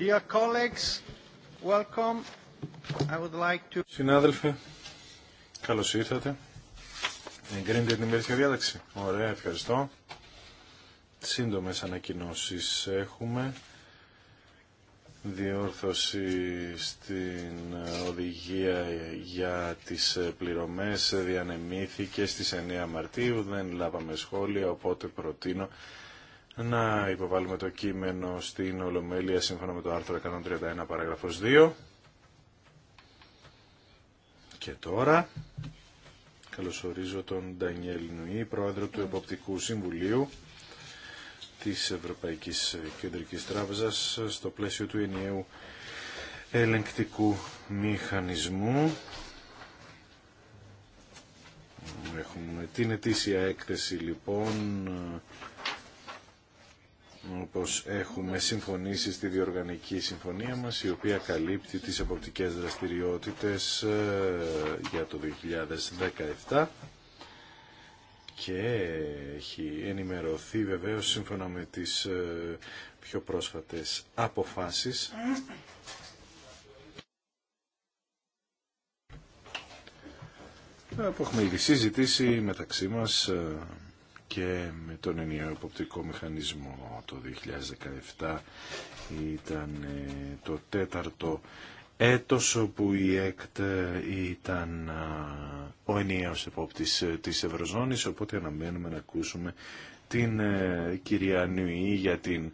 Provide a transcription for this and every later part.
Dear colleagues, Συνάδελφοι, καλώς ήρθατε. Εγκρίνετε την ημερήσια διάταξη. Ωραία, ευχαριστώ. Σύντομες ανακοινώσεις έχουμε. Διόρθωση στην οδηγία για τις πληρωμές διανεμήθηκε στις 9 Μαρτίου. Δεν λάβαμε σχόλια, οπότε προτείνω να υποβάλουμε το κείμενο στην Ολομέλεια σύμφωνα με το άρθρο 131 παράγραφος 2. Και τώρα καλωσορίζω τον Ντανιέλ Νουή, πρόεδρο του Εποπτικού Συμβουλίου της Ευρωπαϊκής Κεντρικής Τράπεζας στο πλαίσιο του ενιαίου ελεγκτικού μηχανισμού. Έχουμε την ετήσια έκθεση λοιπόν όπως έχουμε συμφωνήσει στη διοργανική συμφωνία μας, η οποία καλύπτει τις εποπτικές δραστηριότητες ε, για το 2017 και έχει ενημερωθεί βεβαίως σύμφωνα με τις ε, πιο πρόσφατες αποφάσεις. Που έχουμε ήδη συζητήσει μεταξύ μας ε, και με τον ενιαίο υποπτικό μηχανισμό το 2017 ήταν ε, το τέταρτο έτος όπου η ΕΚΤ ε, ήταν ο ενιαίος επόπτης ε, της Ευρωζώνης οπότε αναμένουμε να ακούσουμε την κυρία Νιουή για την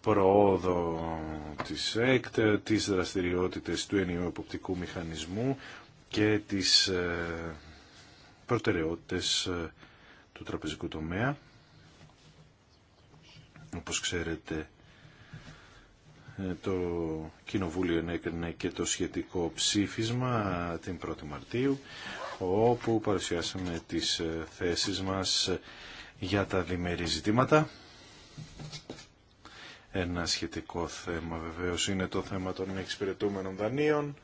προόδο της ΕΚΤ, τις δραστηριότητες του ενιαίου εποπτικού μηχανισμού και τις προτεραιότητες του τραπεζικού τομέα. Όπως ξέρετε, ε, το Κοινοβούλιο ενέκρινε και το σχετικό ψήφισμα την 1η Μαρτίου, όπου παρουσιάσαμε τις ε, θέσεις μας για τα διμερή ζητήματα. Ένα σχετικό θέμα βεβαίως είναι το θέμα των εξυπηρετούμενων δανείων,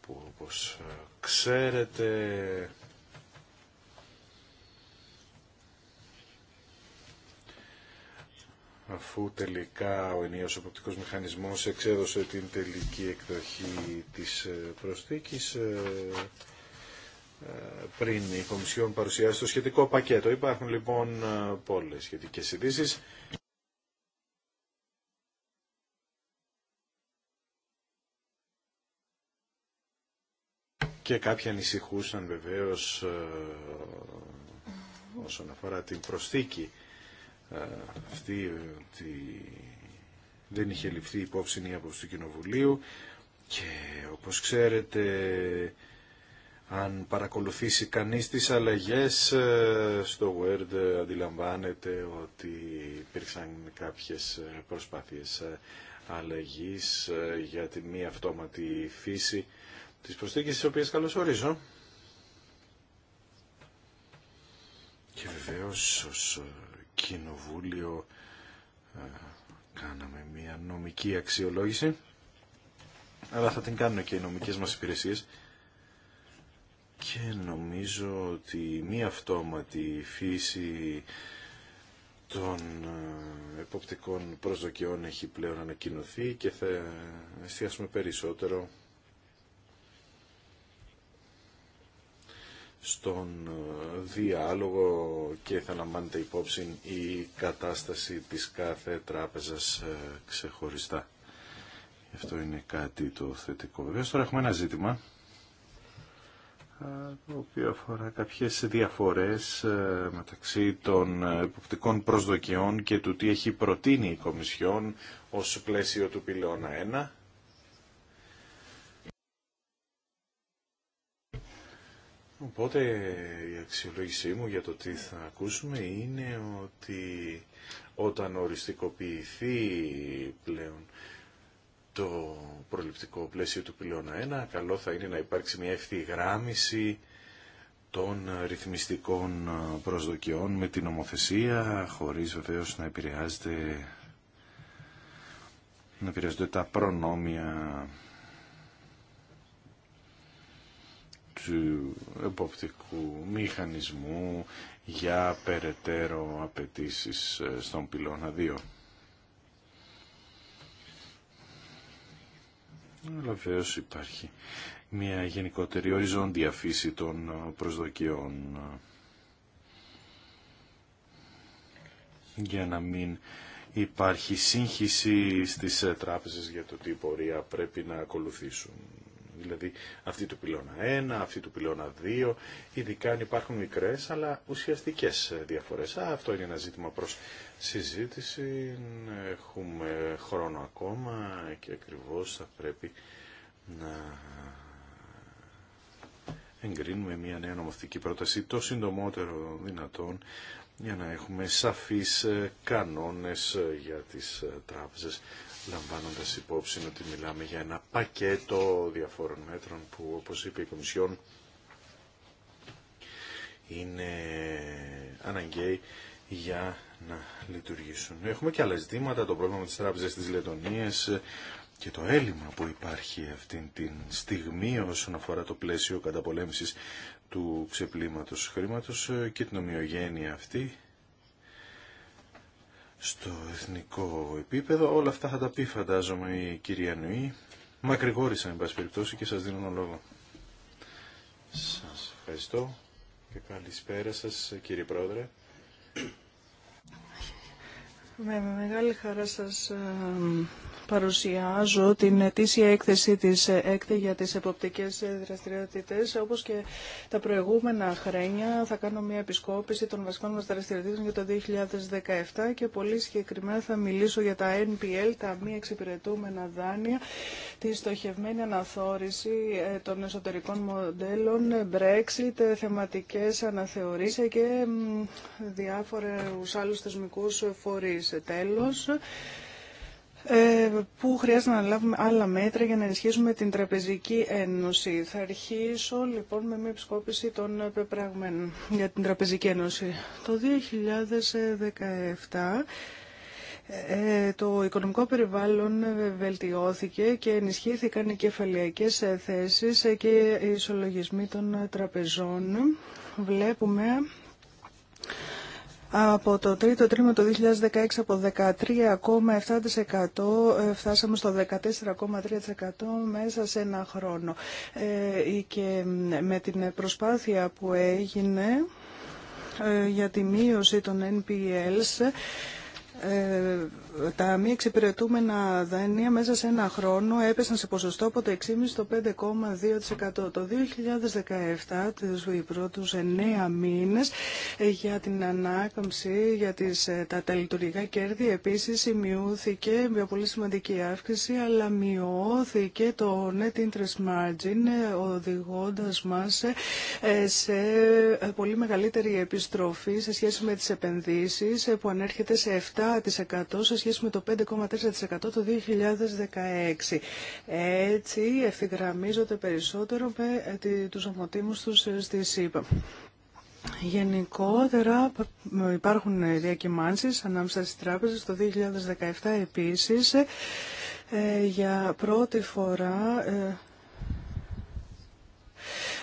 που όπως ε, ξέρετε αφού τελικά ο ενίος οπτικός μηχανισμός εξέδωσε την τελική εκδοχή της ε, προσθήκης ε, ε, πριν η Κομισιόν παρουσιάσει το σχετικό πακέτο. Υπάρχουν λοιπόν πολλές σχετικές ειδήσει. Και κάποιοι ανησυχούσαν βεβαίως όσον αφορά την προσθήκη ε, αυτή ότι δεν είχε ληφθεί υπόψη η άποψη του Κοινοβουλίου και όπως ξέρετε αν παρακολουθήσει κανείς τις αλλαγές ε, στο Word αντιλαμβάνεται ότι υπήρξαν κάποιες ε, προσπάθειες αλλαγής για τη μη αυτόματη φύση της προσθήκης οποίας καλώς καλωσορίζω. Και βεβαίως Κοινοβούλιο ε, κάναμε μια νομική αξιολόγηση αλλά θα την κάνουν και οι νομικές μας υπηρεσίες και νομίζω ότι μία αυτόματη φύση των ε, εποπτικών προσδοκιών έχει πλέον ανακοινωθεί και θα εστιάσουμε περισσότερο στον ε, διάλογο και θα λαμβάνεται υπόψη η κατάσταση της κάθε τράπεζας ε, ξεχωριστά. Αυτό είναι κάτι το θετικό. Βέβαια, τώρα έχουμε ένα ζήτημα ε, το οποίο αφορά κάποιες διαφορές μεταξύ των υποπτικών προσδοκιών και του τι έχει προτείνει η Κομισιόν ως πλαίσιο του πυλώνα 1 Οπότε η αξιολόγησή μου για το τι θα ακούσουμε είναι ότι όταν οριστικοποιηθεί πλέον το προληπτικό πλαίσιο του πυλώνα 1, καλό θα είναι να υπάρξει μια ευθυγράμμιση των ρυθμιστικών προσδοκιών με την ομοθεσία χωρίς βεβαίως να επηρεάζεται να επηρεάζονται τα προνόμια εποπτικού μηχανισμού για περαιτέρω απαιτήσει ε, στον πυλώνα 2. Αλλά βεβαίω υπάρχει μια γενικότερη οριζόντια φύση των ε, προσδοκιών ε, για να μην υπάρχει σύγχυση στις τράπεζες για το τι πορεία πρέπει να ακολουθήσουν Δηλαδή αυτή του πυλώνα 1, αυτή του πυλώνα 2, ειδικά αν υπάρχουν μικρές αλλά ουσιαστικές διαφορές. αυτό είναι ένα ζήτημα προς συζήτηση. Έχουμε χρόνο ακόμα και ακριβώς θα πρέπει να εγκρίνουμε μια νέα νομοθετική πρόταση το συντομότερο δυνατόν για να έχουμε σαφείς κανόνες για τις τράπεζες λαμβάνοντας υπόψη ότι μιλάμε για ένα πακέτο διαφόρων μέτρων που, όπως είπε η Κομισιόν, είναι αναγκαίοι για να λειτουργήσουν. Έχουμε και άλλα ζητήματα, το πρόβλημα με τις τράπεζες της Λετωνίας και το έλλειμμα που υπάρχει αυτή τη στιγμή όσον αφορά το πλαίσιο καταπολέμησης του ξεπλήματος χρήματος και την ομοιογένεια αυτή στο εθνικό επίπεδο. Όλα αυτά θα τα πει φαντάζομαι η κυρία Νουή. Μακρηγόρησα εν πάση περιπτώσει και σας δίνω τον λόγο. Σας ευχαριστώ και καλησπέρα σας κύριε Πρόεδρε. Με μεγάλη χαρά σας ε, παρουσιάζω την ετήσια έκθεση της ΕΚΤΕ για τις εποπτικές δραστηριότητες. Όπως και τα προηγούμενα χρόνια θα κάνω μια επισκόπηση των βασικών μας δραστηριοτήτων για το 2017 και πολύ συγκεκριμένα θα μιλήσω για τα NPL, τα μη εξυπηρετούμενα δάνεια, τη στοχευμένη αναθόρηση ε, των εσωτερικών μοντέλων, Brexit, θεματικές αναθεωρήσεις και διάφορους άλλου θεσμικού φορεί Τέλος, ε, που χρειάζεται να λάβουμε άλλα μέτρα για να ενισχύσουμε την Τραπεζική Ένωση. Θα αρχίσω λοιπόν με μια επισκόπηση των πεπραγμένων για την Τραπεζική Ένωση. Το 2017 ε, το οικονομικό περιβάλλον βελτιώθηκε και ενισχύθηκαν οι κεφαλιακές θέσεις και οι ισολογισμοί των τραπεζών. Βλέπουμε από το τρίτο τρίμηνο του 2016 από 13,7% ε, φτάσαμε στο 14,3% μέσα σε ένα χρόνο. Ε, και με την προσπάθεια που έγινε ε, για τη μείωση των NPLs τα μη εξυπηρετούμενα δανεία μέσα σε ένα χρόνο έπεσαν σε ποσοστό από το 6,5% στο 5,2%. Το 2017, τους πρώτους 9 μήνες, ε, για την ανάκαμψη, για τις, ε, τα, τελειτουργικά κέρδη, επίσης σημειώθηκε μια πολύ σημαντική αύξηση, αλλά μειώθηκε το net interest margin, ε, οδηγώντας μας σε πολύ μεγαλύτερη επιστροφή σε σχέση με τις επενδύσεις, που ανέρχεται σε 7% σε σχέση με το 5,4% το 2016. Έτσι ευθυγραμμίζονται περισσότερο με ε, τους ομοτήμους τους ε, στη ΣΥΠΑ. Γενικότερα ε, υπάρχουν διακυμάνσεις ανάμεσα στις τράπεζες το 2017 επίσης για πρώτη φορά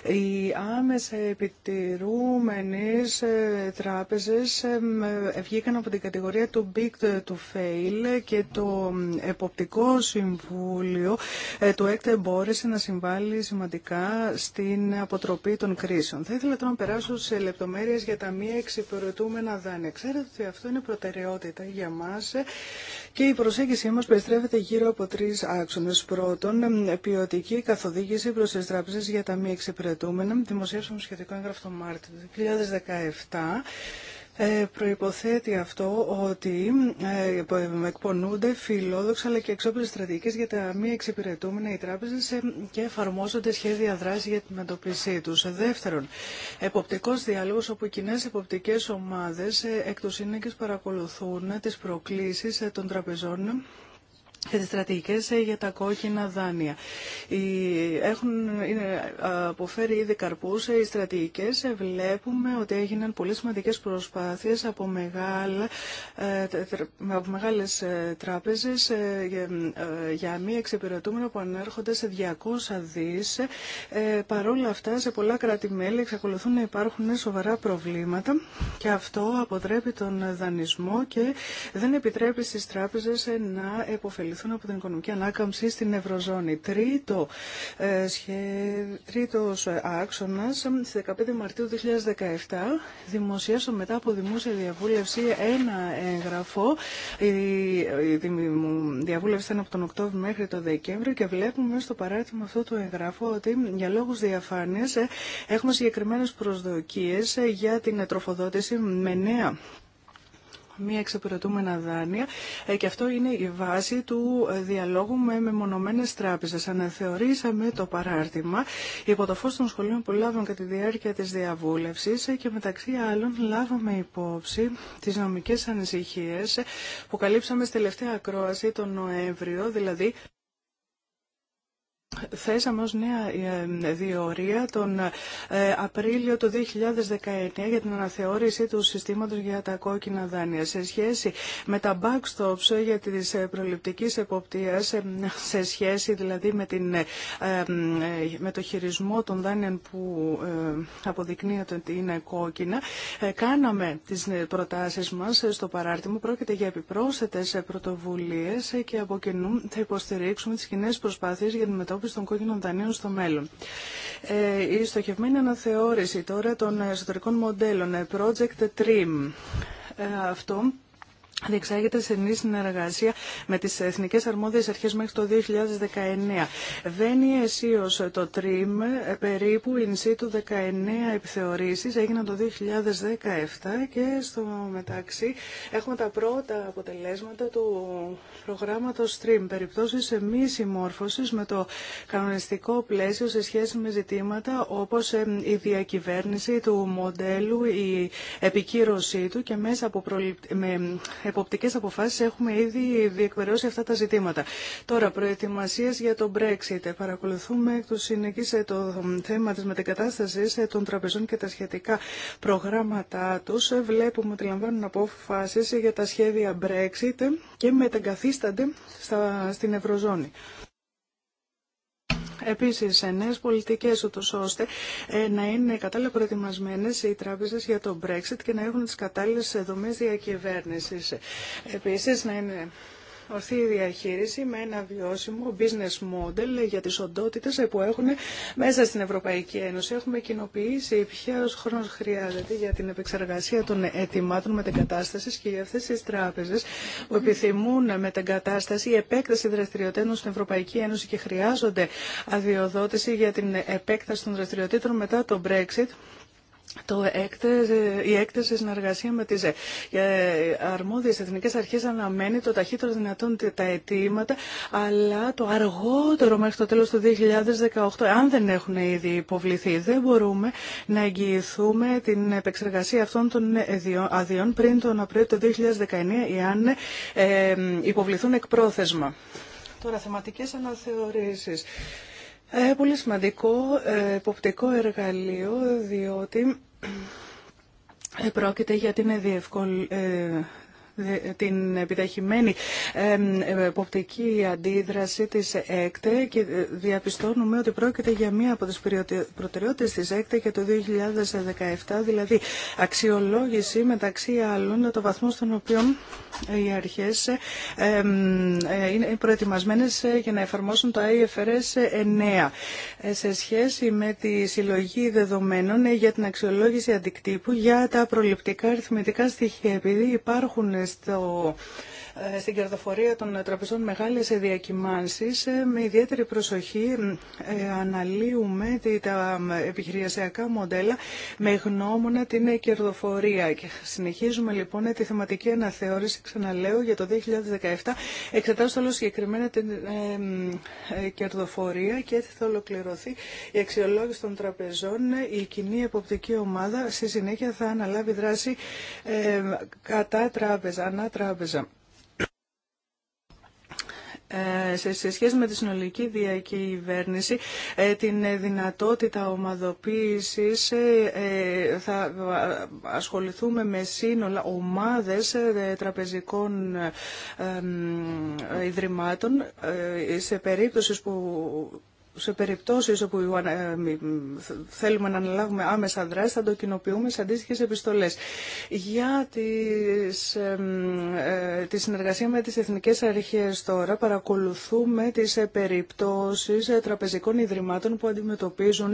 οι άμεσα επιτηρούμενες ε, τράπεζες ε, ε, βγήκαν από την κατηγορία του big to fail και το Εποπτικό Συμβούλιο του ΕΚΤΕ μπόρεσε να συμβάλλει σημαντικά στην αποτροπή των κρίσεων. Θα ήθελα τώρα να περάσω σε λεπτομέρειες για τα μη εξυπηρετούμενα δάνεια. Ξέρετε ότι αυτό είναι προτεραιότητα για μας και η προσέγγιση μας περιστρέφεται γύρω από τρεις άξονες. Πρώτον, ποιοτική καθοδήγηση προς τις τράπεζες για τα μη εξυπηρετούμενα δημοσίευσαμε σχετικό έγγραφο το Μάρτιο 2017 ε, προϋποθέτει αυτό ότι ε, εκπονούνται φιλόδοξα αλλά και εξόπλες στρατηγικές για τα μη εξυπηρετούμενα οι τράπεζες ε, και εφαρμόζονται σχέδια δράση για την αντοπισή τους. Ε, δεύτερον, εποπτικός διάλογος όπου οι κοινέ εποπτικές ομάδες ε, εκ του παρακολουθούν τις προκλήσεις των τραπεζών και τις στρατηγικές ε, για τα κόκκινα δάνεια. Έχουν ε, αποφέρει ήδη καρπούς ε, οι στρατηγικές. Βλέπουμε ότι έγιναν πολύ σημαντικές προσπάθειες από, μεγάλα, από μεγάλες τράπεζες για μη εξυπηρετούμενα που ανέρχονται σε 200 δις. Παρόλα αυτά, σε πολλά κράτη-μέλη εξακολουθούν να υπάρχουν σοβαρά προβλήματα και αυτό αποτρέπει τον δανεισμό και δεν επιτρέπει στις τράπεζες να υποφελήσουν από την οικονομική ανάκαμψη στην Ευρωζώνη. Τρίτο, ε, σχε... Τρίτος άξονας, στις 15 Μαρτίου 2017 δημοσιεύσαμε μετά από δημόσια διαβούλευση ένα έγγραφο. Η, διαβούλευση ήταν από τον Οκτώβριο μέχρι τον Δεκέμβριο και βλέπουμε στο παράδειγμα αυτό το εγγράφο ότι για λόγους διαφάνειας ε, έχουμε συγκεκριμένες προσδοκίες ε, για την τροφοδότηση με νέα μία εξυπηρετούμενα δάνεια ε, και αυτό είναι η βάση του διαλόγου με μεμονωμένες τράπεζες. Αναθεωρήσαμε το παράρτημα υπό το φως των σχολείων που λάβαμε κατά τη διάρκεια της διαβούλευσης ε, και μεταξύ άλλων λάβαμε υπόψη τις νομικές ανησυχίες που καλύψαμε στη τελευταία ακρόαση τον Νοέμβριο, δηλαδή Θέσαμε ως νέα ε, διορία τον ε, Απρίλιο του 2019 για την αναθεώρηση του συστήματος για τα κόκκινα δάνεια. Σε σχέση με τα backstops για τις ε, προληπτικές εποπτείες σε σχέση δηλαδή με, την, με το χειρισμό των δάνειων που αποδεικνύεται ότι είναι κόκκινα, κάναμε τις προτάσεις μας στο παράρτημα. Πρόκειται για επιπρόσθετες πρωτοβουλίες και από κοινού θα υποστηρίξουμε τις κοινέ προσπάθειες για την μετώπιση αντιμετώπιση των κόκκινων δανείων στο μέλλον. Ε, η στοχευμένη αναθεώρηση τώρα των εσωτερικών μοντέλων, ε, Project TRIM, ε, αυτό διεξάγεται νη συνεργασία με τις Εθνικές Αρμόδιες Αρχές μέχρι το 2019. Βαίνει αισίω το ΤΡΙΜ, ε, περίπου in situ 19 επιθεωρήσεις, έγιναν το 2017 και στο μεταξύ έχουμε τα πρώτα αποτελέσματα του προγράμματος ΤΡΙΜ, περιπτώσεις μη συμμόρφωσης με το κανονιστικό πλαίσιο σε σχέση με ζητήματα όπως ε, η διακυβέρνηση του μοντέλου, η επικύρωσή του και μέσα από προληπ εποπτικέ αποφάσει έχουμε ήδη διεκπαιρεώσει αυτά τα ζητήματα. Τώρα, προετοιμασίε για το Brexit. Παρακολουθούμε το του συνεχής ε, το θέμα τη μετεγκατάσταση ε, των τραπεζών και τα σχετικά προγράμματά τους. Ε, βλέπουμε ότι λαμβάνουν αποφάσει για τα σχέδια Brexit και μετεγκαθίστανται στην Ευρωζώνη. Επίσης, νέε πολιτικές ούτως ώστε ε, να είναι κατάλληλα προετοιμασμένε οι τράπεζε για το Brexit και να έχουν τις κατάλληλες δομέ διακυβέρνηση. Επίσης, να είναι ορθή διαχείριση με ένα βιώσιμο business model για τις οντότητες που έχουν μέσα στην Ευρωπαϊκή Ένωση. Έχουμε κοινοποιήσει ποιο χρόνο χρειάζεται για την επεξεργασία των αιτημάτων μετεγκατάσταση και για αυτέ τι τράπεζε που επιθυμούν μετεγκατάσταση ή επέκταση δραστηριοτήτων στην Ευρωπαϊκή Ένωση και χρειάζονται αδειοδότηση για την επέκταση των δραστηριοτήτων μετά το Brexit το η έκθεση συνεργασία με τις ε, αρμόδιες εθνικές αρχές αναμένει το ταχύτερο δυνατόν τα αιτήματα, αλλά το αργότερο μέχρι το τέλος του 2018, αν δεν έχουν ήδη υποβληθεί, δεν μπορούμε να εγγυηθούμε την επεξεργασία αυτών των αδειών πριν τον Απρίλιο του 2019, εάν ε, υποβληθούν εκπρόθεσμα. Τώρα, θεματικές αναθεωρήσεις. Ε, πολύ σημαντικό ε, εποπτικό εργαλείο, διότι ε, πρόκειται για την διευκολύνση την επιταχυμένη εποπτική αντίδραση της ΕΚΤΕ και διαπιστώνουμε ότι πρόκειται για μία από τις προτεραιότητες της ΕΚΤΕ για το 2017, δηλαδή αξιολόγηση μεταξύ άλλων το βαθμό στον οποίο οι αρχές είναι προετοιμασμένες για να εφαρμόσουν το IFRS 9 σε σχέση με τη συλλογή δεδομένων για την αξιολόγηση αντικτύπου για τα προληπτικά αριθμητικά στοιχεία. Επειδή υπάρχουν Ευχαριστώ. Ε, στην κερδοφορία των τραπεζών μεγάλες διακυμάνσεις. Ε, με ιδιαίτερη προσοχή ε, αναλύουμε τα επιχειρησιακά μοντέλα με γνώμονα την κερδοφορία. Και συνεχίζουμε λοιπόν τη θεματική αναθεώρηση, ξαναλέω, για το 2017. Εξετάζω όλο συγκεκριμένα την κερδοφορία και έτσι θα ολοκληρωθεί η αξιολόγηση των τραπεζών. Η κοινή εποπτική ομάδα στη συνέχεια θα αναλάβει δράση κατά τράπεζα, ανά τράπεζα. Ε, σε σχέση με τη συνολική διακυβέρνηση ε, την ε, δυνατότητα ομαδοποίησης θα ασχοληθούμε με σύνολα ομάδες τραπεζικών ιδρυμάτων σε περίπτωση που σε περιπτώσεις όπου ε, θέλουμε να αναλάβουμε άμεσα δράση θα το κοινοποιούμε σε αντίστοιχες επιστολές. Για τις, ε, τη συνεργασία με τις εθνικές αρχές τώρα παρακολουθούμε τις ε, περιπτώσεις ε, τραπεζικών ιδρυμάτων που αντιμετωπίζουν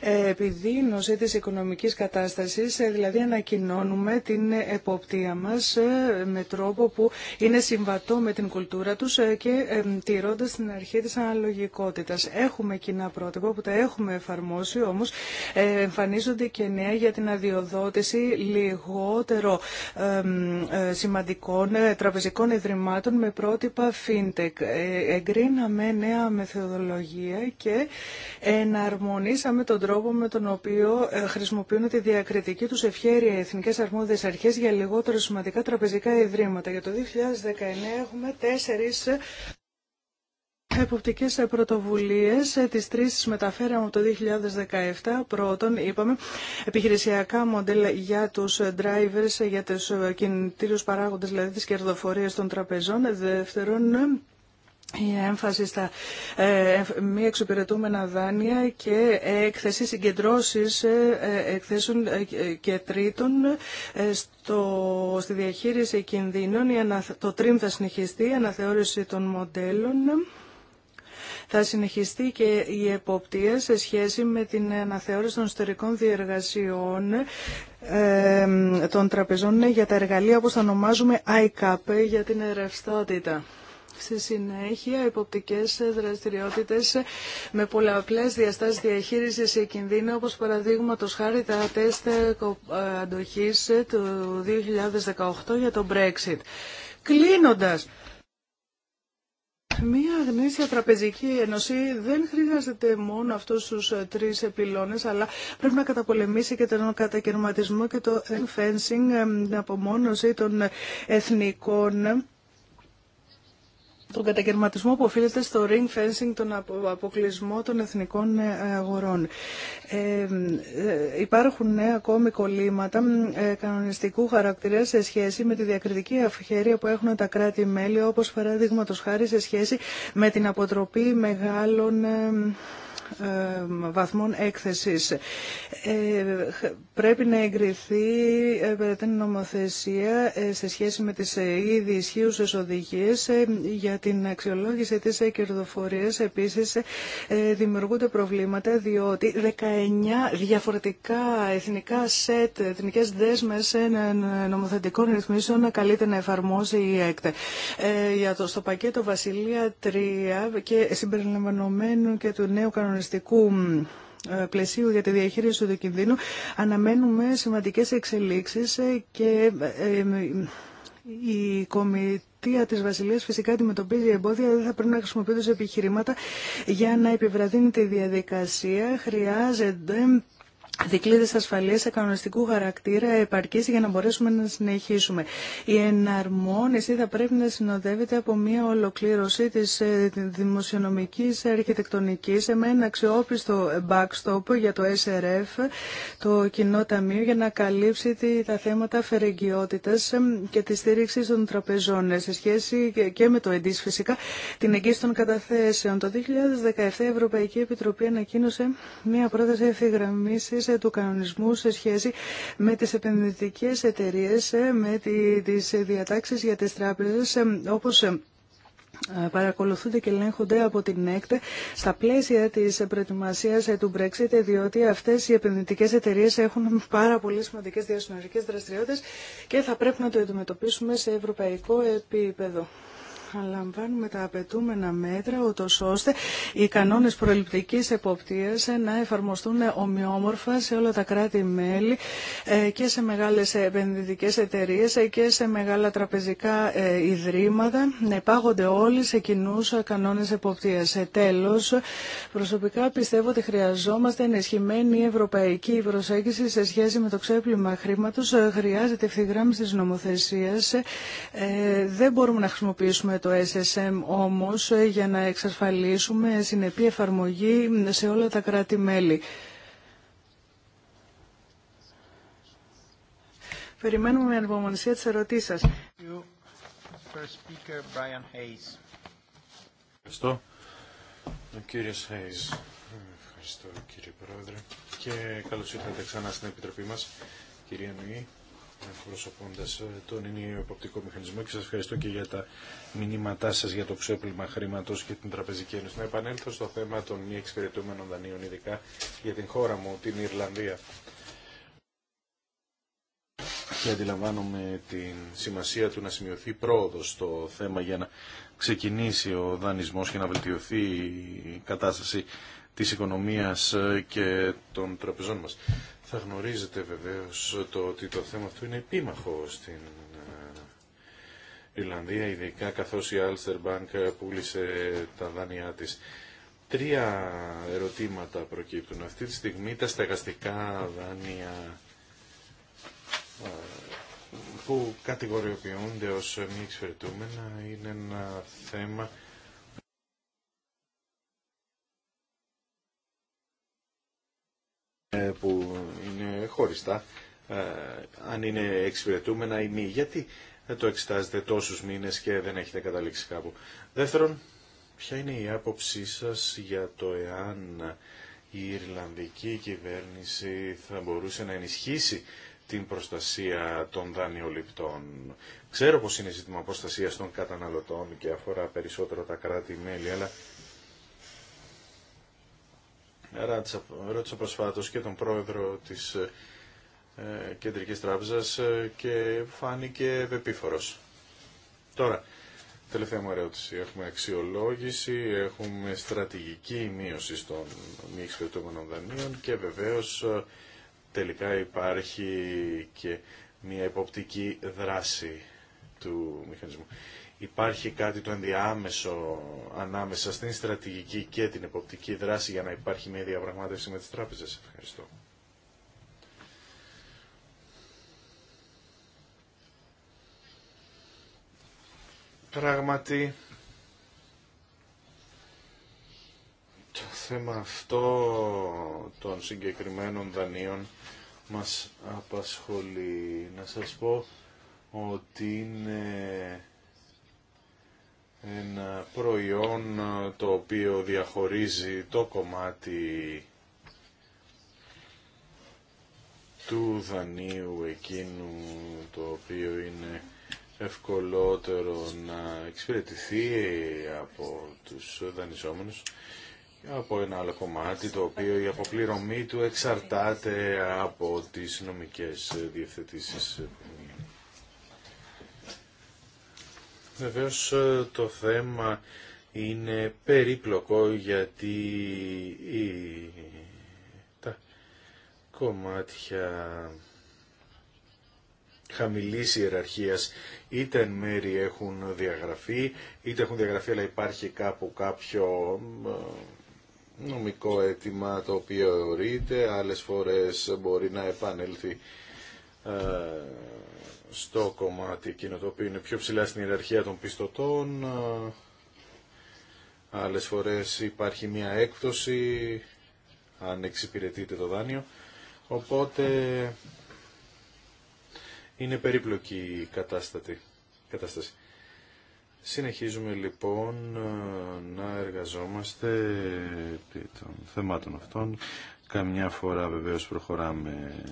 επιδείνωση της οικονομικής κατάστασης, δηλαδή ανακοινώνουμε την εποπτεία μας με τρόπο που είναι συμβατό με την κουλτούρα τους και ε, τηρώντας την αρχή της αναλογικότητας έχουμε κοινά πρότυπα, που τα έχουμε εφαρμόσει, όμως ε, εμφανίζονται και νέα για την αδειοδότηση λιγότερο ε, σημαντικών ε, τραπεζικών ιδρυμάτων με πρότυπα fintech. Εγκρίναμε νέα μεθοδολογία και εναρμονίσαμε τον τρόπο με τον οποίο χρησιμοποιούν τη διακριτική τους ευχέρεια εθνικές αρμόδιες αρχές για λιγότερο σημαντικά τραπεζικά ιδρύματα. Για το 2019 έχουμε τέσσερις Εποπτικέ πρωτοβουλίε ε, Τις τρεις μεταφέραμε από το 2017. Πρώτον, είπαμε, επιχειρησιακά μοντέλα για τους drivers, ε, για τους ε, κινητήριους παράγοντες, δηλαδή τις κερδοφορίες των τραπεζών. Δεύτερον, η έμφαση στα ε, μη εξυπηρετούμενα δάνεια και έκθεση συγκεντρώσεις ε, εκθέσεων και τρίτων στο, στη διαχείριση κινδύνων. Η το τρίμ θα συνεχιστεί, η αναθεώρηση των μοντέλων. Θα συνεχιστεί και η εποπτεία σε σχέση με την αναθεώρηση των ιστορικών διεργασιών των τραπεζών ναι, για τα εργαλεία όπως θα ονομάζουμε ICAP για την ρευστότητα. Στη συνέχεια, υποπτικές δραστηριότητες με πολλαπλές διαστάσεις διαχείρισης σε κινδύνου, όπως παραδείγματο χάρη τα τεστ ε, ε, αντοχής ε, του 2018 για το Brexit. Κλείνοντας, Μία αγνήσια τραπεζική ένωση δεν χρειάζεται μόνο αυτούς τους ε, τρεις επιλώνες, αλλά πρέπει να καταπολεμήσει και τον κατακαιρματισμό και το fencing, ε, την απομόνωση των ε, εθνικών τον κατακαιρματισμό που οφείλεται στο ring fencing, τον αποκλεισμό των εθνικών ε, αγορών. Ε, ε υπάρχουν ναι, ακόμη κολλήματα ε, κανονιστικού χαρακτήρα σε σχέση με τη διακριτική αυχαίρεια που έχουν τα κράτη-μέλη, όπως παράδειγμα χάρη σε σχέση με την αποτροπή μεγάλων ε, βαθμών έκθεσης. Ε, πρέπει να εγκριθεί ε, περαιτέρω νομοθεσία σε σχέση με τις ήδη ισχύουσες οδηγίες για την αξιολόγηση της κερδοφορίας. Επίσης, δημιουργούνται προβλήματα διότι 19 διαφορετικά εθνικά σετ, εθνικές δέσμες νομοθετικών ρυθμίσεων καλείται να εφαρμόσει η ΕΚΤΕ. Για το στο πακέτο Βασιλεία 3 και συμπεριλαμβανομένου και του νέου κανονισμού κανονιστικού ε, πλαισίου για τη διαχείριση του κινδύνου αναμένουμε σημαντικές εξελίξεις ε, και ε, η Κομιτεία της Βασιλείας φυσικά αντιμετωπίζει εμπόδια, δεν θα πρέπει να χρησιμοποιούνται επιχειρήματα για να επιβραδύνει τη διαδικασία. Χρειάζεται Δικλείδε ασφαλεία σε κανονιστικού χαρακτήρα επαρκή για να μπορέσουμε να συνεχίσουμε. Η εναρμόνιση θα πρέπει να συνοδεύεται από μια ολοκλήρωση τη ε, δημοσιονομική αρχιτεκτονική με ένα αξιόπιστο backstop για το SRF, το Κοινό Ταμείο, για να καλύψει τα θέματα φερεγγιότητας ε, και τη στήριξη των τραπεζών ε, σε σχέση και με το ΕΝΤΙΣ φυσικά, την εγγύηση των καταθέσεων. Το 2017 η Ευρωπαϊκή Επιτροπή ανακοίνωσε μια πρόταση ευθυγραμμίσης του κανονισμού σε σχέση με τις επενδυτικές εταιρείες, ε, με τις διατάξεις για τις τράπεζες, ε, όπως ε, παρακολουθούνται και ελέγχονται από την ΕΚΤ στα πλαίσια της προετοιμασίας του Brexit, διότι αυτές οι επενδυτικές εταιρείες έχουν πάρα πολύ σημαντικές διασυνορικές δραστηριότητες και θα πρέπει να το αντιμετωπίσουμε σε ευρωπαϊκό επίπεδο λαμβάνουμε τα απαιτούμενα μέτρα, ούτω ώστε οι κανόνες προληπτικής εποπτείας να εφαρμοστούν ομοιόμορφα σε όλα τα κράτη-μέλη ε, και σε μεγάλες επενδυτικές εταιρείες ε, και σε μεγάλα τραπεζικά ε, ιδρύματα, να πάγονται όλοι σε κοινού κανόνες εποπτείας. Τέλος, προσωπικά πιστεύω ότι χρειαζόμαστε ενισχυμένη ευρωπαϊκή προσέγγιση σε σχέση με το ξέπλυμα χρήματος. Χρειάζεται ευθυγράμμιση της νομοθεσίας. Δεν μπορούμε να χρησιμοποιήσουμε το SSM όμως ε, για να εξασφαλίσουμε συνεπή εφαρμογή σε όλα τα κράτη-μέλη. Περιμένουμε με ανυπομονησία τις ερωτήσεις σας. Ευχαριστώ. κύριος Hayes. κύριε Πρόεδρε. Και καλώς ήρθατε ξανά στην Επιτροπή μας, κυρία Νουή εκπροσωπώντα ε, τον ενίο εποπτικό μηχανισμό και σα ευχαριστώ και για τα μηνύματά σα για το ξέπλυμα χρήματο και την Τραπεζική Ένωση. Να επανέλθω στο θέμα των μη εξυπηρετούμενων δανείων, ειδικά για την χώρα μου, την Ιρλανδία. Και αντιλαμβάνομαι την σημασία του να σημειωθεί πρόοδο στο θέμα για να ξεκινήσει ο δανεισμό και να βελτιωθεί η κατάσταση τη οικονομία ε, και των τραπεζών μα. Θα γνωρίζετε βεβαίως το ότι το θέμα αυτό είναι επίμαχο στην ε, Ιρλανδία, ειδικά καθώς η Alster Bank ε, πούλησε τα δάνειά της. Τρία ερωτήματα προκύπτουν. Αυτή τη στιγμή τα στεγαστικά δάνεια ε, που κατηγοριοποιούνται ως μη εξυπηρετούμενα είναι ένα θέμα Ε, που είναι χωριστά, ε, αν είναι εξυπηρετούμενα ή μη. Γιατί το εξετάζετε τόσους μήνες και δεν έχετε καταλήξει κάπου. Δεύτερον, ποια είναι η άποψή σας για το εάν η Ιρλανδική κυβέρνηση θα μπορούσε να ενισχύσει την προστασία των δανειοληπτών. Ξέρω πως είναι ζήτημα προστασίας των καταναλωτών και αφορά περισσότερο τα κράτη-μέλη, αλλά ρώτησα προσφάτως και τον πρόεδρο της ε, Κεντρικής Τράπεζας ε, και φάνηκε βεπίφορος. Τώρα, τελευταία μου ερώτηση. Έχουμε αξιολόγηση, έχουμε στρατηγική μείωση των μη εξυπηρετούμενων δανείων και βεβαίως ε, τελικά υπάρχει και μια υποπτική δράση του μηχανισμού υπάρχει κάτι το ενδιάμεσο ανάμεσα στην στρατηγική και την εποπτική δράση για να υπάρχει μια διαπραγμάτευση με τις τράπεζες. Ευχαριστώ. Πράγματι, το θέμα αυτό των συγκεκριμένων δανείων μας απασχολεί. Να σας πω ότι είναι ένα προϊόν ε, το οποίο διαχωρίζει το κομμάτι του δανείου εκείνου το οποίο είναι ευκολότερο να εξυπηρετηθεί από τους δανειζόμενους από ένα άλλο κομμάτι το οποίο η αποπληρωμή του εξαρτάται από τις νομικές διευθετήσεις Βεβαίως ε, το θέμα είναι περίπλοκο γιατί τα κομμάτια χαμηλής ιεραρχίας είτε εν μέρη έχουν διαγραφεί είτε έχουν διαγραφεί αλλά υπάρχει κάπου κάποιο νομικό αίτημα το οποίο ορείται άλλες φορές μπορεί να επανέλθει ε, στο κομμάτι εκείνο το οποίο είναι πιο ψηλά στην ιεραρχία των πιστωτών. Άλλες φορές υπάρχει μια έκπτωση αν εξυπηρετείται το δάνειο. Οπότε είναι περίπλοκη η κατάσταση. Συνεχίζουμε λοιπόν να εργαζόμαστε επί των θεμάτων αυτών. Καμιά φορά βεβαίως προχωράμε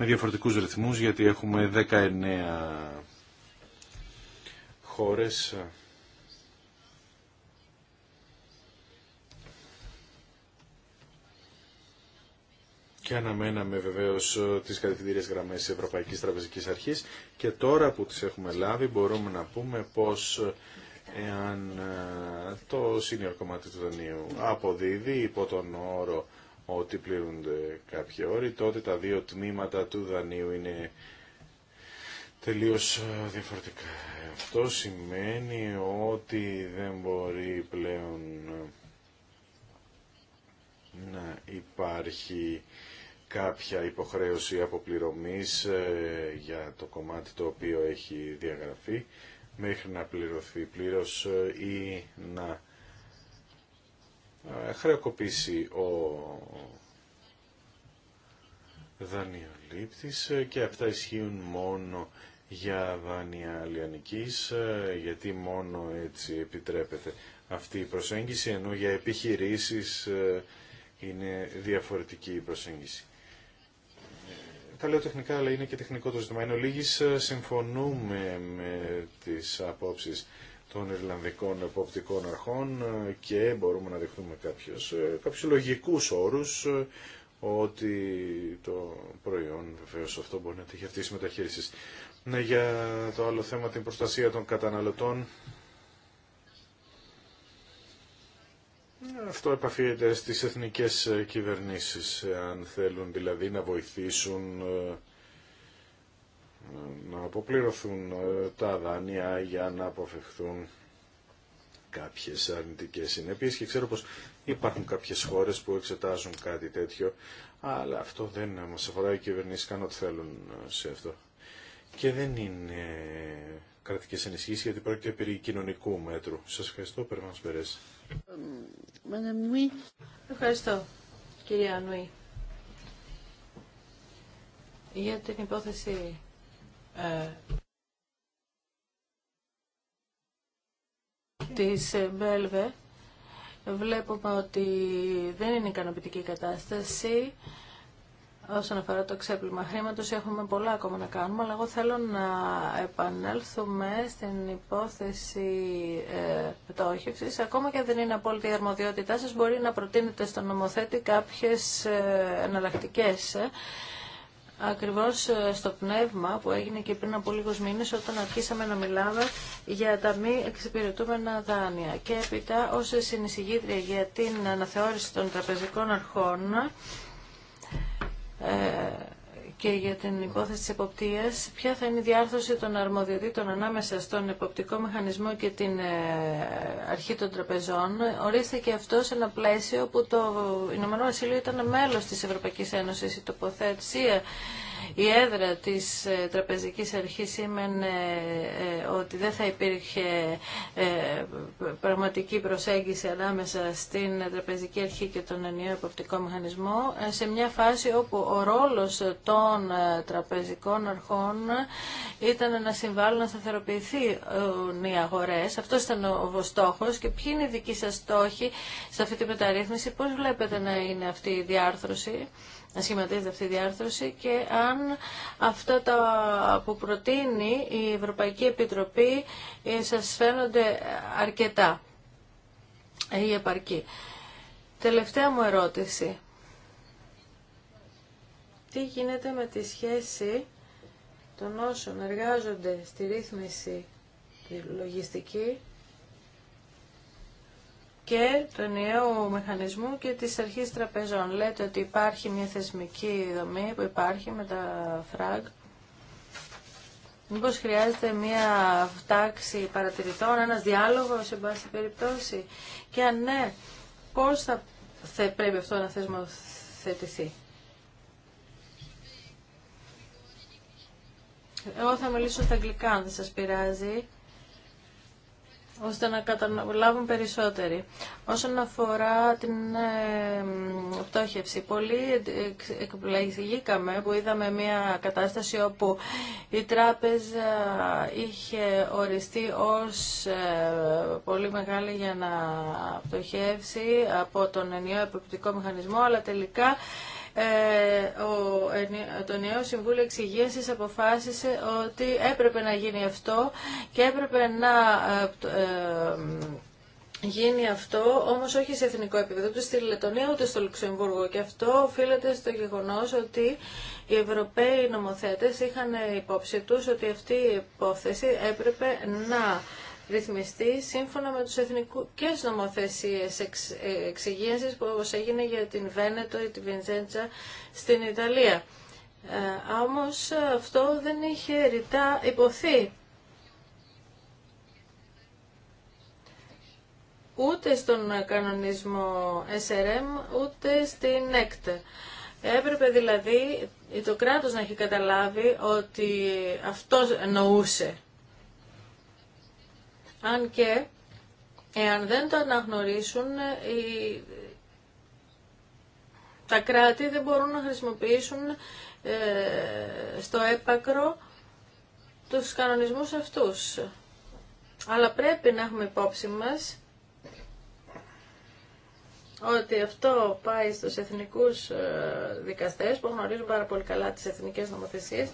με διαφορετικούς ρυθμούς γιατί έχουμε 19 χώρες και αναμέναμε βεβαίως ε, τις κατευθυντήριες γραμμές της Ευρωπαϊκής Τραπεζικής Αρχής και τώρα που τις έχουμε λάβει μπορούμε να πούμε πως ε, εάν ε, το senior κομμάτι του δανείου αποδίδει υπό τον όρο ότι πληρούνται κάποια όροι, τότε τα δύο τμήματα του δανείου είναι τελείως ε, διαφορετικά. Αυτό σημαίνει ότι δεν μπορεί πλέον ε, να υπάρχει κάποια υποχρέωση αποπληρωμής ε, για το κομμάτι το οποίο έχει διαγραφεί μέχρι να πληρωθεί πλήρως ή να ε, χρεοκοπήσει ο δανειολήπτης ε, και αυτά ισχύουν μόνο για δάνεια Αλιανικής, ε, γιατί μόνο έτσι επιτρέπεται αυτή η προσέγγιση, ενώ για επιχειρήσεις είναι διαφορετική η προσέγγιση. Τα λέω τεχνικά, αλλά είναι και τεχνικό το ζήτημα. Εν ολίγης συμφωνούμε με τις απόψεις των Ιρλανδικών εποπτικών αρχών και μπορούμε να δεχτούμε κάποιους, ε, κάποιους λογικούς όρους ε, ότι το προϊόν βεβαίως αυτό μπορεί να τύχει αυτή τη μεταχείριση. Ναι, για το άλλο θέμα, την προστασία των καταναλωτών. Ε, αυτό επαφίεται στις εθνικές κυβερνήσεις, αν θέλουν δηλαδή να βοηθήσουν να αποπληρωθούν ε, τα δάνεια για να αποφευχθούν κάποιες αρνητικές συνέπειες και ξέρω πως υπάρχουν κάποιες χώρες που εξετάζουν κάτι τέτοιο αλλά αυτό δεν μας αφορά οι κυβερνήσεις καν ό,τι θέλουν ε, σε αυτό και δεν είναι κρατικές ενισχύσεις γιατί πρόκειται περί κοινωνικού μέτρου. Σας ευχαριστώ, Περμάνος Περές. Ευχαριστώ, κυρία Νουή, για την υπόθεση ε, της ε, Μπέλβε βλέπουμε ότι δεν είναι ικανοποιητική η κατάσταση όσον αφορά το ξέπλυμα χρήματος. Έχουμε πολλά ακόμα να κάνουμε, αλλά εγώ θέλω να επανέλθουμε στην υπόθεση ε, πτώχευσης. Ακόμα και αν δεν είναι απόλυτη η αρμοδιότητά σας, μπορεί να προτείνετε στον νομοθέτη κάποιες ε, εναλλακτικές ακριβώς ε, στο πνεύμα που έγινε και πριν από λίγους μήνες όταν αρχίσαμε να μιλάμε για τα μη εξυπηρετούμενα δάνεια. Και έπειτα ως συνεισηγήτρια για την αναθεώρηση των τραπεζικών αρχών ε, και για την υπόθεση της εποπτείας, ποια θα είναι η διάρθρωση των αρμοδιοτήτων ανάμεσα στον εποπτικό μηχανισμό και την ε, αρχή των τραπεζών, ορίστηκε αυτό σε ένα πλαίσιο που το Ηνωμένο Βασίλειο ήταν μέλος της Ευρωπαϊκής Ένωσης. Η τοποθεσία η έδρα της ε, τραπεζικής αρχής σήμαινε ε, ότι δεν θα υπήρχε ε, πραγματική προσέγγιση ανάμεσα στην τραπεζική αρχή και τον ενιαίο υποπτικό μηχανισμό σε μια φάση όπου ο ρόλος των τραπεζικών αρχών ήταν να συμβάλλουν να σταθεροποιηθούν οι αγορές. Αυτό ήταν ο στόχο. και ποιοι είναι οι δικοί σας στόχοι σε αυτή τη μεταρρύθμιση, πώς βλέπετε να είναι αυτή η διάρθρωση να σχηματίζεται αυτή η διάρθρωση και αν αυτά τα που προτείνει η Ευρωπαϊκή Επιτροπή ε, σας φαίνονται αρκετά ή επαρκή. Τελευταία μου ερώτηση. Τι γίνεται με τη σχέση των όσων εργάζονται στη ρύθμιση τη λογιστική και του ενιαίου μηχανισμού και της αρχής τραπεζών. Λέτε ότι υπάρχει μια θεσμική δομή που υπάρχει με τα φράγ. Μήπως χρειάζεται μια τάξη παρατηρητών, ένας διάλογος σε πάση περιπτώσει. Και αν ναι, πώς θα, θα πρέπει αυτό να θεσμοθετηθεί. Εγώ θα μιλήσω στα αγγλικά, αν δεν σας πειράζει ώστε να καταλάβουν περισσότεροι. Όσον αφορά την ε, πτώχευση, πολύ εκπλαγηθήκαμε που είδαμε μια κατάσταση όπου η τράπεζα είχε οριστεί ως ε, πολύ μεγάλη για να πτωχεύσει από τον ενιαίο επιπτικό μηχανισμό, αλλά τελικά ε, το νέο Συμβούλιο Εξυγίασης αποφάσισε ότι έπρεπε να γίνει αυτό και έπρεπε να ε, ε, γίνει αυτό, όμω όχι σε εθνικό επίπεδο, ούτε στη Λετωνία ούτε στο Λουξεμβούργο. Και αυτό οφείλεται στο γεγονό ότι οι Ευρωπαίοι νομοθέτες είχαν υπόψη του ότι αυτή η υπόθεση έπρεπε να ρυθμιστεί σύμφωνα με τους εθνικούς νομοθεσίες εξ, εξυγίανσης που έγινε για την Βένετο ή την Βιντζέντζα στην Ιταλία. Ε, όμως αυτό δεν είχε ρητά υποθεί. ούτε στον κανονισμό SRM, ούτε στην ΕΚΤ. E Έπρεπε δηλαδή το κράτος να έχει καταλάβει ότι αυτό εννοούσε αν και εάν δεν το αναγνωρίσουν οι... τα κράτη δεν μπορούν να χρησιμοποιήσουν ε, στο έπακρο τους κανονισμούς αυτούς. Αλλά πρέπει να έχουμε υπόψη μας ότι αυτό πάει στους εθνικούς ε, δικαστές που γνωρίζουν πάρα πολύ καλά τις εθνικές νομοθεσίες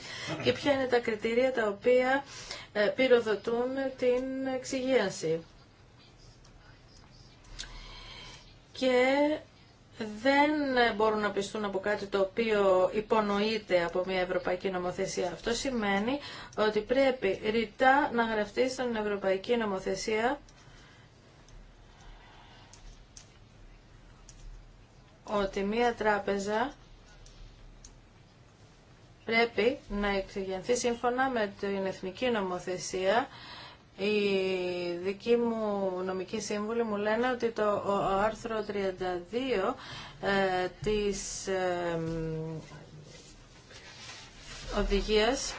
και ποια είναι τα κριτήρια τα οποία ε, πυροδοτούν την εξυγίανση. Και δεν μπορούν να πιστούν από κάτι το οποίο υπονοείται από μια ευρωπαϊκή νομοθεσία. Αυτό σημαίνει ότι πρέπει ρητά να γραφτεί στην ευρωπαϊκή νομοθεσία ότι μία τράπεζα πρέπει να εξηγενθεί σύμφωνα με την εθνική νομοθεσία. Οι δικοί μου νομική σύμβουλοι μου λένε ότι το άρθρο 32 ε, της ε, οδηγίας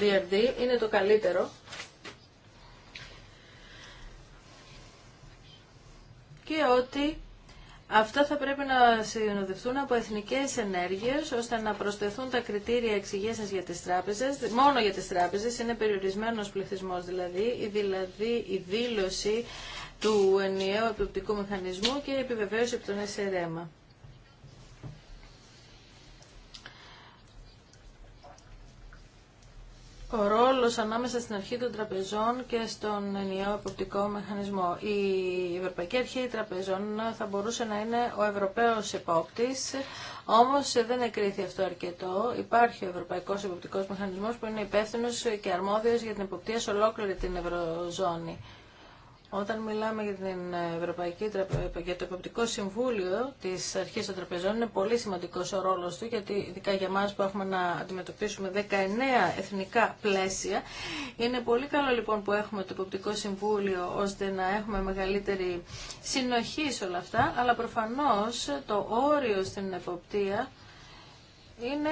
DRD είναι το καλύτερο. Και ότι Αυτά θα πρέπει να συνοδευτούν από εθνικές ενέργειες ώστε να προσθεθούν τα κριτήρια εξηγήσεω για τις τράπεζες. Μόνο για τις Τράπεζε, είναι περιορισμένος πληθυσμό δηλαδή, δηλαδή η δήλωση του ενιαίου επιπτικού μηχανισμού και η επιβεβαίωση από τον SRM. ο ρόλος ανάμεσα στην αρχή των τραπεζών και στον ενιαίο εποπτικό μηχανισμό. Η Ευρωπαϊκή Αρχή Τραπεζών θα μπορούσε να είναι ο Ευρωπαίος επόπτης, όμως δεν εκρίθη αυτό αρκετό. Υπάρχει ο Ευρωπαϊκός Εποπτικός Μηχανισμός που είναι υπεύθυνο και αρμόδιος για την εποπτεία σε ολόκληρη την Ευρωζώνη. Όταν μιλάμε για, την Ευρωπαϊκή, για το Εποπτικό Συμβούλιο τη αρχή των Τραπεζών είναι πολύ σημαντικό ο ρόλος του γιατί ειδικά για εμά που έχουμε να αντιμετωπίσουμε 19 εθνικά πλαίσια είναι πολύ καλό λοιπόν που έχουμε το Εποπτικό Συμβούλιο ώστε να έχουμε μεγαλύτερη συνοχή σε όλα αυτά αλλά προφανώς το όριο στην εποπτεία είναι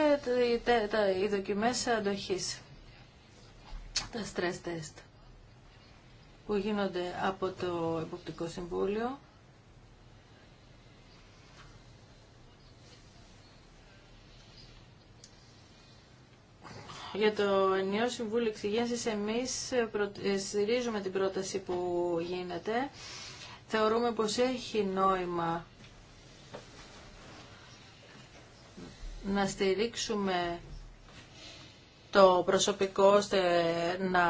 οι δοκιμέ αντοχής, τα stress test που γίνονται από το Εποπτικό Συμβούλιο. Για το ενιαίο Συμβούλιο Εξυγένσης εμείς ε, στηρίζουμε την πρόταση που γίνεται. Θεωρούμε πως έχει νόημα να στηρίξουμε το προσωπικό ώστε να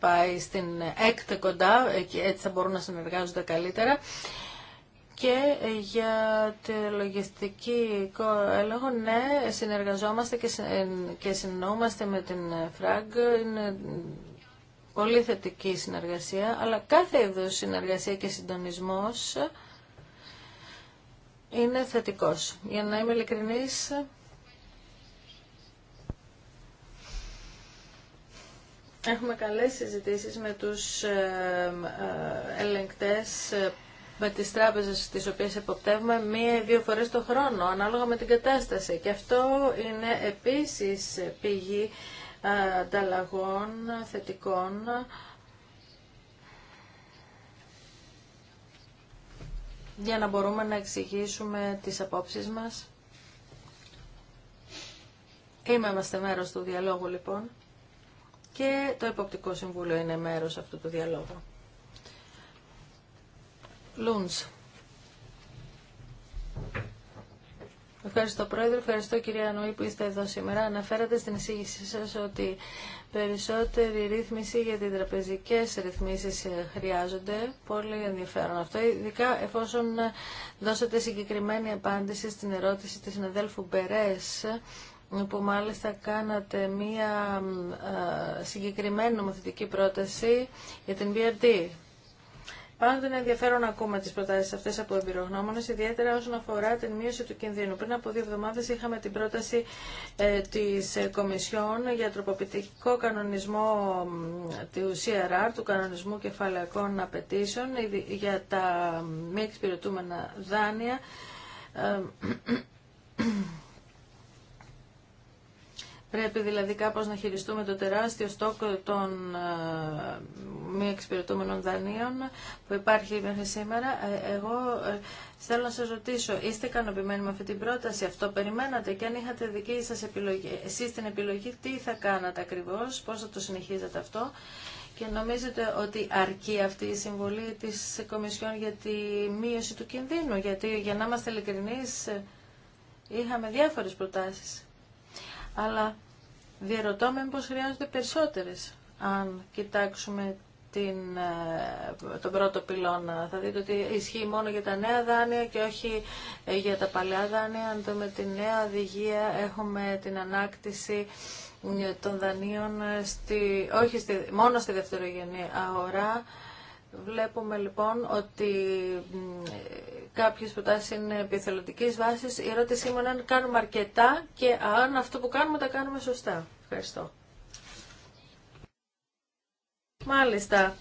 πάει στην έκτε κοντά, έτσι θα μπορούν να συνεργάζονται καλύτερα και ε, για τη λογιστική έλεγχο, ναι, συνεργαζόμαστε και, ε, συν, με την ΦΡΑΓ. Είναι πολύ θετική συνεργασία, αλλά κάθε είδου συνεργασία και συντονισμός είναι θετικός. Για να είμαι ειλικρινής, Έχουμε καλές συζητήσεις με τους ε, ε, ελεγκτές ε, με τις τράπεζες τις οποίες εποπτεύουμε μία-δύο φορές το χρόνο, ανάλογα με την κατάσταση. Και αυτό είναι επίσης πηγή ανταλλαγών θετικών. για να μπορούμε να εξηγήσουμε τις απόψεις μας. Είμαστε μέρος του διαλόγου λοιπόν και το Εποπτικό Συμβούλιο είναι μέρος αυτού του διαλόγου. Λούντς. Ευχαριστώ Πρόεδρε, ευχαριστώ κυρία Νουή που είστε εδώ σήμερα. Αναφέρατε στην εισήγησή σας ότι περισσότερη ρύθμιση για τις τραπεζικές ρυθμίσεις ε, χρειάζονται. Πολύ ενδιαφέρον αυτό, ειδικά εφόσον ε, δώσατε συγκεκριμένη απάντηση στην ερώτηση της συναδέλφου Μπερές που μάλιστα κάνατε μία ε, συγκεκριμένη νομοθετική πρόταση για την BRD. Πάντοτε είναι ενδιαφέρον να ακούμε τι προτάσει αυτέ από εμπειρογνώμονε, ιδιαίτερα όσον αφορά την μείωση του κινδύνου. Πριν από δύο εβδομάδε είχαμε την πρόταση ε, τη ε, Κομισιόν για τροποποιητικό κανονισμό του CRR, του Κανονισμού Κεφαλαιακών Απαιτήσεων, για τα μη εξυπηρετούμενα δάνεια. Πρέπει δηλαδή κάπως να χειριστούμε το τεράστιο στόκ των ε, μη εξυπηρετούμενων δανείων που υπάρχει μέχρι σήμερα. Ε, εγώ ε, θέλω να σας ρωτήσω, είστε ικανοποιημένοι με αυτή την πρόταση, αυτό περιμένατε και αν είχατε δική σας επιλογή, εσείς την επιλογή, τι θα κάνατε ακριβώς, πώς θα το συνεχίζετε αυτό. Και νομίζετε ότι αρκεί αυτή η συμβολή της Κομισιόν για τη μείωση του κινδύνου, γιατί για να είμαστε ειλικρινείς είχαμε διάφορες προτάσεις. Αλλά Διαρωτώ με χρειάζονται περισσότερες. Αν κοιτάξουμε την, ε, τον πρώτο πυλώνα, θα δείτε ότι ισχύει μόνο για τα νέα δάνεια και όχι ε, για τα παλιά δάνεια. Αν με τη νέα οδηγία, έχουμε την ανάκτηση ε, των δανείων στη, όχι στη, μόνο στη δευτερογενή αγορά Βλέπουμε λοιπόν ότι κάποιες προτάσεις είναι επιθελοντικής βάσης. Η ερώτησή μου είναι αν κάνουμε αρκετά και αν αυτό που κάνουμε τα κάνουμε σωστά. Ευχαριστώ. Μάλιστα.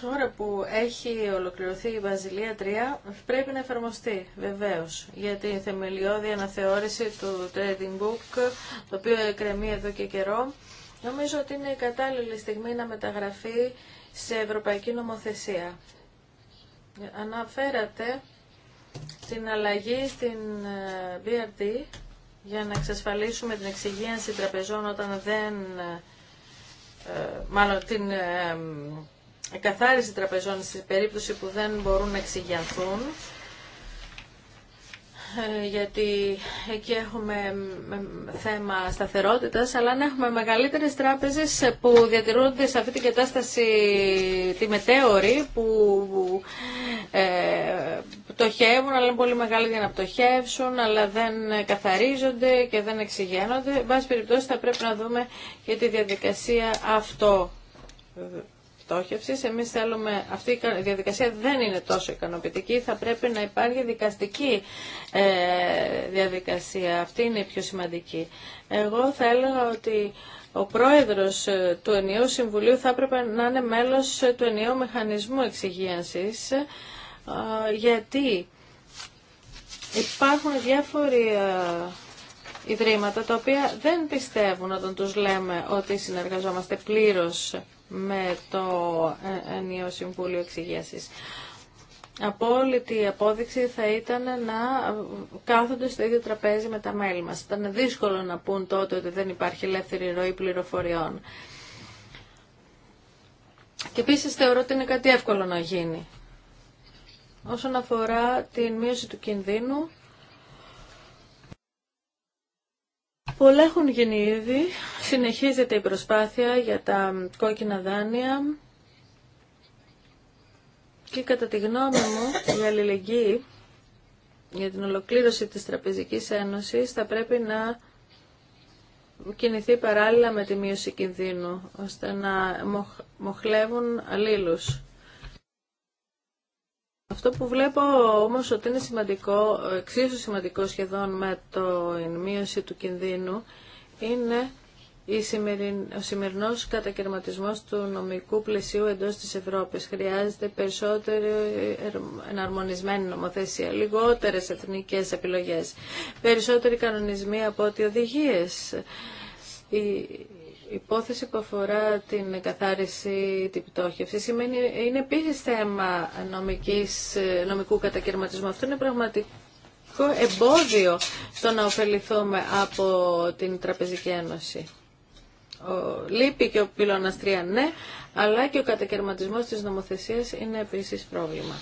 Τώρα που έχει ολοκληρωθεί η Βασιλεία 3, πρέπει να εφαρμοστεί βεβαίω για τη θεμελιώδη αναθεώρηση του Trading Book, το οποίο εκκρεμεί εδώ και καιρό. Νομίζω ότι είναι η κατάλληλη στιγμή να μεταγραφεί σε ευρωπαϊκή νομοθεσία. Αναφέρατε την αλλαγή στην ε, BRD για να εξασφαλίσουμε την εξυγίανση τραπεζών όταν δεν... Ε, ε, μάλλον την εκαθάριση τραπεζών σε περίπτωση που δεν μπορούν να εξυγιανθούν. Ε, γιατί εκεί έχουμε ε, θέμα σταθερότητας, αλλά να έχουμε μεγαλύτερες τράπεζες που διατηρούνται σε αυτή την κατάσταση τη μετέωρη, που ε, πτωχεύουν, αλλά είναι πολύ μεγάλη για να πτωχεύσουν, αλλά δεν καθαρίζονται και δεν εξηγένονται. Εν πάση περιπτώσει θα πρέπει να δούμε και τη διαδικασία αυτό Εμεί Εμείς θέλουμε, αυτή η διαδικασία δεν είναι τόσο ικανοποιητική, θα πρέπει να υπάρχει δικαστική ε, διαδικασία. Αυτή είναι η πιο σημαντική. Εγώ θα έλεγα ότι ο πρόεδρος ε, του ενιαίου συμβουλίου θα έπρεπε να είναι μέλος ε, του ενιαίου μηχανισμού εξυγίανσης, γιατί υπάρχουν διάφοροι ιδρύματα τα οποία δεν πιστεύουν όταν τους λέμε ότι συνεργαζόμαστε πλήρως με το ενίο Συμβούλιο Εξυγίασης. Απόλυτη απόδειξη θα ήταν να κάθονται στο ίδιο τραπέζι με τα μέλη μας. Ήταν δύσκολο να πούν τότε ότι δεν υπάρχει ελεύθερη ροή πληροφοριών. Και επίση θεωρώ ότι είναι κάτι εύκολο να γίνει. Όσον αφορά την μείωση του κινδύνου, Πολλά έχουν γίνει ήδη. Συνεχίζεται η προσπάθεια για τα κόκκινα δάνεια. Και κατά τη γνώμη μου, η αλληλεγγύη για την ολοκλήρωση της Τραπεζικής Ένωσης θα πρέπει να κινηθεί παράλληλα με τη μείωση κινδύνου, ώστε να μοχλεύουν αλλήλους. Αυτό που βλέπω όμως ότι είναι σημαντικό, εξίσου σημαντικό σχεδόν με το μείωση του κινδύνου, είναι η ο σημερινός κατακαιρματισμός του νομικού πλαισίου εντός της Ευρώπης. Χρειάζεται περισσότερη εναρμονισμένη νομοθεσία, λιγότερες εθνικές επιλογές, περισσότεροι κανονισμοί από ό,τι οδηγίες υπόθεση που αφορά την καθάριση, την πτώχευση, σημαίνει, είναι επίση θέμα νομικής, νομικού κατακαιρματισμού. Αυτό είναι πραγματικό εμπόδιο στο να ωφεληθούμε από την Τραπεζική Ένωση. Ο, λείπει και ο πυλώνας 3, ναι, αλλά και ο κατακαιρματισμός της νομοθεσίας είναι επίσης πρόβλημα.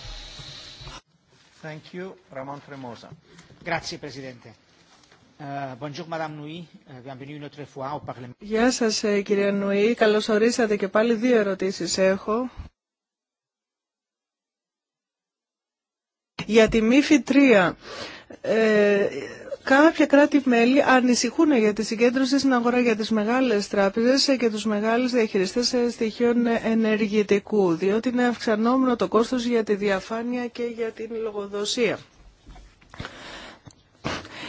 Thank you, Ramon Grazie, Presidente. Ε, ε, Γεια σας κύριε Νουή, καλώς ορίσατε και πάλι δύο ερωτήσεις έχω. Για τη ΜΥΦΗ 3, ε, κάποια κράτη-μέλη ανησυχούν για τη συγκέντρωση στην αγορά για τις μεγάλες τράπεζες και τους μεγάλους διαχειριστές στοιχείων ενεργητικού, διότι είναι αυξανόμενο το κόστος για τη διαφάνεια και για την λογοδοσία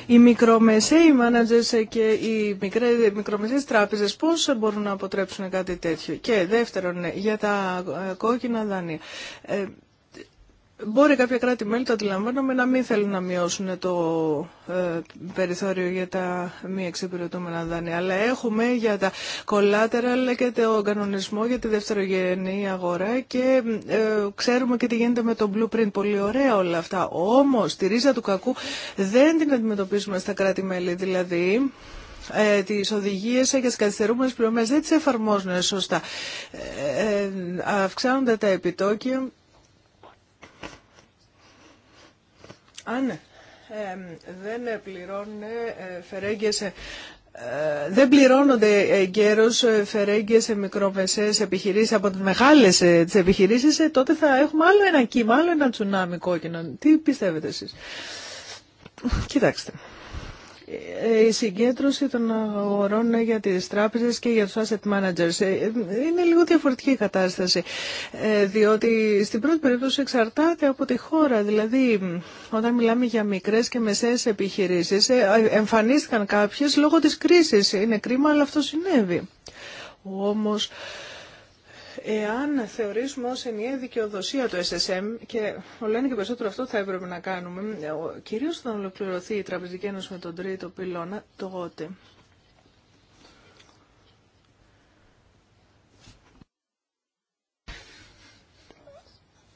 οι μικρομεσαίοι μάνατζες και οι μικρομεσαίες τράπεζες πώς μπορούν να αποτρέψουν κάτι τέτοιο. Και δεύτερον, για τα κόκκινα δάνεια. Ε, Μπορεί κάποια κράτη-μέλη, το αντιλαμβάνομαι, να μην θέλουν να μειώσουν το ε, περιθώριο για τα μη εξυπηρετούμενα δάνεια. Αλλά έχουμε για τα αλλά και το κανονισμό για τη δευτερογενή αγορά και ε, ξέρουμε και τι γίνεται με το blueprint. Πολύ ωραία όλα αυτά. Όμω, τη ρίζα του κακού δεν την αντιμετωπίζουμε στα κράτη-μέλη. Δηλαδή, ε, τις οδηγίες για τις καθυστερούμενε πληρωμέ δεν τι εφαρμόζουν σωστά. Ε, ε, αυξάνονται τα επιτόκια Αν δεν πληρώνουν ε, φερέγγες ε, δεν πληρώνονται εγκαίρως ε, φερέγγες σε μικρομεσαίες επιχειρήσεις από τις μεγάλες τις επιχειρήσεις, τότε θα έχουμε άλλο ένα κύμα, άλλο ένα τσουνάμι κόκκινο. Τι πιστεύετε εσείς. Κοιτάξτε η συγκέντρωση των αγορών για τις τράπεζες και για τους asset managers. Ε, είναι λίγο διαφορετική η κατάσταση, ε, διότι στην πρώτη περίπτωση εξαρτάται από τη χώρα. Δηλαδή, όταν μιλάμε για μικρές και μεσαίες επιχειρήσεις, ε, εμφανίστηκαν κάποιες λόγω της κρίσης. Είναι κρίμα, αλλά αυτό συνέβη. Όμως, Εάν θεωρήσουμε ως ενιαία δικαιοδοσία το SSM και λένε και περισσότερο αυτό θα έπρεπε να κάνουμε, κυρίως θα ολοκληρωθεί η Τραπεζική Ένωση με τον τρίτο πυλώνα, τότε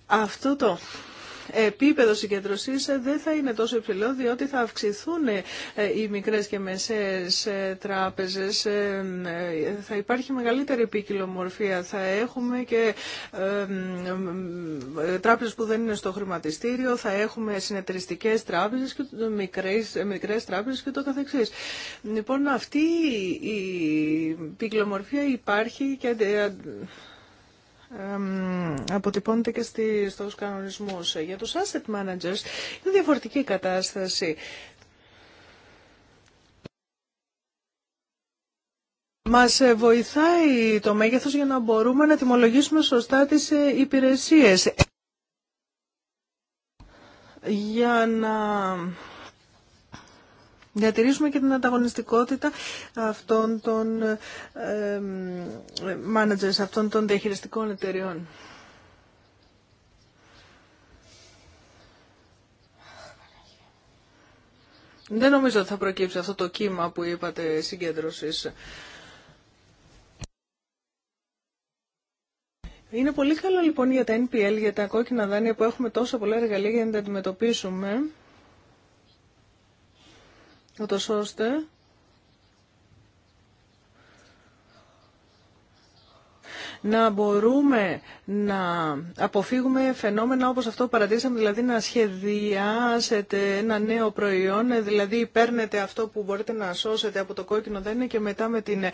Αυτό το επίπεδο συγκέντρωσής δεν θα είναι τόσο υψηλό, διότι θα αυξηθούν ε, οι μικρές και μεσαίε ε, τράπεζες. Ε, θα υπάρχει μεγαλύτερη πυκλομορφία, Θα έχουμε και τράπεζες που δεν είναι στο χρηματιστήριο, θα έχουμε συνεταιριστικέ τράπεζες και μικρές, μικρές τράπεζες και το καθεξής. Λοιπόν, αυτή η πυκλομορφία υπάρχει και αποτυπώνεται και στη, στους κανονισμούς. Για τους asset managers είναι διαφορετική κατάσταση. Μας ε, βοηθάει το μέγεθος για να μπορούμε να τιμολογήσουμε σωστά τις ε, υπηρεσίες. Για να διατηρήσουμε και την ανταγωνιστικότητα αυτών των managers, αυτών των διαχειριστικών εταιριών. Δεν νομίζω ότι θα προκύψει αυτό το κύμα που είπατε συγκέντρωσης. Είναι πολύ καλό λοιπόν για τα NPL, για τα κόκκινα δάνεια που έχουμε τόσο πολλά εργαλεία για να τα αντιμετωπίσουμε ούτως ώστε να μπορούμε να αποφύγουμε φαινόμενα όπως αυτό που παρατήσαμε, δηλαδή να σχεδιάσετε ένα νέο προϊόν, δηλαδή παίρνετε αυτό που μπορείτε να σώσετε από το κόκκινο δάνειο και μετά με την ε,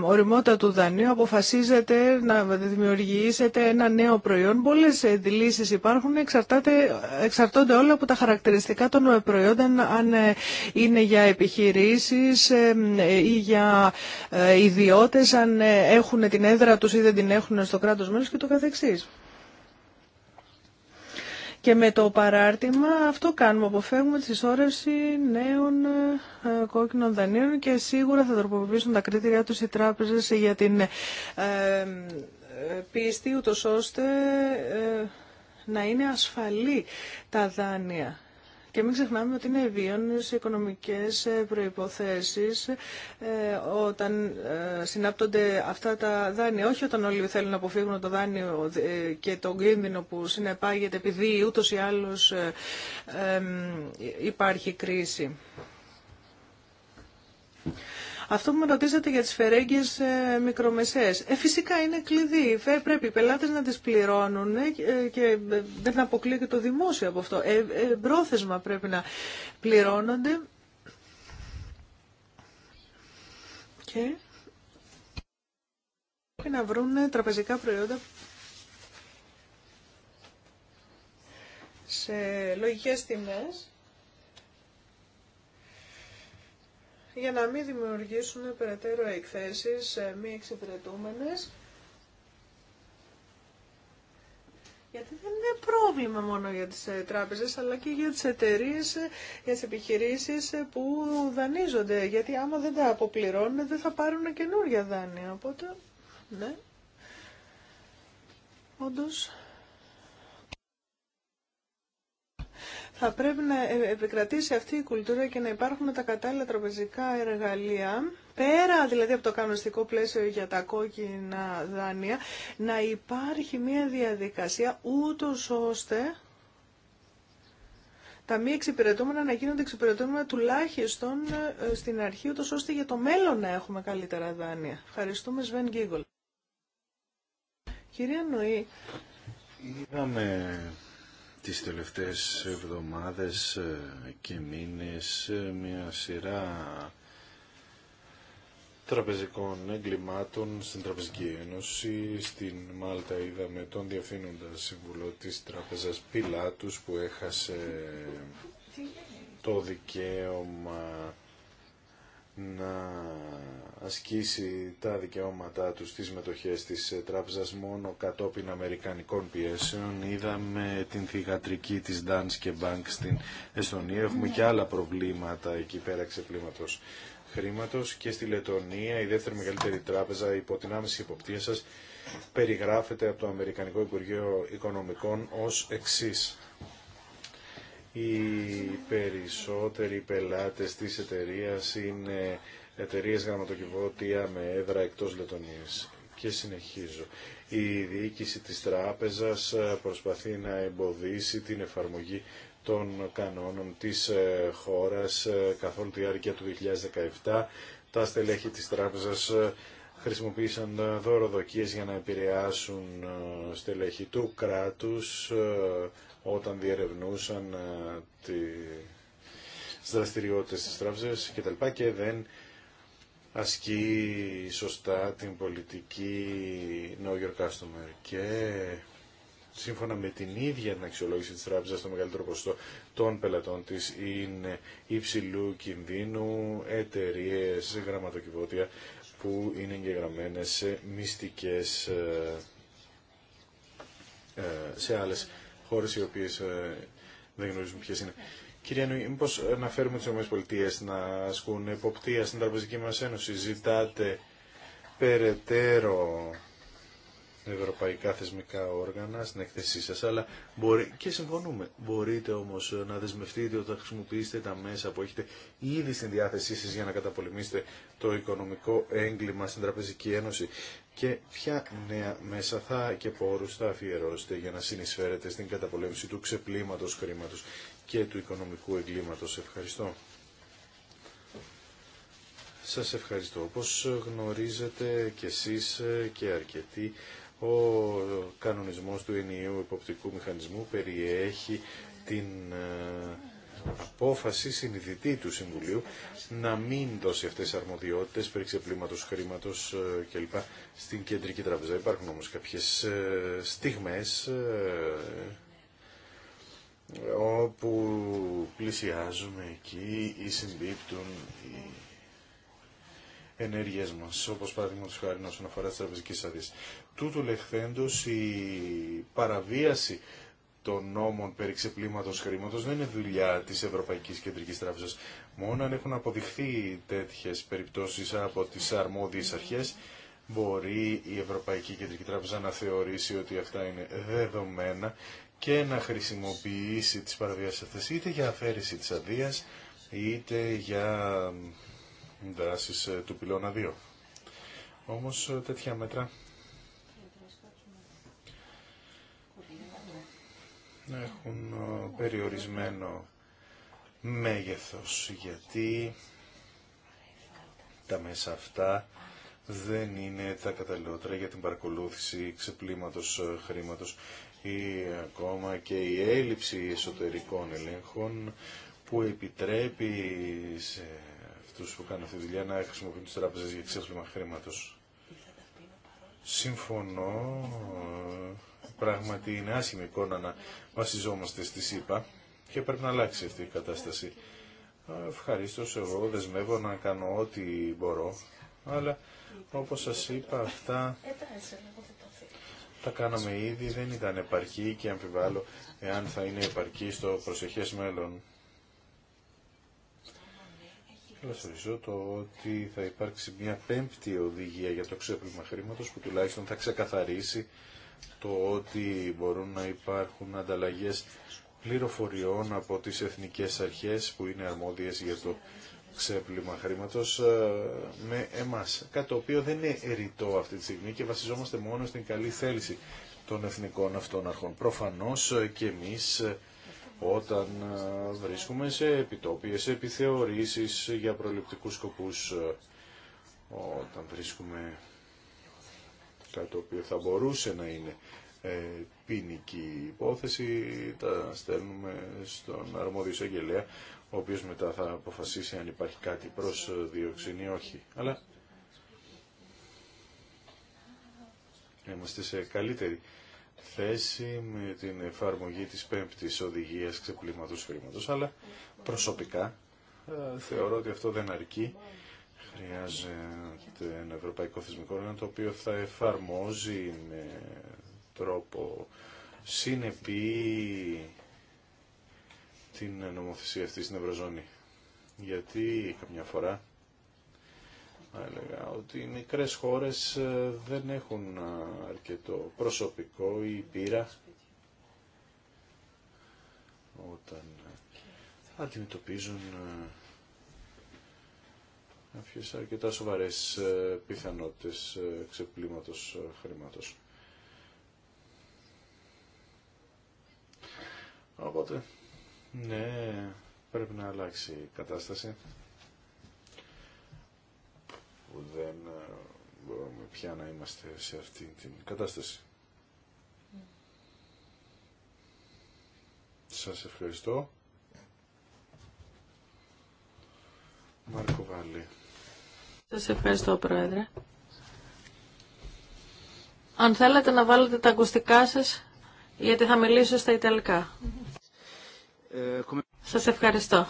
οριμότητα του δανείου αποφασίζετε να δημιουργήσετε ένα νέο προϊόν. Πολλές λύσεις υπάρχουν, εξαρτώνται όλα από τα χαρακτηριστικά των προϊόντων, αν ε, είναι για επιχειρήσεις ή για ε, ιδιώτες, αν ε, έχουν την έδρα τους ή δεν την έχουν στο κράτος μέλος και το καθεξής. Και με το παράρτημα αυτό κάνουμε, αποφεύγουμε τη συσσόρευση νέων ε, κόκκινων δανείων και σίγουρα θα τροποποιήσουν τα κριτήρια τους οι τράπεζες για την ε, ε, πίστη, ούτως ώστε να είναι ασφαλή τα δάνεια και μην ξεχνάμε ότι είναι οικονομικέ οικονομικές ε, προϋποθέσεις ε, όταν ε, συνάπτονται αυτά τα δάνεια. Όχι όταν όλοι θέλουν να αποφύγουν το δάνειο και τον κίνδυνο που συνεπάγεται επειδή ούτω ή άλλως υπάρχει κρίση. Αυτό που με ρωτήσατε για τις φερέγγιες ε, μικρομεσαίες. Ε, φυσικά είναι κλειδί. Πρέπει οι πελάτες να τις πληρώνουν ε, και ε, δεν αποκλείει και το δημόσιο από αυτό. Ε, πρόθεσμα πρέπει να πληρώνονται. Και πρέπει να βρουν τραπεζικά προϊόντα σε λογικές τιμές για να μην δημιουργήσουν περαιτέρω εκθέσεις ε, μη εξυπηρετούμενες. Γιατί δεν είναι πρόβλημα μόνο για τις ε, τράπεζες, αλλά και για τις εταιρείε, ε, για τις επιχειρήσεις που δανείζονται. Γιατί άμα δεν τα αποπληρώνουν, δεν θα πάρουν καινούργια δάνεια. Οπότε, ναι, όντως θα πρέπει να ε, επικρατήσει αυτή η κουλτούρα και να υπάρχουν τα κατάλληλα τραπεζικά εργαλεία, πέρα δηλαδή από το κανονιστικό πλαίσιο για τα κόκκινα δάνεια, να υπάρχει μια διαδικασία ούτω ώστε τα μη εξυπηρετούμενα να γίνονται εξυπηρετούμενα τουλάχιστον ε, στην αρχή, ούτως ώστε για το μέλλον να έχουμε καλύτερα δάνεια. Ευχαριστούμε, Σβέν Γκίγκολ. Κυρία Νοή τις τελευταίες εβδομάδες ε, και μήνες ε, μια σειρά τραπεζικών εγκλημάτων στην Τραπεζική Ένωση. Στην Μάλτα είδαμε τον διαφήνοντα συμβουλό της Τράπεζας Πιλάτους που έχασε το δικαίωμα να ασκήσει τα δικαιώματά του στις μετοχές της τράπεζας μόνο κατόπιν αμερικανικών πιέσεων. Είδαμε την θηγατρική της Danske Bank στην Εστονία. Έχουμε και άλλα προβλήματα εκεί πέρα εξεπλήματος χρήματος και στη Λετωνία η δεύτερη μεγαλύτερη τράπεζα υπό την άμεση υποπτία σας περιγράφεται από το Αμερικανικό Υπουργείο Οικονομικών ως εξής. Οι περισσότεροι πελάτες της εταιρείας είναι εταιρείες γραμματοκιβώτια με έδρα εκτός Λετωνίας. Και συνεχίζω. Η διοίκηση της τράπεζας ε, προσπαθεί να εμποδίσει την εφαρμογή των κανόνων της ε, χώρας ε, καθ' όλη τη διάρκεια του 2017. Τα στελέχη της τράπεζας χρησιμοποίησαν δωροδοκίες για να επηρεάσουν στελέχη του κράτους όταν διερευνούσαν ε, τις δραστηριότητες της τράπεζας και τα λοιπά και δεν ασκεί σωστά την πολιτική know your customer και σύμφωνα με την ίδια την αξιολόγηση της τράπεζας το μεγαλύτερο ποσοστό των πελατών της είναι υψηλού κινδύνου εταιρείε γραμματοκιβώτια που είναι εγγεγραμμένες σε μυστικές ε, ε, σε άλλες χώρες οι οποίες ε, δεν γνωρίζουν ποιες είναι. Κυρία Νουή, μήπως ε, να φέρουμε τις ΗΠΑ να ασκούν εποπτεία στην Τραπεζική μας Ένωση. Ζητάτε περαιτέρω ευρωπαϊκά θεσμικά όργανα στην εκθεσή σας, αλλά μπορεί, και συμφωνούμε, μπορείτε όμως να δεσμευτείτε ότι χρησιμοποιήσετε τα μέσα που έχετε ήδη στην διάθεσή σας για να καταπολεμήσετε το οικονομικό έγκλημα στην Τραπεζική Ένωση και ποια νέα μέσα θα και πόρους θα αφιερώσετε για να συνεισφέρετε στην καταπολέμηση του ξεπλήματος χρήματος και του οικονομικού εγκλήματος. Ευχαριστώ. Σας ευχαριστώ. Όπως γνωρίζετε και εσείς ε, και αρκετοί, ο κανονισμός του ενιαίου υποπτικού μηχανισμού περιέχει την ε, απόφαση συνειδητή του Συμβουλίου να μην δώσει αυτές τις αρμοδιότητες περί ξεπλήματος χρήματος ε, κλπ. στην Κεντρική Τραπεζά. Υπάρχουν όμως κάποιες ε, στιγμές ε, όπου πλησιάζουμε εκεί ή συμπίπτουν οι ενέργειές μας, όπως παραδείγματο χάρη όσον αφορά τις τραπεζικές αδείες. Τούτου λεχθέντος η παραβίαση των νόμων περί ξεπλήματος χρήματος δεν είναι δουλειά της Ευρωπαϊκής Κεντρικής Τράπεζας. Μόνο αν έχουν αποδειχθεί τέτοιες περιπτώσεις από τις αρμόδιες αρχές, μπορεί η Ευρωπαϊκή Κεντρική Τράπεζα να θεωρήσει ότι αυτά είναι δεδομένα και να χρησιμοποιήσει τις παραβιάσεις αυτές είτε για αφαίρεση της αδείας είτε για δράσεις ε, του πυλώνα 2. Όμως ε, τέτοια μέτρα έχουν ε, περιορισμένο μέγεθος γιατί τα μέσα αυτά δεν είναι τα καταλληλότερα για την παρακολούθηση ξεπλήματος ε, χρήματος ή ακόμα και η έλλειψη εσωτερικών ελέγχων που επιτρέπει σε αυτούς που κάνουν αυτή τη δουλειά να χρησιμοποιούν τις τράπεζες για ξεπλήμα χρήματος. Συμφωνώ ε, Πράγματι είναι άσχημη εικόνα να βασιζόμαστε στη ΣΥΠΑ και πρέπει να αλλάξει αυτή η κατάσταση. Ευχαρίστω, εγώ δεσμεύω να κάνω ό,τι μπορώ, αλλά όπως σας είπα αυτά τα κάναμε ήδη, δεν ήταν επαρκή και αμφιβάλλω εάν θα είναι επαρκή στο προσεχές μέλλον. ευχαριστώ το ότι θα υπάρξει μια πέμπτη οδηγία για το ξέπλυμα χρήματος που τουλάχιστον θα ξεκαθαρίσει το ότι μπορούν να υπάρχουν ανταλλαγές πληροφοριών από τις εθνικές αρχές που είναι αρμόδιες για το ξέπλυμα χρήματος ε, με εμάς. Κάτι το οποίο δεν είναι ερητό αυτή τη στιγμή και βασιζόμαστε μόνο στην καλή θέληση των εθνικών αυτών αρχών. Προφανώς ε, και εμείς ε, όταν βρίσκουμε σε επιτόπιες επιθεωρήσεις για προληπτικούς σκοπούς, όταν βρίσκουμε κάτι το οποίο θα μπορούσε να είναι ε, ποινική υπόθεση, τα στέλνουμε στον αρμόδιο εισαγγελέα, ο οποίος μετά θα αποφασίσει αν υπάρχει κάτι προς διοξινή ή όχι. Αλλά είμαστε σε καλύτερη θέση με την εφαρμογή της πέμπτης οδηγίας ξεπλήματος χρήματος, αλλά προσωπικά ε, θεωρώ ότι αυτό δεν αρκεί Χρειάζεται ένα ευρωπαϊκό θεσμικό όργανο το οποίο θα εφαρμόζει με τρόπο συνεπή την νομοθεσία αυτή στην Ευρωζώνη. Γιατί καμιά φορά έλεγα ότι οι μικρές χώρες ε, δεν έχουν αρκετό προσωπικό ή πείρα όταν αντιμετωπίζουν ε, κάποιες αρκετά σοβαρές ε, πιθανότητες ε, ξεπλήματος ε, χρήματος. Οπότε, ναι, πρέπει να αλλάξει η κατάσταση που δεν μπορούμε πια να είμαστε σε αυτή την κατάσταση. Σα Σας ευχαριστώ. Μάρκο Βάλλη. Σας ευχαριστώ, Πρόεδρε. Αν θέλετε να βάλετε τα ακουστικά σας, γιατί θα μιλήσω στα Ιταλικά. Σας ευχαριστώ.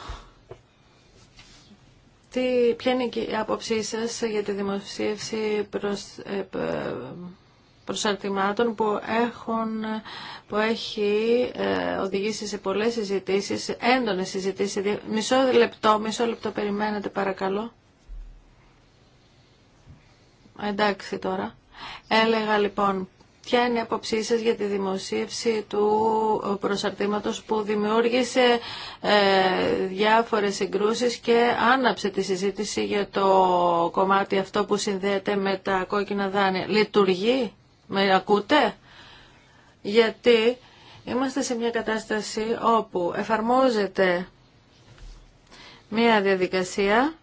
Τι, ποια είναι η άποψή σας για τη δημοσίευση προς, ε, προσαρτημάτων που, έχουν, που έχει ε, οδηγήσει σε πολλές συζητήσεις, έντονες συζητήσεις. Μισό λεπτό, μισό λεπτό περιμένετε παρακαλώ. Εντάξει τώρα. Έλεγα λοιπόν Ποια είναι η αποψή σας για τη δημοσίευση του προσαρτήματος που δημιούργησε ε, διάφορες συγκρούσεις και άναψε τη συζήτηση για το κομμάτι αυτό που συνδέεται με τα κόκκινα δάνεια. Λειτουργεί, με ακούτε, γιατί είμαστε σε μια κατάσταση όπου εφαρμόζεται μια διαδικασία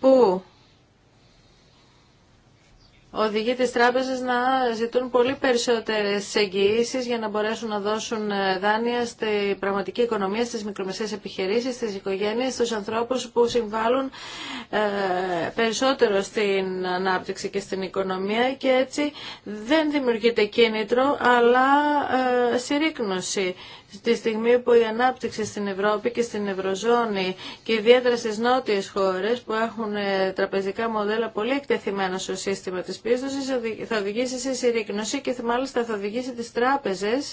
που οδηγεί τις τράπεζες να ζητούν πολύ περισσότερες εγγυήσεις για να μπορέσουν να δώσουν ε, δάνεια στη πραγματική οικονομία, στις μικρομεσαίες επιχειρήσεις, στις οικογένειες, στους ανθρώπους που συμβάλλουν ε, περισσότερο στην ανάπτυξη και στην οικονομία και έτσι δεν δημιουργείται κίνητρο αλλά ε, συρρήκνωση. Στη στιγμή που η ανάπτυξη στην Ευρώπη και στην Ευρωζώνη και ιδιαίτερα στι νότιε χώρες που έχουν ε, τραπεζικά μοντέλα πολύ εκτεθειμένα στο σύστημα της πίστοση θα οδηγήσει σε συρρήκνωση και μάλιστα θα οδηγήσει τι τράπεζες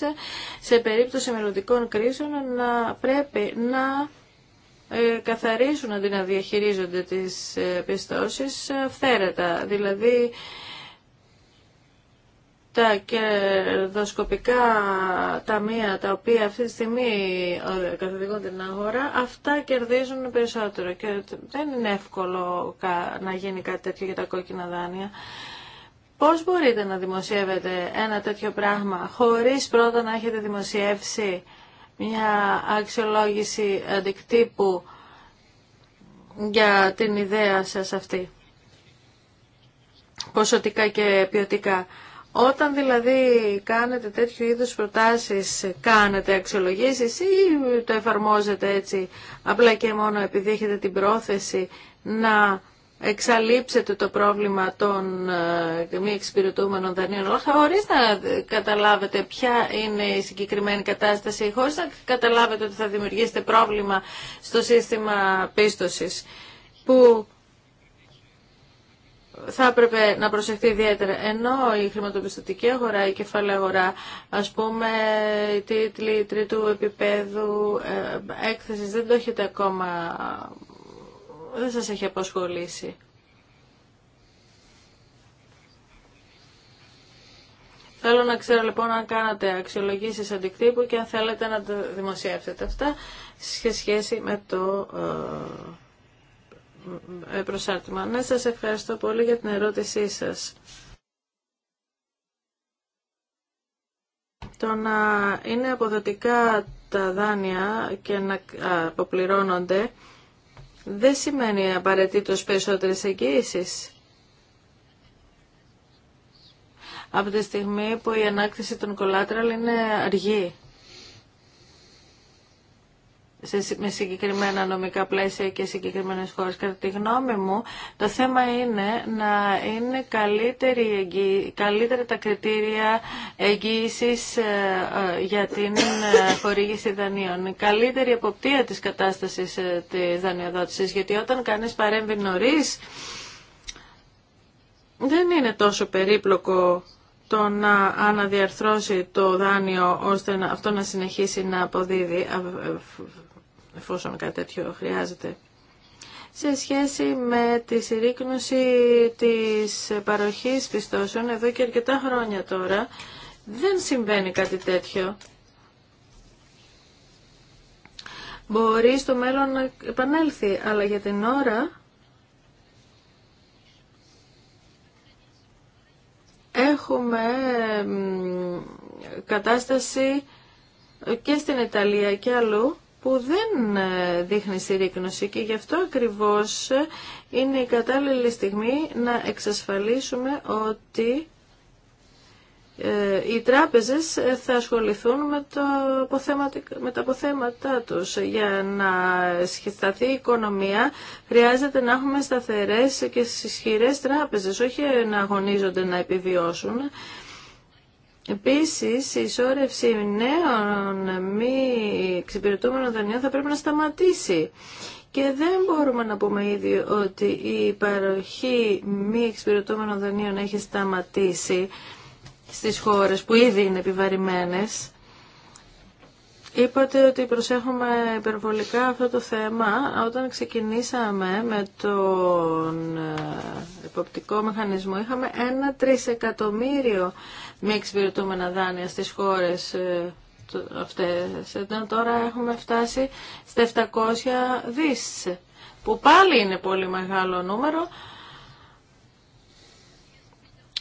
σε περίπτωση μελλοντικών κρίσεων να πρέπει να ε, καθαρίσουν αντί να διαχειρίζονται τις ε, πιστώσεις φθαίρετα. Δηλαδή τα κερδοσκοπικά ταμεία τα οποία αυτή τη στιγμή ε, καθοδηγούν την αγορά, αυτά κερδίζουν περισσότερο. Και δεν είναι εύκολο να γίνει κάτι τέτοιο για τα κόκκινα δάνεια. Πώς μπορείτε να δημοσιεύετε ένα τέτοιο πράγμα χωρίς πρώτα να έχετε δημοσιεύσει μια αξιολόγηση αντικτύπου για την ιδέα σας αυτή, ποσοτικά και ποιοτικά. Όταν δηλαδή κάνετε τέτοιου είδους προτάσεις, κάνετε αξιολογήσεις ή το εφαρμόζετε έτσι απλά και μόνο επειδή έχετε την πρόθεση να εξαλείψετε το πρόβλημα των ε, μη εξυπηρετούμενων δανείων χωρίς να καταλάβετε ποια είναι η συγκεκριμένη κατάσταση, χωρίς να καταλάβετε ότι θα δημιουργήσετε πρόβλημα στο σύστημα πίστοσης που θα έπρεπε να προσεχθεί ιδιαίτερα. Ενώ η χρηματοπιστωτική αγορά, η κεφαλαία αγορά, ας πούμε, οι τίτλοι τρίτου επίπεδου ε, έκθεσης δεν το έχετε ακόμα, δεν σας έχει απασχολήσει. Θέλω να ξέρω λοιπόν αν κάνατε αξιολογήσεις αντικτύπου και αν θέλετε να δημοσιεύσετε αυτά σε σχέση με το ε, ε, προσάρτημα. Ναι, σας ευχαριστώ πολύ για την ερώτησή σας. Το να είναι αποδοτικά τα δάνεια και να αποπληρώνονται δεν σημαίνει απαραίτητο περισσότερες εγγύησεις. Από τη στιγμή που η ανάκτηση των collateral είναι αργή σε, με συγκεκριμένα νομικά πλαίσια και συγκεκριμένες χώρες. Κατά τη γνώμη μου, το θέμα είναι να είναι καλύτερη, καλύτερα τα κριτήρια εγγύησης ε, ε, για την ε, χορήγηση δανείων. Καλύτερη εποπτεία της κατάστασης της δανειοδότησης, γιατί όταν κανείς παρέμβει νωρίς, δεν είναι τόσο περίπλοκο το να αναδιαρθρώσει το δάνειο ώστε αυτό να συνεχίσει να αποδίδει εφόσον κάτι τέτοιο χρειάζεται σε σχέση με τη συρρήκνωση της παροχής πιστώσεων εδώ και αρκετά χρόνια τώρα δεν συμβαίνει κάτι τέτοιο. Μπορεί στο μέλλον να επανέλθει, αλλά για την ώρα έχουμε κατάσταση και στην Ιταλία και αλλού που δεν ε, δείχνει συρρήκνωση και γι' αυτό ακριβώς ε, είναι η κατάλληλη στιγμή να εξασφαλίσουμε ότι ε, οι τράπεζες θα ασχοληθούν με, το με τα αποθέματά τους. Για να σταθεί η οικονομία χρειάζεται να έχουμε σταθερές και ισχυρές τράπεζες, όχι να αγωνίζονται να επιβιώσουν. Επίσης, η ισόρρευση νέων μη εξυπηρετούμενων δανειών θα πρέπει να σταματήσει. Και δεν μπορούμε να πούμε ήδη ότι η παροχή μη εξυπηρετούμενων δανείων έχει σταματήσει στις χώρες που ήδη είναι επιβαρημένες. Είπατε ότι προσέχουμε υπερβολικά αυτό το θέμα. Όταν ξεκινήσαμε με τον ε, εποπτικό μηχανισμό είχαμε ένα τρισεκατομμύριο μη εξυπηρετούμενα δάνεια στις χώρες ε, αυτές. τώρα έχουμε φτάσει στα 700 δις, που πάλι είναι πολύ μεγάλο νούμερο.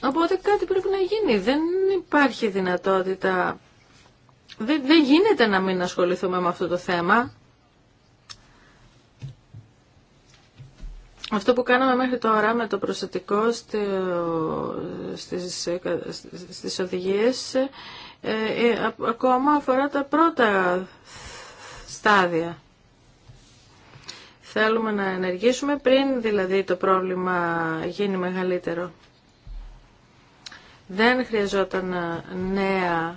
Οπότε κάτι πρέπει να γίνει. Δεν υπάρχει δυνατότητα, δεν, δεν γίνεται να μην ασχοληθούμε με αυτό το θέμα. Αυτό που κάναμε μέχρι τώρα με το προστατικό στις, στις οδηγίες ε, ε, ακόμα αφορά τα πρώτα στάδια. Θέλουμε να ενεργήσουμε πριν δηλαδή το πρόβλημα γίνει μεγαλύτερο. Δεν χρειαζόταν ε, νέα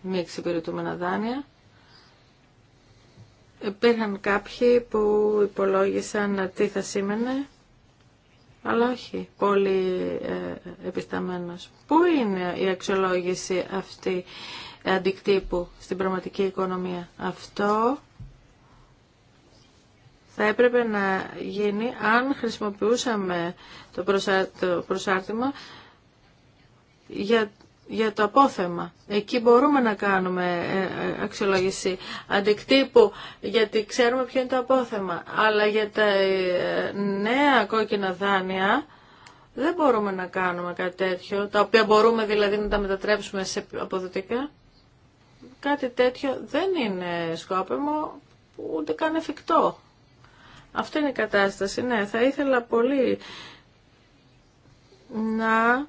μη εξυπηρετούμενα δάνεια. Υπήρχαν κάποιοι που υπολόγισαν τι θα σήμαινε, αλλά όχι πολύ ε, επισταμένος. Πού είναι η αξιολόγηση αυτή ε, αντικτύπου στην πραγματική οικονομία. Αυτό θα έπρεπε να γίνει αν χρησιμοποιούσαμε το, προσάρτημα για για το απόθεμα. Εκεί μπορούμε να κάνουμε ε, ε, αξιολόγηση αντικτύπου, γιατί ξέρουμε ποιο είναι το απόθεμα. Αλλά για τα ε, νέα κόκκινα δάνεια δεν μπορούμε να κάνουμε κάτι τέτοιο, τα οποία μπορούμε δηλαδή να τα μετατρέψουμε σε αποδοτικά. Κάτι τέτοιο δεν είναι σκόπιμο, ούτε καν εφικτό. Αυτή είναι η κατάσταση. Ναι, θα ήθελα πολύ να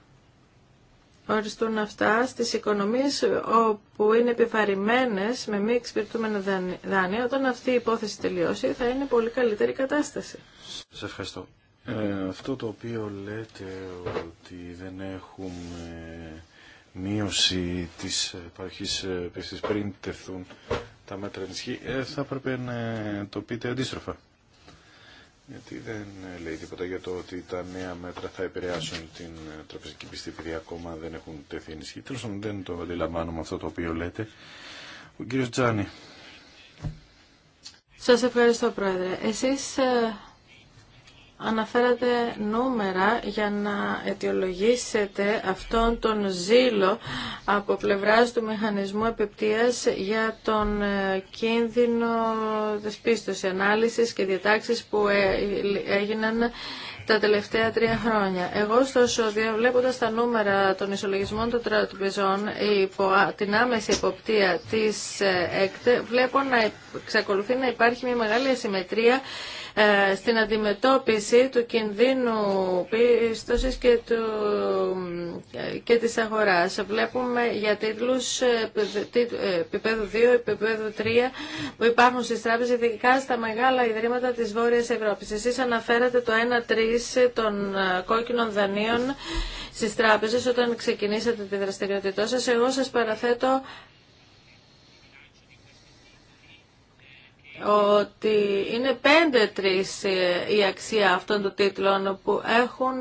οριστούν αυτά στις οικονομίες όπου είναι επιβαρημένες με μη εξυπηρετούμενα δάνεια. Όταν αυτή η υπόθεση τελειώσει θα είναι πολύ καλύτερη κατάσταση. Σας ευχαριστώ. Ε, αυτό το οποίο λέτε ότι δεν έχουμε μείωση της παροχής ε, πριν τεθούν τα μέτρα ενισχύ, ε, θα έπρεπε να το πείτε αντίστροφα. Γιατί δεν λέει τίποτα για το ότι τα νέα μέτρα θα επηρεάσουν την τραπεζική πιστή ακόμα δεν έχουν τεθεί ενισχύ. Τέλος δεν το αντιλαμβάνουμε αυτό το οποίο λέτε. Ο κύριος Τζάνι. Σας ευχαριστώ Πρόεδρε. Εσείς ε, Αναφέρατε νούμερα για να αιτιολογήσετε αυτόν τον ζήλο από πλευράς του μηχανισμού επεπτείας για τον ε, κίνδυνο της πίστοσης ανάλυσης και διατάξεις που ε, έγιναν τα τελευταία τρία χρόνια. Εγώ, ωστόσο, βλέποντα τα νούμερα των ισολογισμών των τραπεζών υπό την άμεση υποπτία τη ε, ΕΚΤ, βλέπω να εξακολουθεί να υπάρχει μια μεγάλη ασυμμετρία ε, στην αντιμετώπιση του κινδύνου πίστοσης και, του, και της αγοράς. Βλέπουμε για τίτλους επίπεδου 2, επίπεδου 3 που υπάρχουν στις τράπεζες, ειδικά στα μεγάλα ιδρύματα της Βόρειας Ευρώπης. Εσείς αναφέρατε το 1-3 των ε, κόκκινων δανείων στις τράπεζες όταν ξεκινήσατε τη δραστηριότητά σας. Εγώ σας παραθέτω ότι είναι πέντε-τρεις ε, η αξία αυτών των τίτλων που έχουν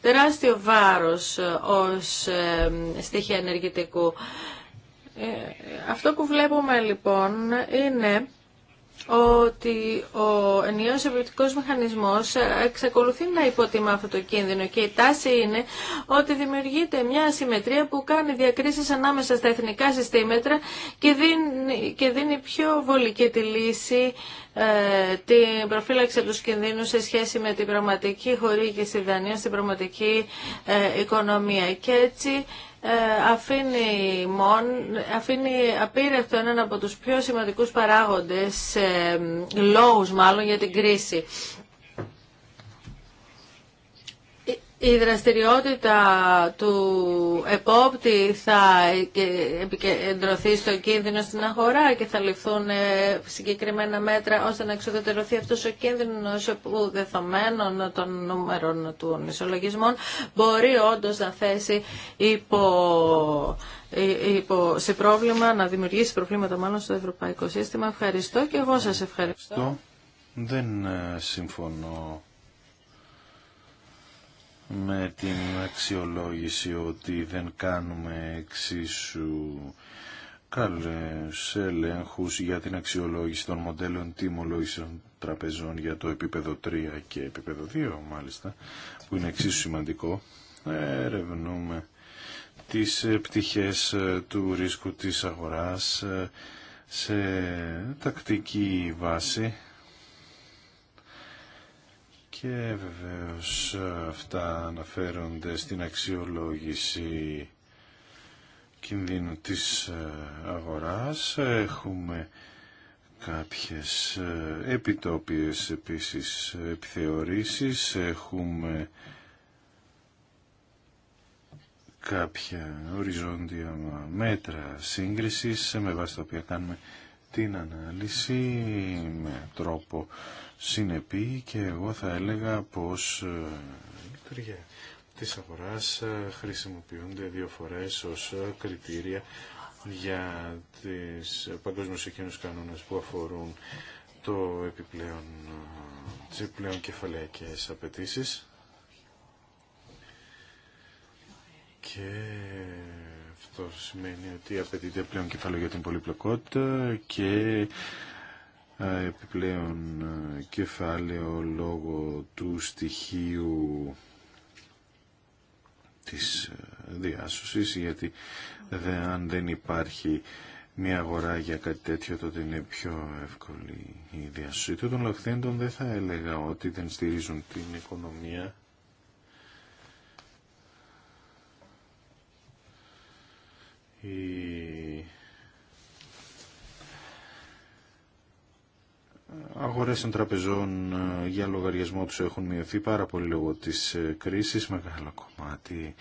τεράστιο βάρος ε, ως ε, στοιχεία ενεργητικού. Αυτό που βλέπουμε λοιπόν είναι ότι ο ενιαίος ευρωτικός μηχανισμός εξακολουθεί να υποτιμά αυτό το κίνδυνο και η τάση είναι ότι δημιουργείται μια συμμετρία που κάνει διακρίσεις ανάμεσα στα εθνικά συστήματα και δίνει, και δίνει πιο βολική τη λύση ε, την προφύλαξη από τους κινδύνους σε σχέση με την πραγματική χορήγηση δανείων στην πραγματική ε, οικονομία. Και έτσι ε, αφήνει, μόν, αφήνει απείρευτο έναν από τους πιο σημαντικούς παράγοντες, ε, λόγους μάλλον για την κρίση. η δραστηριότητα του επόπτη θα επικεντρωθεί στο κίνδυνο στην αγορά και θα ληφθούν ε, συγκεκριμένα μέτρα ώστε να εξοδετερωθεί αυτός ο κίνδυνος που δεδομένων των νούμερων των ισολογισμών μπορεί όντως να θέσει υπό, ε, υπό, σε πρόβλημα, να δημιουργήσει προβλήματα μάλλον στο ευρωπαϊκό σύστημα. Ευχαριστώ και εγώ σας ευχαριστώ. Δεν ε, συμφωνώ με την αξιολόγηση ότι δεν κάνουμε εξίσου καλές ελέγχους για την αξιολόγηση των μοντέλων των τραπεζών για το επίπεδο 3 και επίπεδο 2 μάλιστα, που είναι εξίσου σημαντικό. Ερευνούμε τις πτυχές του ρίσκου της αγοράς σε τακτική βάση και βεβαίως αυτά αναφέρονται στην αξιολόγηση κινδύνου της ε, αγοράς. Έχουμε κάποιες ε, επιτόπιες επίσης επιθεωρήσεις. Έχουμε κάποια οριζόντια μέτρα σύγκρισης με βάση τα οποία κάνουμε την ανάλυση με τρόπο συνεπή και εγώ θα έλεγα πως ε, η λειτουργία της αγοράς ε, χρησιμοποιούνται δύο φορές ως ε, κριτήρια για τις παγκόσμιους εκείνους κανόνες που αφορούν το επιπλέον, τις επιπλέον κεφαλαϊκές απαιτήσει. και αυτό σημαίνει ότι απαιτείται πλέον κεφάλαιο για την πολυπλοκότητα και επιπλέον κεφάλαιο λόγω του στοιχείου της διάσωσης γιατί αν δεν υπάρχει μια αγορά για κάτι τέτοιο τότε είναι πιο εύκολη η διάσωση του των δεν θα έλεγα ότι δεν στηρίζουν την οικονομία η αγορές των τραπεζών ε, για λογαριασμό τους έχουν μειωθεί πάρα πολύ λόγω της ε, κρίσης. Μεγάλο κομμάτι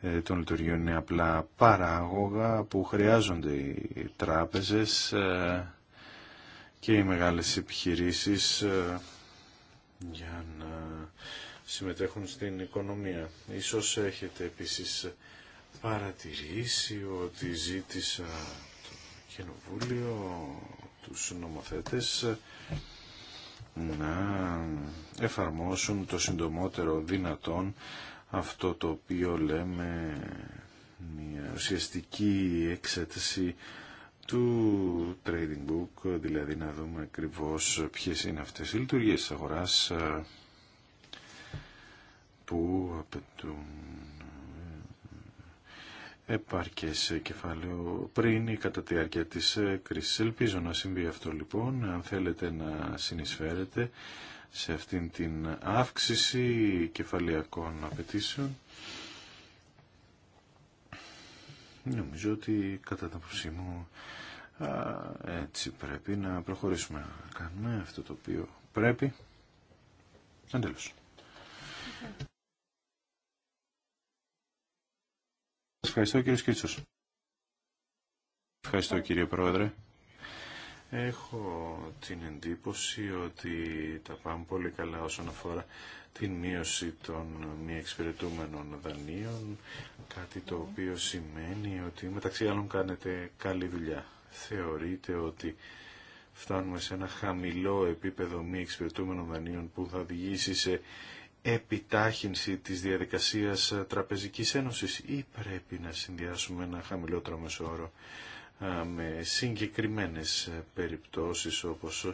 ε, των λειτουργιών είναι απλά παράγωγα που χρειάζονται οι τράπεζες και οι μεγάλες επιχειρήσεις για να συμμετέχουν στην οικονομία. Ίσως έχετε επίσης παρατηρήσει ότι ζήτησα το Κοινοβούλιο τους νομοθέτες να εφαρμόσουν το συντομότερο δυνατόν αυτό το οποίο λέμε μια ουσιαστική εξέταση του trading book, δηλαδή να δούμε ακριβώ ποιες είναι αυτές οι λειτουργίες της αγοράς ε, που απαιτούν επαρκές κεφάλαιο πριν ή κατά τη διάρκεια της ε, κρίσης. Ελπίζω να συμβεί αυτό λοιπόν, αν θέλετε να συνεισφέρετε σε αυτήν την αύξηση κεφαλαιακών απαιτήσεων. Νομίζω ότι κατά την άποψή μου έτσι πρέπει να προχωρήσουμε να κάνουμε αυτό το οποίο πρέπει. Αντέλος. Ευχαριστώ κύριος Σκίτσος. Ευχαριστώ κύριε Πρόεδρε. Έχω την εντύπωση ότι τα πάμε πολύ καλά όσον αφορά την μείωση των μη εξυπηρετούμενων δανείων, κάτι το οποίο σημαίνει ότι μεταξύ άλλων κάνετε καλή δουλειά. Θεωρείτε ότι φτάνουμε σε ένα χαμηλό επίπεδο μη εξυπηρετούμενων δανείων που θα οδηγήσει σε επιτάχυνση της διαδικασίας τραπεζικής ένωσης ή πρέπει να συνδυάσουμε ένα χαμηλότερο μεσόωρο με συγκεκριμένες περιπτώσεις όπως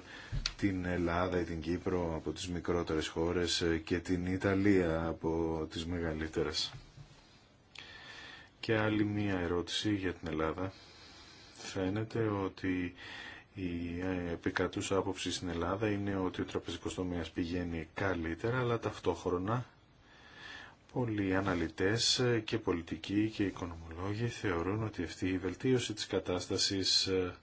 την Ελλάδα ή την Κύπρο από τις μικρότερες χώρες και την Ιταλία από τις μεγαλύτερες. Και άλλη μία ερώτηση για την Ελλάδα. Φαίνεται ότι η επικρατούσα άποψη στην Ελλάδα είναι ότι ο τραπεζικός τομέας πηγαίνει καλύτερα, αλλά ταυτόχρονα πολλοί αναλυτές και πολιτικοί και οικονομολόγοι θεωρούν ότι αυτή η βελτίωση της κατάστασης ε,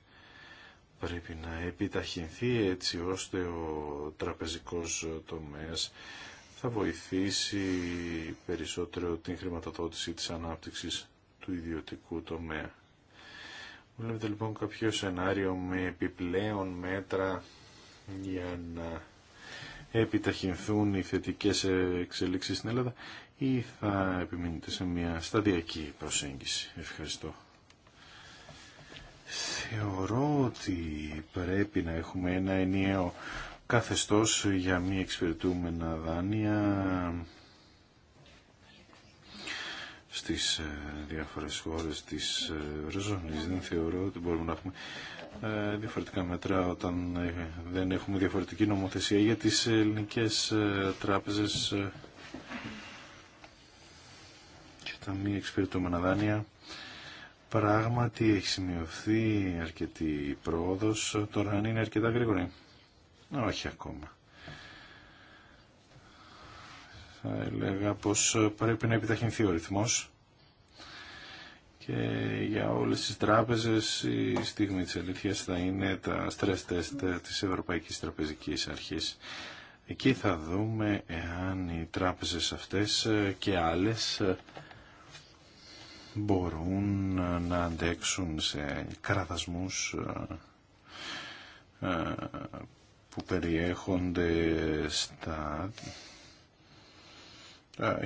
πρέπει να επιταχυνθεί έτσι ώστε ο τραπεζικός τομέας θα βοηθήσει περισσότερο την χρηματοδότηση της ανάπτυξης του ιδιωτικού τομέα. Βλέπετε λοιπόν κάποιο σενάριο με επιπλέον μέτρα για να επιταχυνθούν οι θετικές εξελίξεις στην Ελλάδα ή θα επιμείνετε σε μια σταδιακή προσέγγιση. Ευχαριστώ. Θεωρώ ότι πρέπει να έχουμε ένα ενιαίο καθεστώς για μη εξυπηρετούμενα δάνεια στις ε, διάφορες χώρες της ε, Ευρωζώνης. Δεν θεωρώ ότι μπορούμε να έχουμε ε, διαφορετικά μέτρα όταν δεν έχουμε διαφορετική νομοθεσία για τις ελληνικές τράπεζες και τα μη εξυπηρετούμενα δάνεια. Πράγματι έχει σημειωθεί αρκετή πρόοδος, τώρα αν είναι αρκετά γρήγορη. Όχι ακόμα. θα έλεγα πως πρέπει να επιταχυνθεί ο ρυθμός και για όλες τις τράπεζες η στιγμή της αλήθειας θα είναι τα stress test της Ευρωπαϊκής Τραπεζικής Αρχής. Εκεί θα δούμε εάν οι τράπεζες αυτές και άλλες μπορούν να αντέξουν σε κραδασμούς ε, ε, που περιέχονται στα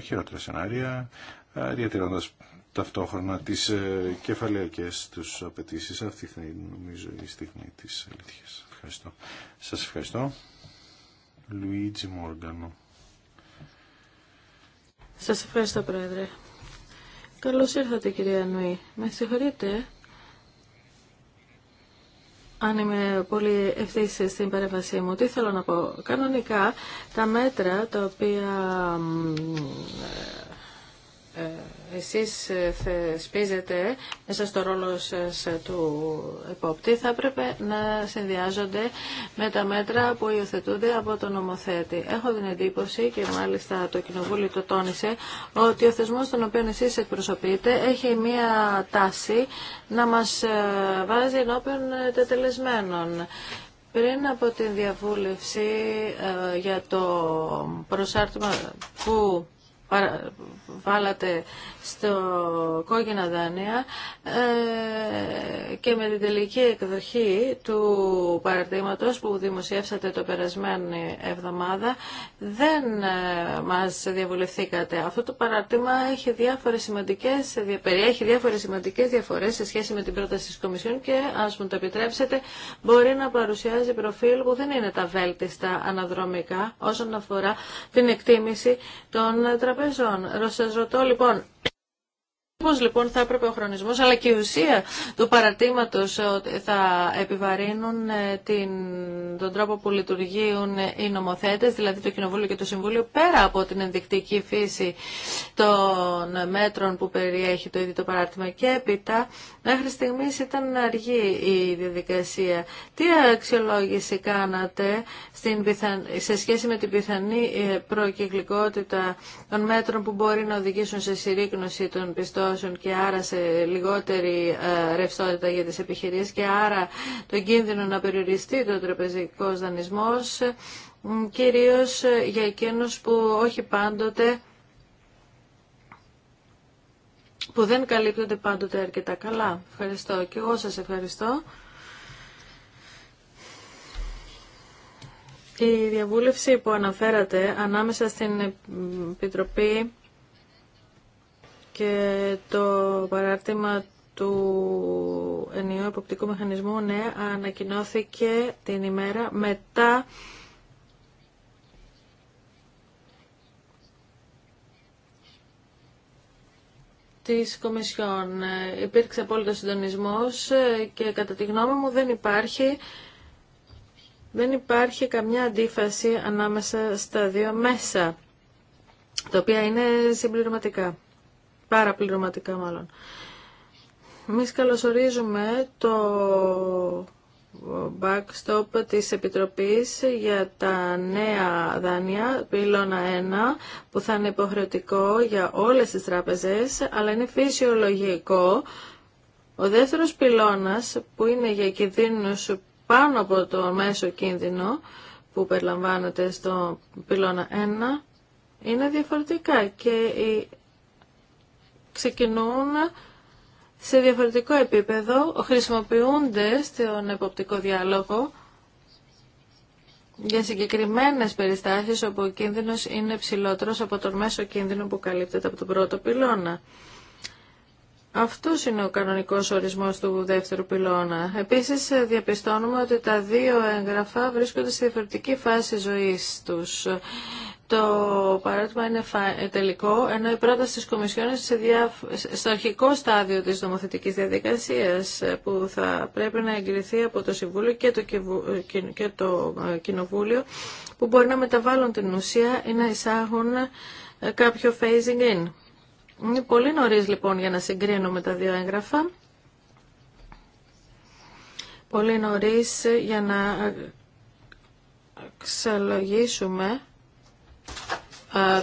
χειρότερα σενάρια, διατηρώντας ταυτόχρονα τις ε, κεφαλαίκες τους απαιτήσει. Αυτή θα είναι νομίζω η στιγμή της αλήθειας. Ευχαριστώ. Σας ευχαριστώ. Λουίτζι Μόργανο. Σας ευχαριστώ Πρόεδρε. Καλώς ήρθατε κυρία Νουή. Με συγχωρείτε αν είμαι πολύ ευθύς στην παρέμβασή μου, τι θέλω να πω. Κανονικά τα μέτρα τα οποία ε, εσείς ε, θεσπίζετε μέσα στο ρόλο σας ε, του επόπτη θα έπρεπε να συνδυάζονται με τα μέτρα που υιοθετούνται από τον νομοθέτη. Έχω την εντύπωση και μάλιστα το Κοινοβούλιο το τόνισε ότι ο θεσμός τον οποίο εσείς εκπροσωπείτε έχει μία τάση να μας βάζει ενώπιον τετελεσμένων. Πριν από την διαβούλευση για το προσάρτημα που βάλατε στο κόκκινα δάνεια ε, και με την τελική εκδοχή του παραρτήματος που δημοσιεύσατε το περασμένη εβδομάδα δεν ε, μας διαβουλευθήκατε. Αυτό το παραρτήμα έχει διάφορες σημαντικές, περιέχει διάφορες σημαντικές διαφορές σε σχέση με την πρόταση της Κομισιόν και ας μου το επιτρέψετε μπορεί να παρουσιάζει προφίλ που δεν είναι τα βέλτιστα αναδρομικά όσον αφορά την εκτίμηση των τραπεζών τραπεζών. ρωτώ λοιπόν, Πώς λοιπόν θα έπρεπε ο χρονισμός αλλά και η ουσία του παρατήματος θα επιβαρύνουν ε, την, τον τρόπο που λειτουργούν ε, οι νομοθέτε, δηλαδή το Κοινοβούλιο και το Συμβούλιο, πέρα από την ενδεικτική φύση των μέτρων που περιέχει το ίδιο το παράρτημα και έπειτα Μέχρι στιγμής ήταν αργή η διαδικασία. Τι αξιολόγηση κάνατε στην σε σχέση με την πιθανή ε, προκυκλικότητα των μέτρων που μπορεί να οδηγήσουν σε συρρήκνωση των πιστώσεων και άρα σε λιγότερη ε, ρευστότητα για τις επιχειρήσεις και άρα τον κίνδυνο να περιοριστεί το τραπεζικό δανεισμός ε, κυρίως για εκείνους που όχι πάντοτε που δεν καλύπτονται πάντοτε αρκετά καλά. Ευχαριστώ και εγώ σας ευχαριστώ. Η διαβούλευση που αναφέρατε ανάμεσα στην Επιτροπή και το παράρτημα του ενιαίου εποπτικού μηχανισμού ναι, ανακοινώθηκε την ημέρα μετά της Κομισιόν. Ε, υπήρξε απόλυτο συντονισμός ε, και κατά τη γνώμη μου δεν υπάρχει, δεν υπάρχει καμιά αντίφαση ανάμεσα στα δύο μέσα, τα οποία είναι συμπληρωματικά, παραπληρωματικά μάλλον. Εμεί καλωσορίζουμε το backstop της Επιτροπής για τα νέα δάνεια, πύλωνα 1, που θα είναι υποχρεωτικό για όλες τις τράπεζες, αλλά είναι φυσιολογικό. Ο δεύτερος πυλώνας, που είναι για κινδύνους πάνω από το μέσο κίνδυνο, που περιλαμβάνεται στο πυλώνα 1, είναι διαφορετικά και ξεκινούν σε διαφορετικό επίπεδο χρησιμοποιούνται στον εποπτικό διάλογο για συγκεκριμένες περιστάσεις όπου ο κίνδυνος είναι ψηλότερος από τον μέσο κίνδυνο που καλύπτεται από τον πρώτο πυλώνα. Αυτό είναι ο κανονικός ορισμός του δεύτερου πυλώνα. Επίσης διαπιστώνουμε ότι τα δύο έγγραφα βρίσκονται σε διαφορετική φάση ζωής τους το παράδειγμα είναι ε, τελικό, ενώ η πρόταση της Κομισιόν στο αρχικό στάδιο της νομοθετικής διαδικασίας ε, που θα πρέπει να εγκριθεί από το Συμβούλιο και το, ε, και το Κοινοβούλιο που μπορεί να μεταβάλουν την ουσία ή να εισάγουν κάποιο phasing in. Είναι πολύ νωρίς λοιπόν για να συγκρίνουμε τα δύο έγγραφα. Πολύ νωρίς για να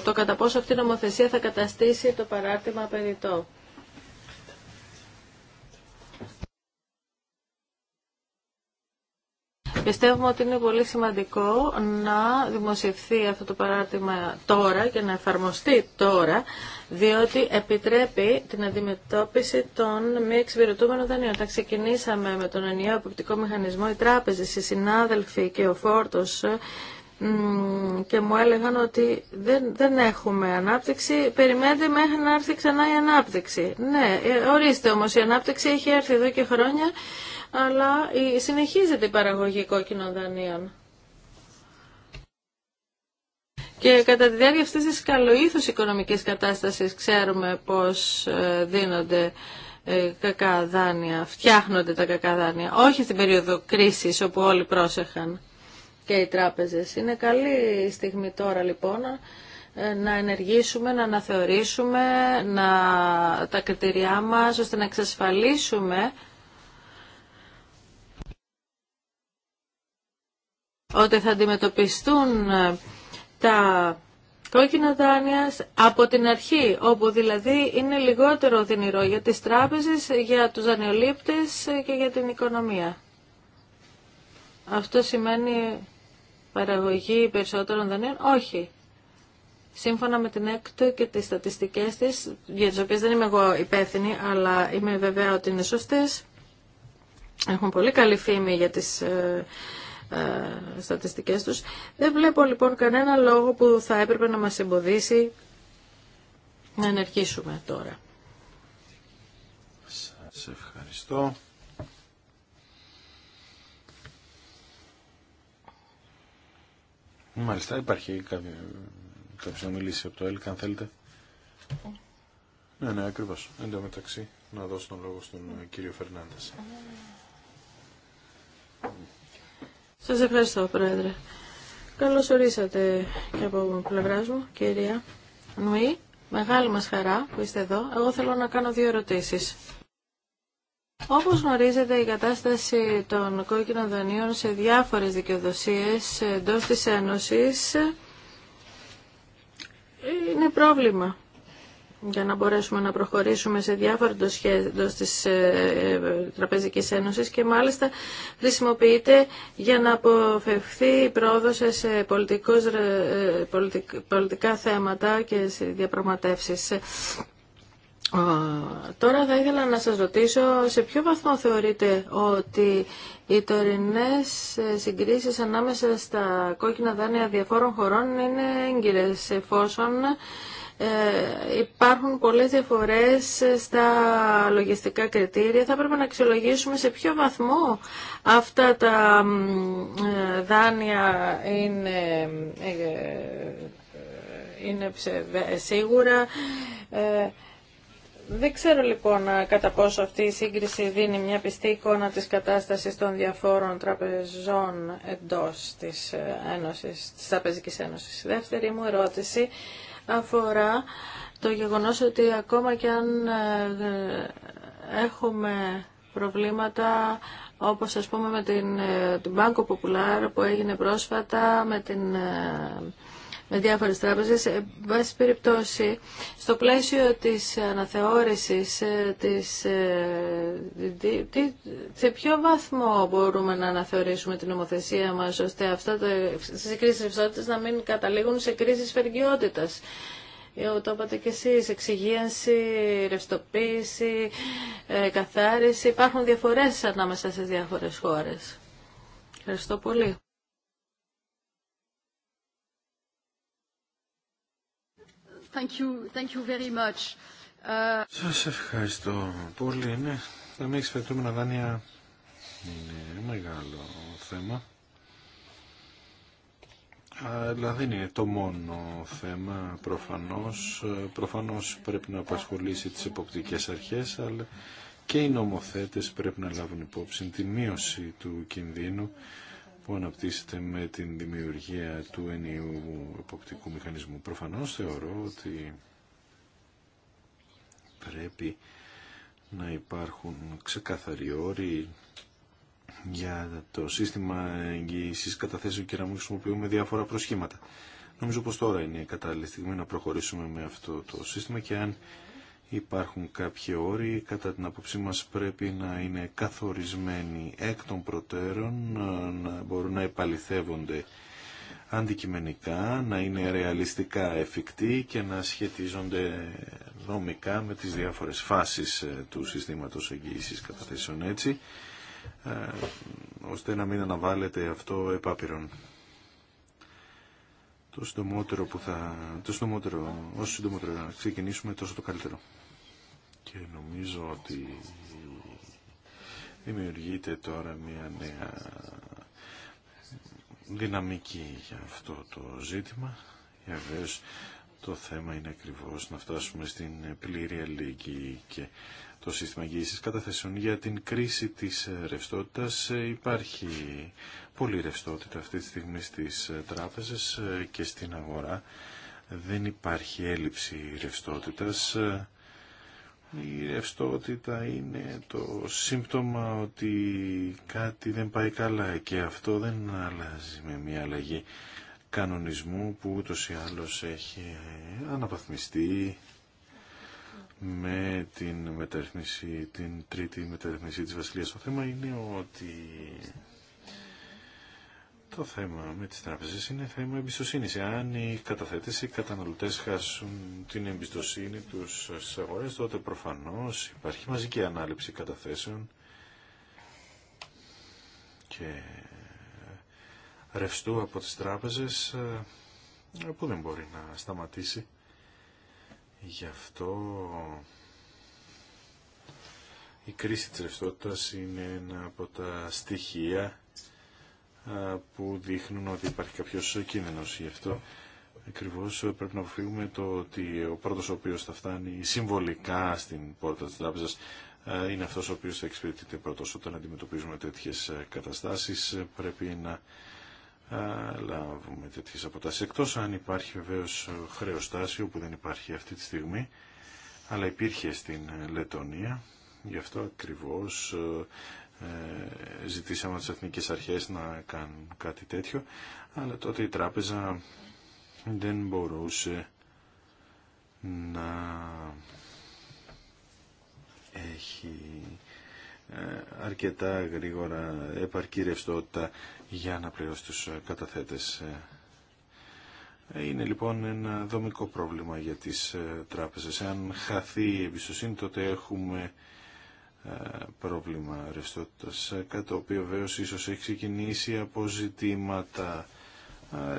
το κατά πόσο αυτή η νομοθεσία θα καταστήσει το παράρτημα περιττό. Πιστεύουμε ότι είναι πολύ σημαντικό να δημοσιευθεί αυτό το παράρτημα τώρα και να εφαρμοστεί τώρα, διότι επιτρέπει την αντιμετώπιση των μη εξυπηρετούμενων δανείων. Τα ξεκινήσαμε με τον ενιαίο αποπτικό μηχανισμό, οι τράπεζες, οι συνάδελφοι και ο φόρτος και μου έλεγαν ότι δεν, δεν έχουμε ανάπτυξη, περιμένετε μέχρι να έρθει ξανά η ανάπτυξη. Ναι, ε, ορίστε όμως η ανάπτυξη έχει έρθει εδώ και χρόνια, αλλά συνεχίζεται η παραγωγή κόκκινων δανείων. Και κατά τη διάρκεια αυτής της καλοήθους οικονομικής κατάστασης ξέρουμε πώς ε, δίνονται ε, κακά δάνεια, φτιάχνονται τα κακά δάνεια, όχι στην περίοδο κρίσης όπου όλοι πρόσεχαν και οι τράπεζες. Είναι καλή στιγμή τώρα λοιπόν ε, να ενεργήσουμε, να αναθεωρήσουμε να... τα κριτηριά μας ώστε να εξασφαλίσουμε ότι θα αντιμετωπιστούν ε, τα κόκκινα δάνεια από την αρχή, όπου δηλαδή είναι λιγότερο δυνηρό για τις τράπεζες, για τους δανειολήπτες και για την οικονομία. Αυτό σημαίνει παραγωγή περισσότερων δανείων. Όχι. Σύμφωνα με την έκτο και τις στατιστικές της, για τις οποίες δεν είμαι εγώ υπεύθυνη, αλλά είμαι βεβαία ότι είναι σωστές, έχουν πολύ καλή φήμη για τις ε, ε στατιστικές τους. Δεν βλέπω λοιπόν κανένα λόγο που θα έπρεπε να μας εμποδίσει να ενεργήσουμε τώρα. Σας ευχαριστώ. Μάλιστα, υπάρχει κάποιο να μιλήσει από το ΕΛΚ, αν θέλετε. Ναι, ναι, ακριβώς. Εν τω μεταξύ, να δώσω τον λόγο στον κύριο Φερνάντες. Σας ευχαριστώ, Πρόεδρε. Καλώ ορίσατε και από πλευρά μου, κυρία Νουή. Μεγάλη μα χαρά που είστε εδώ. Εγώ θέλω να κάνω δύο ερωτήσεις. Όπως γνωρίζετε, η κατάσταση των κόκκινων δανείων σε διάφορες δικαιοδοσίες εντό της Ένωσης είναι πρόβλημα για να μπορέσουμε να προχωρήσουμε σε διάφορες ντοσχέ εντό τη ε, Τραπεζική Ένωση και μάλιστα χρησιμοποιείται για να αποφευθεί η πρόοδο σε ε, πολιτικά θέματα και σε διαπραγματεύσει. Τώρα θα ήθελα να σας ρωτήσω σε ποιο βαθμό θεωρείτε ότι οι τωρινές ε, συγκρίσεις ανάμεσα στα κόκκινα δάνεια διαφόρων χωρών είναι έγκυρες εφόσον ε, υπάρχουν πολλές διαφορές στα λογιστικά κριτήρια. Θα πρέπει να αξιολογήσουμε σε ποιο βαθμό αυτά τα ε, δάνεια είναι, ε, είναι σίγουρα. Δεν ξέρω λοιπόν ε, κατά πόσο αυτή η σύγκριση δίνει μια πιστή εικόνα της κατάστασης των διαφόρων τραπεζών εντός της, ε, Ένωσης, της Τραπεζικής Ένωσης. Η δεύτερη μου ερώτηση αφορά το γεγονός ότι ακόμα και αν ε, έχουμε προβλήματα όπως ας πούμε με την, την Banco Popular που έγινε πρόσφατα, με την με διάφορες τράπεζες. βάσει ε, περιπτώσει, στο πλαίσιο της αναθεώρησης, ε, της, ε, σε ποιο βαθμό μπορούμε να αναθεωρήσουμε την νομοθεσία μας, ώστε αυτά τα, κρίσεις να μην καταλήγουν σε κρίσεις φεργιότητας. Το είπατε και εσείς, εξυγίανση, ρευστοποίηση, καθάριση. Υπάρχουν διαφορές ανάμεσα σε διάφορες χώρες. Ευχαριστώ πολύ. Thank uh, Σας ευχαριστώ πολύ. Ναι, τα μη να δάνεια είναι μεγάλο θέμα. Αλλά δεν είναι το μόνο θέμα προφανώς. Προφανώς πρέπει να απασχολήσει τις εποπτικές αρχές, αλλά και οι νομοθέτες πρέπει να λάβουν υπόψη τη μείωση του κινδύνου που αναπτύσσεται με την δημιουργία του ενίου εποπτικού μηχανισμού. Προφανώς θεωρώ ότι πρέπει να υπάρχουν ξεκάθαροι όροι για το σύστημα εγγύησης καταθέσεων και να μην χρησιμοποιούμε διάφορα προσχήματα. Νομίζω πως τώρα είναι η κατάλληλη στιγμή να προχωρήσουμε με αυτό το σύστημα και αν υπάρχουν κάποιοι όροι. Κατά την απόψή μας πρέπει να είναι καθορισμένοι εκ των προτέρων, να μπορούν να επαληθεύονται αντικειμενικά, να είναι ρεαλιστικά εφικτοί και να σχετίζονται νομικά με τις διάφορες φάσεις ε, του συστήματος εγγύησης καταθέσεων έτσι, ε, ώστε να μην αναβάλλεται αυτό επάπειρον το συντομότερο που θα, το συντομότερο, όσο συντομότερο να ξεκινήσουμε τόσο το καλύτερο. Και νομίζω ότι δημιουργείται τώρα μια νέα δυναμική για αυτό το ζήτημα. Για το θέμα είναι ακριβώς να φτάσουμε στην πλήρη αλληλεγγύη και το σύστημα εγγύησης καταθέσεων. Για την κρίση της ρευστότητας ε, υπάρχει πολύ ρευστότητα αυτή τη στιγμή στις ε, τράπεζες ε, και στην αγορά. Δεν υπάρχει έλλειψη ρευστότητας. Η ρευστότητα είναι το σύμπτωμα ότι κάτι δεν πάει καλά και αυτό δεν αλλάζει με μια αλλαγή κανονισμού που ούτως ή άλλως έχει αναπαθμιστεί με την μεταρρυθμίση, την τρίτη μεταρρυθμίση της Βασιλείας. Το θέμα είναι ότι το θέμα με τις τράπεζες είναι θέμα εμπιστοσύνης. Αν οι καταθέτες, οι καταναλωτές χάσουν την εμπιστοσύνη τους στις αγορές, τότε προφανώς υπάρχει μαζική ανάληψη καταθέσεων και ρευστού από τις τράπεζες ε, που δεν μπορεί να σταματήσει. Γι' αυτό η κρίση της ρευστότητας είναι ένα από τα στοιχεία που δείχνουν ότι υπάρχει κάποιος κίνδυνος. Γι' αυτό ακριβώς πρέπει να αποφύγουμε το ότι ο πρώτος ο οποίος θα φτάνει συμβολικά στην πόρτα της τράπεζα είναι αυτός ο οποίος θα εξυπηρετείται πρώτος. Όταν αντιμετωπίζουμε τέτοιες καταστάσεις πρέπει να λάβουμε τέτοιε απότάσει Εκτός αν υπάρχει βεβαίω χρεοστάσιο που δεν υπάρχει αυτή τη στιγμή, αλλά υπήρχε στην Λετωνία. Γι' αυτό ακριβώ ε, ε, ζητήσαμε τι εθνικέ αρχές να κάνουν κάτι τέτοιο, αλλά τότε η τράπεζα δεν μπορούσε να έχει ε, αρκετά γρήγορα επαρκή ρευστότητα για να πληρώσει τους ε, καταθέτες. Ε, είναι λοιπόν ένα δομικό πρόβλημα για τις τράπεζες. Αν χαθεί η εμπιστοσύνη τότε έχουμε πρόβλημα ρευστότητας, κάτι το οποίο βέβαιος ίσως έχει ξεκινήσει από ζητήματα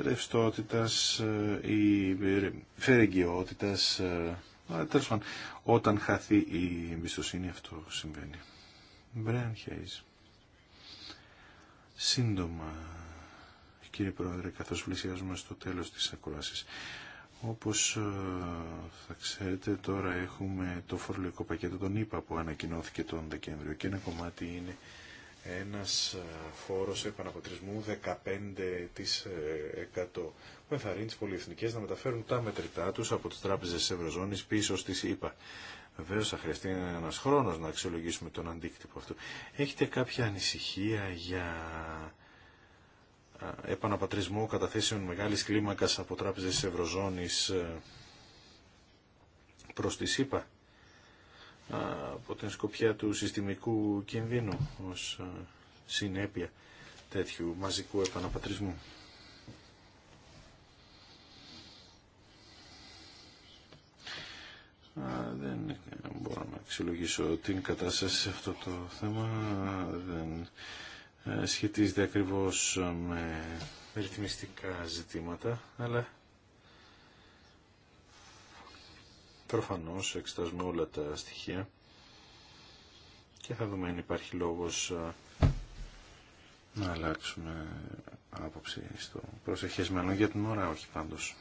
ρευστότητας ή φερεγγιότητας. Τέλος πάντων, όταν χαθεί η φερεγγιοτητας παντων αυτό συμβαίνει. Μπρέαν Χέις. Σύντομα, κύριε Πρόεδρε, καθώς πλησιάζουμε στο τέλος της ακρόασης. Όπως ε, θα ξέρετε τώρα έχουμε το φορολογικό πακέτο των ΙΠΑ που ανακοινώθηκε τον Δεκέμβριο και ένα κομμάτι είναι ένας ε, φόρος επαναποτρισμού 15% ε, που ενθαρρύνει τις πολυεθνικές να μεταφέρουν τα μετρητά τους από τις τράπεζες της Ευρωζώνης πίσω στις ΙΠΑ. Βεβαίω θα χρειαστεί ένα χρόνο να αξιολογήσουμε τον αντίκτυπο αυτού. Έχετε κάποια ανησυχία για επαναπατρισμό καταθέσεων μεγάλη κλίμακας από τράπεζε τη Ευρωζώνης ε, προς τη ΣΥΠΑ από την σκοπιά του συστημικού κινδύνου ως ε, συνέπεια τέτοιου μαζικού επαναπατρισμού. δεν μπορώ να αξιολογήσω την κατάσταση σε αυτό το θέμα. Δεν ε, σχετίζεται ακριβώς με ρυθμιστικά ζητήματα, αλλά προφανώς εξετάζουμε όλα τα στοιχεία και θα δούμε αν υπάρχει λόγος ε, να αλλάξουμε άποψη στο προσεχές μέλλον για την ώρα, όχι πάντως.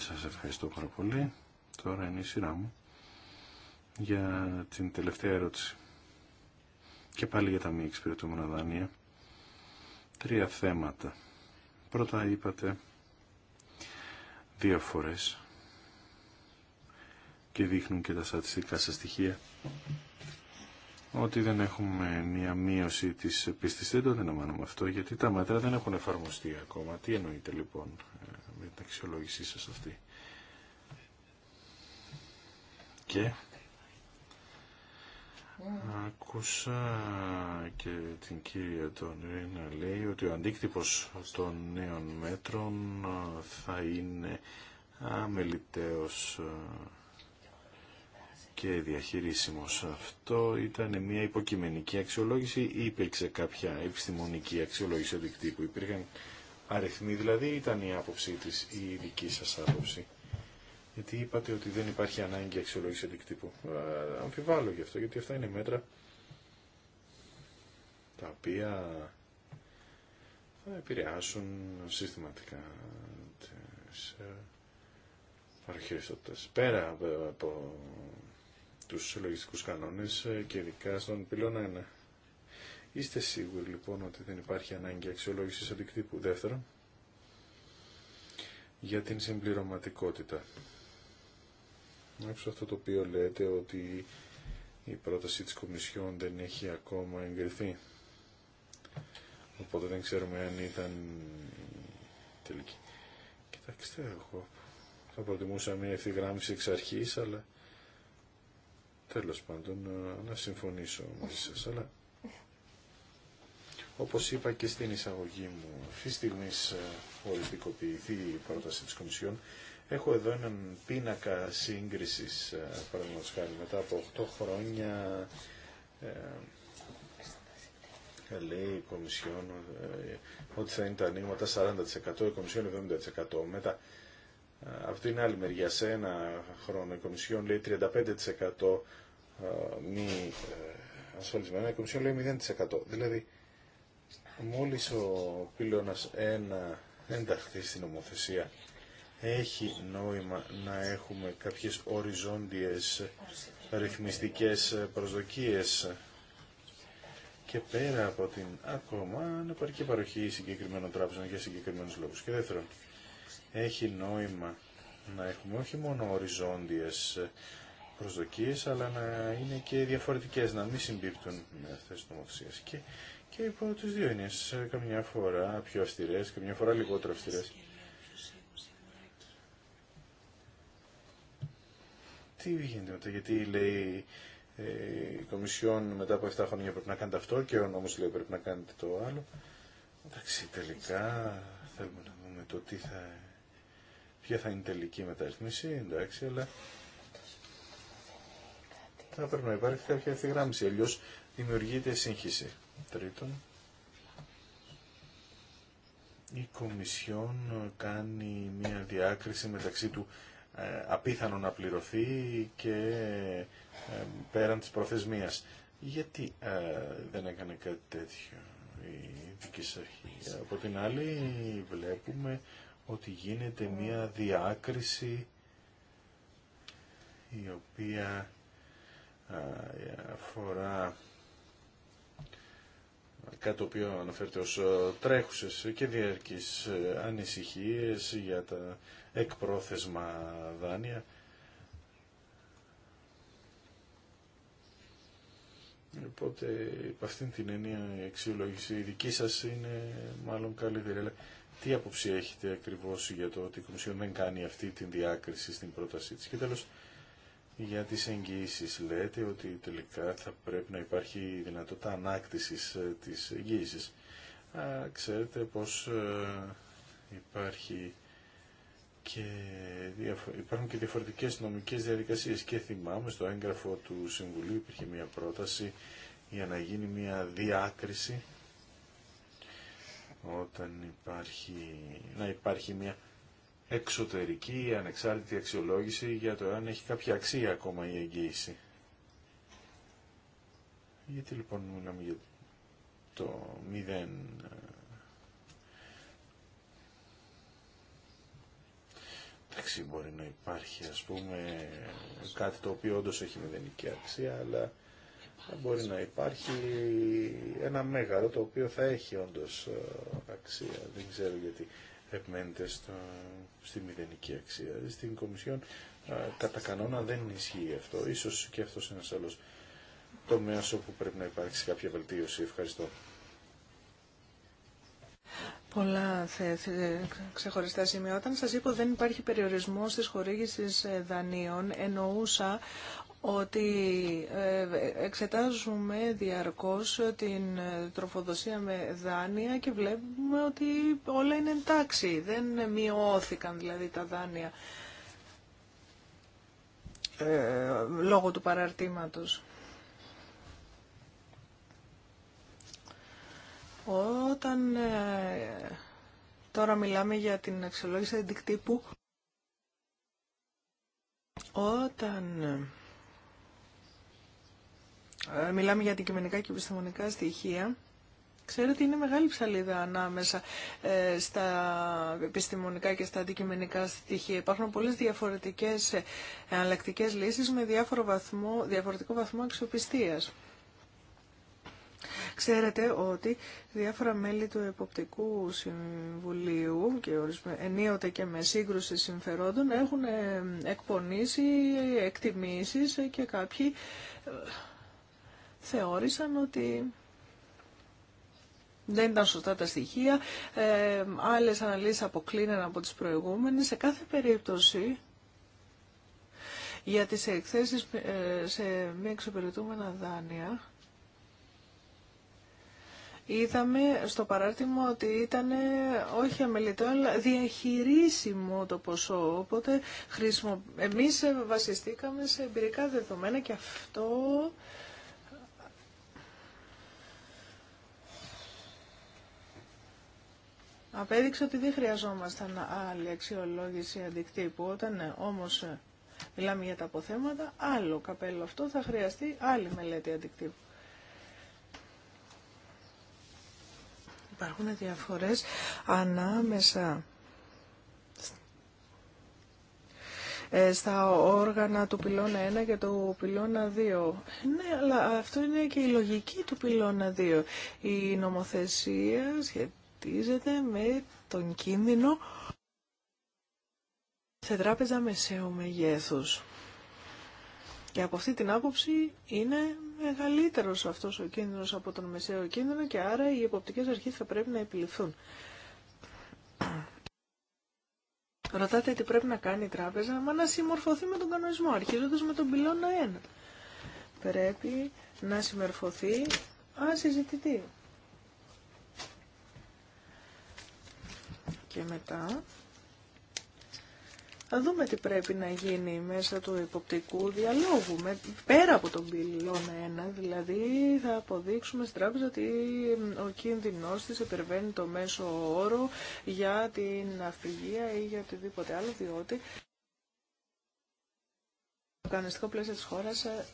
Σας ευχαριστώ πάρα πολύ. Τώρα είναι η σειρά μου για την τελευταία ερώτηση. Και πάλι για τα μη εξυπηρετούμενα δάνεια. Τρία θέματα. Πρώτα είπατε δύο φορές και δείχνουν και τα στατιστικά σας στοιχεία ότι δεν έχουμε μία μείωση της πίστης. Δεν το αυτό, γιατί τα μέτρα δεν έχουν εφαρμοστεί ακόμα. Τι εννοείτε λοιπόν ε, με την αξιολόγησή σας αυτή. Και άκουσα και την κυρία τον να λέει ότι ο αντίκτυπος των νέων μέτρων θα είναι αμεληταίος ε, και διαχειρίσιμος. Αυτό ήταν μια υποκειμενική αξιολόγηση ή υπήρξε κάποια επιστημονική αξιολόγηση αντικτύπου. Υπήρχαν αριθμοί δηλαδή ήταν η άποψή της ή η δική σας άποψη. Γιατί είπατε ότι δεν υπάρχει ανάγκη αξιολόγηση αντικτύπου. Αμφιβάλλω γι' αυτό γιατί αυτά είναι μέτρα τα οποία θα επηρεάσουν συστηματικά τις ε, αρχέ. Πέρα από τους λογιστικούς κανόνες ε, και ειδικά στον πυλώνα 1. Είστε σίγουροι λοιπόν ότι δεν υπάρχει ανάγκη αξιολόγησης αντικτύπου. Δεύτερον, για την συμπληρωματικότητα. Άκουσα αυτό το οποίο λέτε ότι η πρόταση της Κομισιόν δεν έχει ακόμα εγκριθεί. Οπότε δεν ξέρουμε αν ήταν τελική. Κοιτάξτε, εγώ θα προτιμούσα μια ευθυγράμμιση εξ αρχής, αλλά τέλος πάντων ε, να συμφωνήσω μαζί σας, αλλά όπως είπα και στην εισαγωγή μου, αυτή τη στιγμή ε, οριστικοποιηθεί η πρόταση της Κομισιόν. Έχω εδώ έναν πίνακα σύγκρισης, ε, παραδείγματος χάρη, μετά από 8 χρόνια ε, λέει η Κομισιόν ότι θα είναι τα ανοίγματα 40%, η Κομισιόν 70%. Μετά από την άλλη μεριά, σε ένα χρόνο η Κομισιόν λέει 35% μη ε, ασφαλισμένα, η Κομισιόν λέει 0%. Δηλαδή, μόλις ο πύλωνας ένα ενταχθεί στην ομοθεσία, έχει νόημα να έχουμε κάποιες οριζόντιες ρυθμιστικές προσδοκίες και πέρα από την ακόμα ανεπαρκή παροχή συγκεκριμένων τράπεζων για συγκεκριμένους λόγους. Και δεύτερον, έχει νόημα να έχουμε όχι μόνο οριζόντιες προσδοκίες, αλλά να είναι και διαφορετικές, να μην συμπίπτουν με αυτές τις νομοθεσίες. Και, και υπό τις δύο είναι καμιά φορά πιο αυστηρές, καμιά φορά λιγότερο αυστηρές. Τι γίνεται μετά, γιατί λέει ε, η Κομισιόν μετά από 7 χρόνια πρέπει να κάνετε αυτό και ο νόμος λέει πρέπει να κάνετε το άλλο. Εντάξει, τελικά θέλουμε να δούμε το τι θα ποια θα είναι η τελική μεταρρυθμίση, εντάξει, αλλά θα πρέπει να υπάρχει κάποια ευθυγράμμιση, αλλιώς δημιουργείται σύγχυση. Τρίτον, η Κομισιόν κάνει μια διάκριση μεταξύ του ε, απίθανο να πληρωθεί και ε, πέραν της προθεσμίας. Γιατί ε, δεν έκανε κάτι τέτοιο η δική σας αρχή. Από την άλλη βλέπουμε ότι γίνεται μία διάκριση η οποία αφορά κάτι το οποίο αναφέρεται ως τρέχουσες και διαρκείς ε, ανησυχίες για τα εκπρόθεσμα δάνεια. Οπότε, από αυτήν την έννοια, η αξιολόγηση δική σας είναι μάλλον καλύτερη. Τι άποψη έχετε ακριβώς για το ότι η Κομισιόν δεν κάνει αυτή την διάκριση στην πρότασή τη Και τέλος, για τις εγγύησει, λέτε ότι τελικά θα πρέπει να υπάρχει δυνατότητα ανάκτηση ε, τη εγγύηση. Ξέρετε πως ε, υπάρχει και υπάρχουν και διαφορετικές νομικές διαδικασίες και θυμάμαι στο έγγραφο του Συμβουλίου υπήρχε μια πρόταση για να γίνει μια διάκριση όταν υπάρχει, να υπάρχει μια εξωτερική ανεξάρτητη αξιολόγηση για το αν έχει κάποια αξία ακόμα η εγγύηση. Γιατί λοιπόν μιλάμε για το μηδέν ε, Εντάξει, μπορεί να υπάρχει ας πούμε κάτι το οποίο όντω έχει μηδενική αξία, αλλά μπορεί να υπάρχει ένα μέγαρο το οποίο θα έχει όντως ε, αξία. Δεν ξέρω γιατί επιμένετε στο, στη μηδενική αξία. Στην Κομισιόν ε, κατά κανόνα δεν ισχύει αυτό. Ίσως και αυτός είναι ένας άλλος τομέας όπου πρέπει να υπάρξει κάποια βελτίωση. Ευχαριστώ. Πολλά ξεχωριστά σημεία. Όταν σας είπα δεν υπάρχει περιορισμός της χορήγησης ε, δανείων, εννοούσα ότι ε, εξετάζουμε διαρκώς την ε, τροφοδοσία με δάνεια και βλέπουμε ότι όλα είναι εντάξει, δεν μειώθηκαν δηλαδή τα δάνεια ε, λόγω του παραρτήματος. Όταν τώρα μιλάμε για την αξιολόγηση αντικτύπου, όταν ε, μιλάμε για αντικειμενικά και επιστημονικά στοιχεία, Ξέρετε, είναι μεγάλη ψαλίδα ανάμεσα ε, στα επιστημονικά και στα αντικειμενικά στοιχεία. Υπάρχουν πολλές διαφορετικές ε, εναλλακτικές λύσεις με διάφορο βαθμό, διαφορετικό βαθμό αξιοπιστίας. Ξέρετε ότι διάφορα μέλη του Εποπτικού Συμβουλίου και ενίοτε και με σύγκρουση συμφερόντων έχουν εκπονήσει εκτιμήσεις και κάποιοι θεώρησαν ότι δεν ήταν σωστά τα στοιχεία, ε, άλλες αναλύσεις αποκλίναν από τις προηγούμενες. Σε κάθε περίπτωση, για τις εκθέσεις ε, σε μη εξυπηρετούμενα δάνεια, είδαμε στο παράρτημα ότι ήταν ε, όχι αμελητό, αλλά διαχειρίσιμο το ποσό. Οπότε χρησιμο... εμείς βασιστήκαμε σε εμπειρικά δεδομένα και αυτό απέδειξε ότι δεν χρειαζόμασταν άλλη αξιολόγηση αντικτύπου. Όταν ε, όμως ε, μιλάμε για τα αποθέματα, άλλο καπέλο αυτό θα χρειαστεί άλλη μελέτη αντικτύπου. Υπάρχουν διαφορές ανάμεσα ε, στα όργανα του πυλώνα 1 και του πυλώνα 2. Ναι, αλλά αυτό είναι και η λογική του πυλώνα 2. Η νομοθεσία σχετικά σχετίζεται με τον κίνδυνο σε τράπεζα μεσαίου μεγέθους. Και από αυτή την άποψη είναι μεγαλύτερο αυτός ο κίνδυνος από τον μεσαίο κίνδυνο και άρα οι εποπτικές αρχές θα πρέπει να επιληφθούν. Ρωτάτε τι πρέπει να κάνει η τράπεζα, μα να συμμορφωθεί με τον κανονισμό, αρχίζοντας με τον πυλώνα 1. Πρέπει να συμμορφωθεί ασυζητητή και μετά. Θα δούμε τι πρέπει να γίνει μέσα του υποπτικού διαλόγου, με, πέρα από τον πυλώνα ένα, δηλαδή θα αποδείξουμε στην τράπεζα ότι ο κίνδυνός της επερβαίνει το μέσο όρο για την αφηγία ή για οτιδήποτε άλλο, διότι το κανονιστικό πλαίσιο της χώρας ε,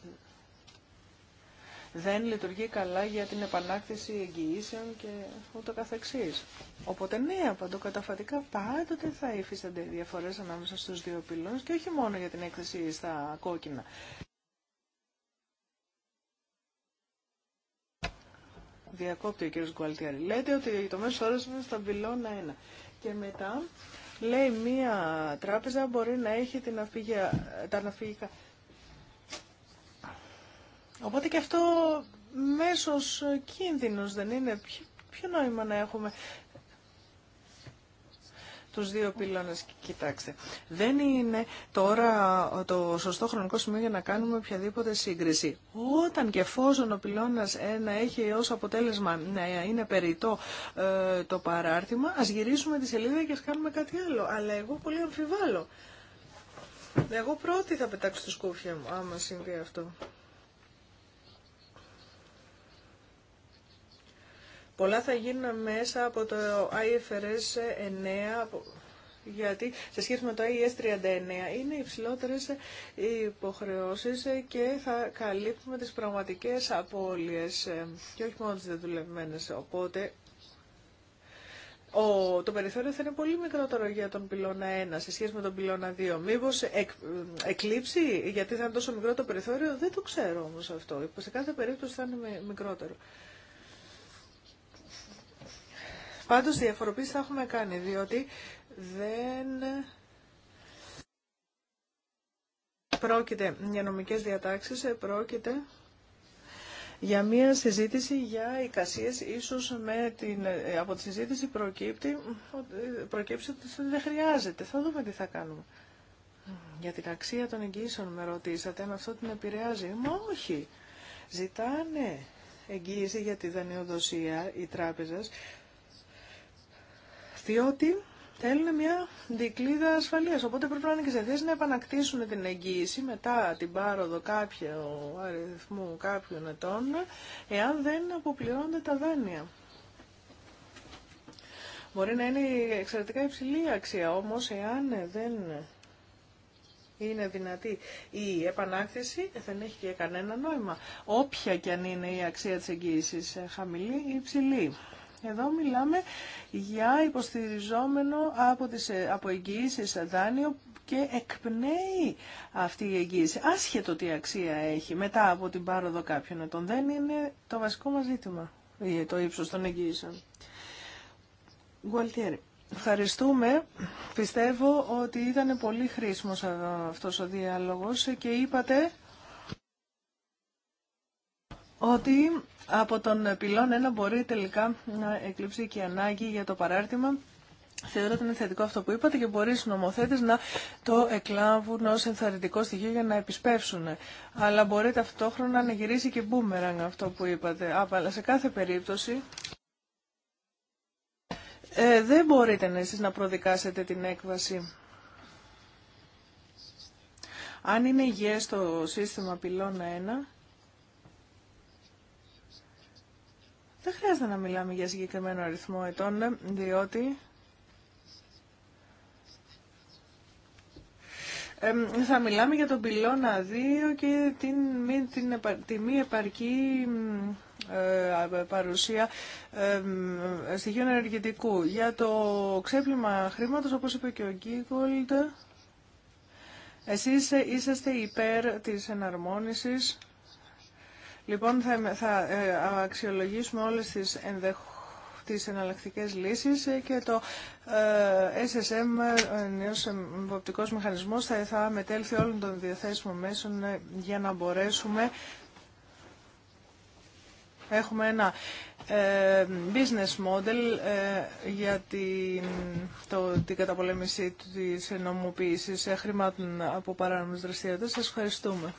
δεν λειτουργεί καλά για την επανάκτηση εγγυήσεων και ούτω καθεξής. Οπότε ναι, απαντοκαταφατικά πάντοτε θα υφίστανται διαφορές ανάμεσα στους δύο πυλώνες και όχι μόνο για την έκθεση στα κόκκινα. Διακόπτει ο κ. Γκουαλτιάρη. Λέτε ότι το μέσο όρο είναι στα πυλώνα 1. Και μετά λέει μία τράπεζα μπορεί να έχει την τα αναφύγικα... Οπότε και αυτό μέσος κίνδυνος δεν είναι. Ποιο, νόημα να έχουμε τους δύο πυλώνες. Κοιτάξτε, δεν είναι τώρα το σωστό χρονικό σημείο για να κάνουμε οποιαδήποτε σύγκριση. Όταν και εφόσον ο πυλώνας να έχει ως αποτέλεσμα να είναι περιττό ε, το παράρτημα, ας γυρίσουμε τη σελίδα και ας κάνουμε κάτι άλλο. Αλλά εγώ πολύ αμφιβάλλω. Εγώ πρώτη θα πετάξω τη σκούφια μου, άμα συμβεί αυτό. Πολλά θα γίνουν μέσα από το IFRS 9, γιατί σε σχέση με το IES 39 είναι υψηλότερε οι υποχρεώσεις και θα καλύπτουμε τις πραγματικές απώλειες ε, και όχι μόνο τις δεδουλευμένες. Οπότε ο, το περιθώριο θα είναι πολύ μικρότερο για τον πυλώνα 1 σε σχέση με τον πυλώνα 2. Μήπως εκ, εκλείψει, γιατί θα είναι τόσο μικρό το περιθώριο, δεν το ξέρω όμω αυτό. Σε κάθε περίπτωση θα είναι μικρότερο. Πάντως διαφοροποίηση θα έχουμε κάνει, διότι δεν πρόκειται για νομικές διατάξεις, ε, πρόκειται για μια συζήτηση για εικασίες, ίσως με την, ε, από τη συζήτηση προκύπτει, ε, προκύψει ότι δεν χρειάζεται. Θα δούμε τι θα κάνουμε. Για την αξία των εγγύσεων με ρωτήσατε, αν αυτό την επηρεάζει. Μα όχι. Ζητάνε εγγύηση για τη δανειοδοσία η τράπεζες διότι θέλουν μια δικλίδα ασφαλείας, οπότε πρέπει να είναι και σε θέση να επανακτήσουν την εγγύηση μετά την πάροδο κάποιου αριθμού κάποιων ετών, εάν δεν αποπληρώνονται τα δάνεια. Μπορεί να είναι εξαιρετικά υψηλή η αξία, όμως εάν δεν είναι δυνατή η επανάκτηση, δεν έχει και κανένα νόημα. Όποια και αν είναι η αξία της εγγύησης, χαμηλή ή υψηλή. Εδώ μιλάμε για υποστηριζόμενο από, τις, ε, από εγγύησεις ε, δάνειο και εκπνέει αυτή η εγγύηση, άσχετο τι αξία έχει μετά από την πάροδο κάποιων ετών. Δεν είναι το βασικό μας ζήτημα ε, το ύψος των εγγύησεων. Γουαλτιέρη. Ευχαριστούμε. Πιστεύω ότι ήταν πολύ χρήσιμος αυτός ο διάλογος και είπατε ότι από τον πυλόν ένα μπορεί τελικά να εκλειψεί και η ανάγκη για το παράρτημα. Θεωρώ ότι είναι θετικό αυτό που είπατε και μπορεί οι νομοθέτες να το εκλάβουν ω ενθαρρυντικό στοιχείο για να επισπεύσουν. Αλλά μπορεί ταυτόχρονα να γυρίσει και μπούμεραν αυτό που είπατε. αλλά σε κάθε περίπτωση ε, δεν μπορείτε εσείς να προδικάσετε την έκβαση. Αν είναι υγιές το σύστημα πυλώνα 1, Δεν χρειάζεται να μιλάμε για συγκεκριμένο αριθμό ετών, διότι θα μιλάμε για τον πυλώνα 2 και την, την, τη μη επαρκή ε, παρουσία στοιχείων ενεργητικού. Για το ξέπλυμα χρήματος, όπως είπε και ο Γκίγκολτ, εσείς είσαστε υπέρ της εναρμόνισης Λοιπόν, θα, θα ε, αξιολογήσουμε όλες τις εναλλακτικέ λύσεις ε, και το ε, SSM, ο νέος εμποπτικός μηχανισμός, θα, θα μετέλθει όλων των διαθέσιμων μέσων για να μπορέσουμε Έχουμε ένα business model για την, το, την καταπολέμηση της νομοποίησης χρημάτων από παράνομες δραστηριότητες. Σας ευχαριστούμε.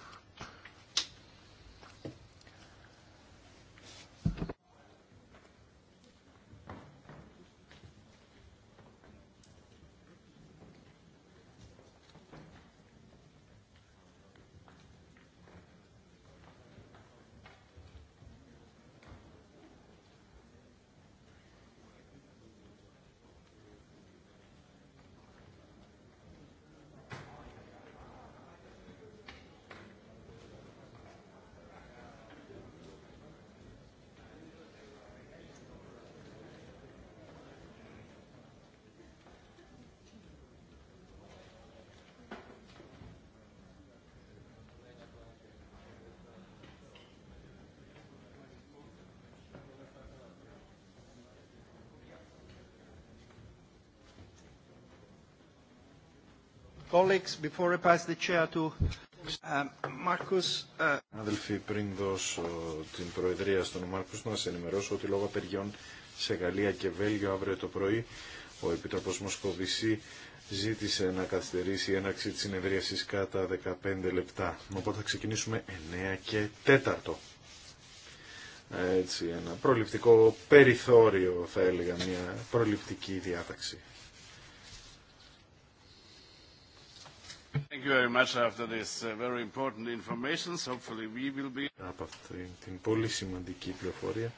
Colleagues, before I pass the chair to uh, uh, Αδελφοί, πριν δώσω την προεδρία στον Μάρκους, να σα ενημερώσω ότι λόγω απεργιών σε Γαλλία και Βέλγιο αύριο το πρωί, ο Επιτροπός Μοσκοβισή ζήτησε να καθυστερήσει η έναρξη της συνεδρίασης κατά 15 λεπτά. Οπότε θα ξεκινήσουμε 9 και 4. Έτσι, ένα προληπτικό περιθώριο, θα έλεγα, μια προληπτική διάταξη. Από αυτή την πολύ σημαντική πληροφορία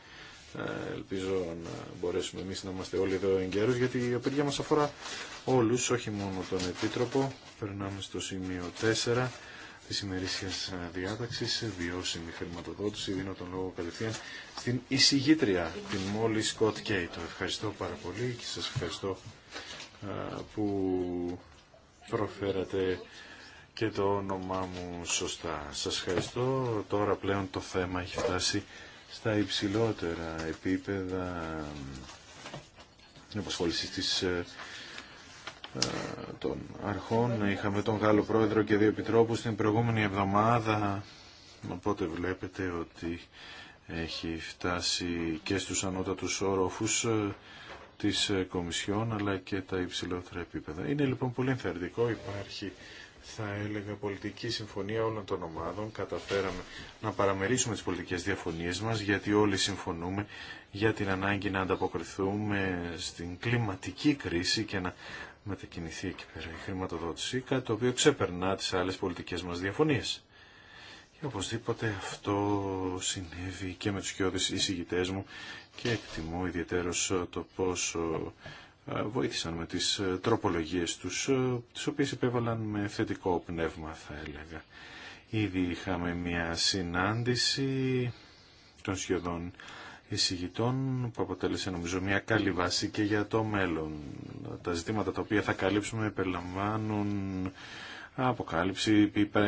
ε, ελπίζω να μπορέσουμε εμείς να είμαστε όλοι εδώ εγκαίρους γιατί η απεργία μας αφορά όλους, όχι μόνο τον Επίτροπο. Περνάμε στο σημείο 4 της ημερήσιας διάταξης, βιώσιμη χρηματοδότηση, δίνω τον λόγο κατευθείαν στην εισηγήτρια, την Μόλι Σκοτ Κέιτο. Ευχαριστώ πάρα πολύ και σας ευχαριστώ ε, που προφέρατε και το όνομά μου σωστά. Σας ευχαριστώ. Τώρα πλέον το θέμα έχει φτάσει στα υψηλότερα επίπεδα απασχόλησης της ε, ε, των αρχών. Είχαμε τον Γάλλο Πρόεδρο και δύο επιτρόπους την προηγούμενη εβδομάδα, οπότε βλέπετε ότι έχει φτάσει και στους ανώτατους όροφους ε, της ε, Κομισιόν αλλά και τα υψηλότερα επίπεδα. Είναι λοιπόν πολύ ενθαρρυντικό, υπάρχει θα έλεγα πολιτική συμφωνία όλων των ομάδων. Καταφέραμε να παραμερίσουμε τις πολιτικές διαφωνίες μας γιατί όλοι συμφωνούμε για την ανάγκη να ανταποκριθούμε στην κλιματική κρίση και να μετακινηθεί εκεί πέρα η χρηματοδότηση, κάτι το οποίο ξεπερνά τις άλλες πολιτικές μας διαφωνίες. Και οπωσδήποτε αυτό συνέβη και με τους κοιόδες εισηγητές μου και εκτιμώ ιδιαίτερος ε, το πόσο ε, βοήθησαν με τις ε, τροπολογίες τους, τις οποίες επέβαλαν με θετικό πνεύμα θα έλεγα. Ήδη είχαμε μια συνάντηση των σχεδόν εισηγητών που αποτέλεσε νομίζω μια καλή βάση και για το μέλλον. Τα ζητήματα τα οποία θα καλύψουμε περιλαμβάνουν αποκάλυψη, είπε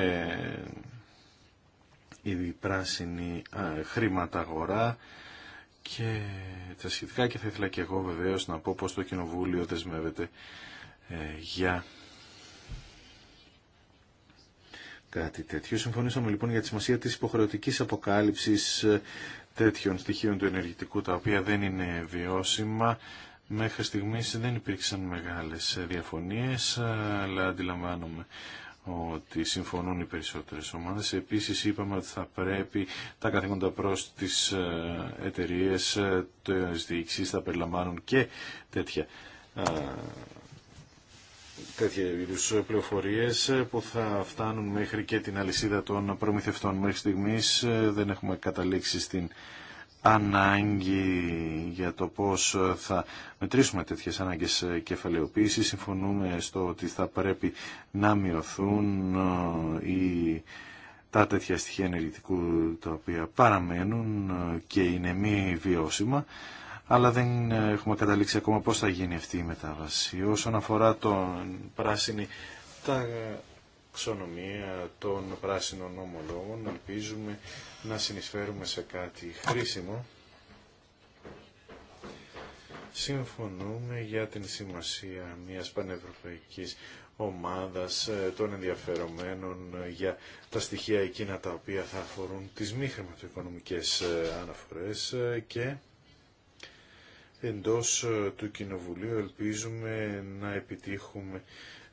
η πράσινη χρήματα αγορά, και τα σχετικά και θα ήθελα και εγώ βεβαίως να πω πως το Κοινοβούλιο δεσμεύεται ε, για κάτι τέτοιο. Συμφωνήσαμε λοιπόν για τη σημασία της υποχρεωτικής αποκάλυψης ε, τέτοιων στοιχείων του ενεργητικού τα οποία δεν είναι βιώσιμα. Μέχρι στιγμής δεν υπήρξαν μεγάλες ε, διαφωνίες, αλλά αντιλαμβάνομαι ότι συμφωνούν οι περισσότερες ομάδες. Επίσης είπαμε ότι θα πρέπει τα καθήκοντα προς τις ε, εταιρείε ε, της διοίκησης θα περιλαμβάνουν και τέτοια ε, τέτοια είδου πληροφορίε που θα φτάνουν μέχρι και την αλυσίδα των προμηθευτών. Μέχρι στιγμή δεν έχουμε καταλήξει στην ανάγκη για το πώς θα μετρήσουμε τέτοιες ανάγκες κεφαλαιοποίησης. Συμφωνούμε στο ότι θα πρέπει να μειωθούν ε, οι, τα τέτοια στοιχεία ενεργητικού τα οποία παραμένουν ε, και είναι μη βιώσιμα αλλά δεν έχουμε καταλήξει ακόμα πώς θα γίνει αυτή η μετάβαση. Όσον αφορά τον πράσινη, τα ξονομία των πράσινων ομολόγων. Ελπίζουμε να συνεισφέρουμε σε κάτι χρήσιμο. Συμφωνούμε για την σημασία μιας πανευρωπαϊκής ομάδας ε, των ενδιαφερομένων ε, για τα στοιχεία εκείνα τα οποία θα αφορούν τις μη χρηματοοικονομικές ε, αναφορές και εντός του Κοινοβουλίου ελπίζουμε να επιτύχουμε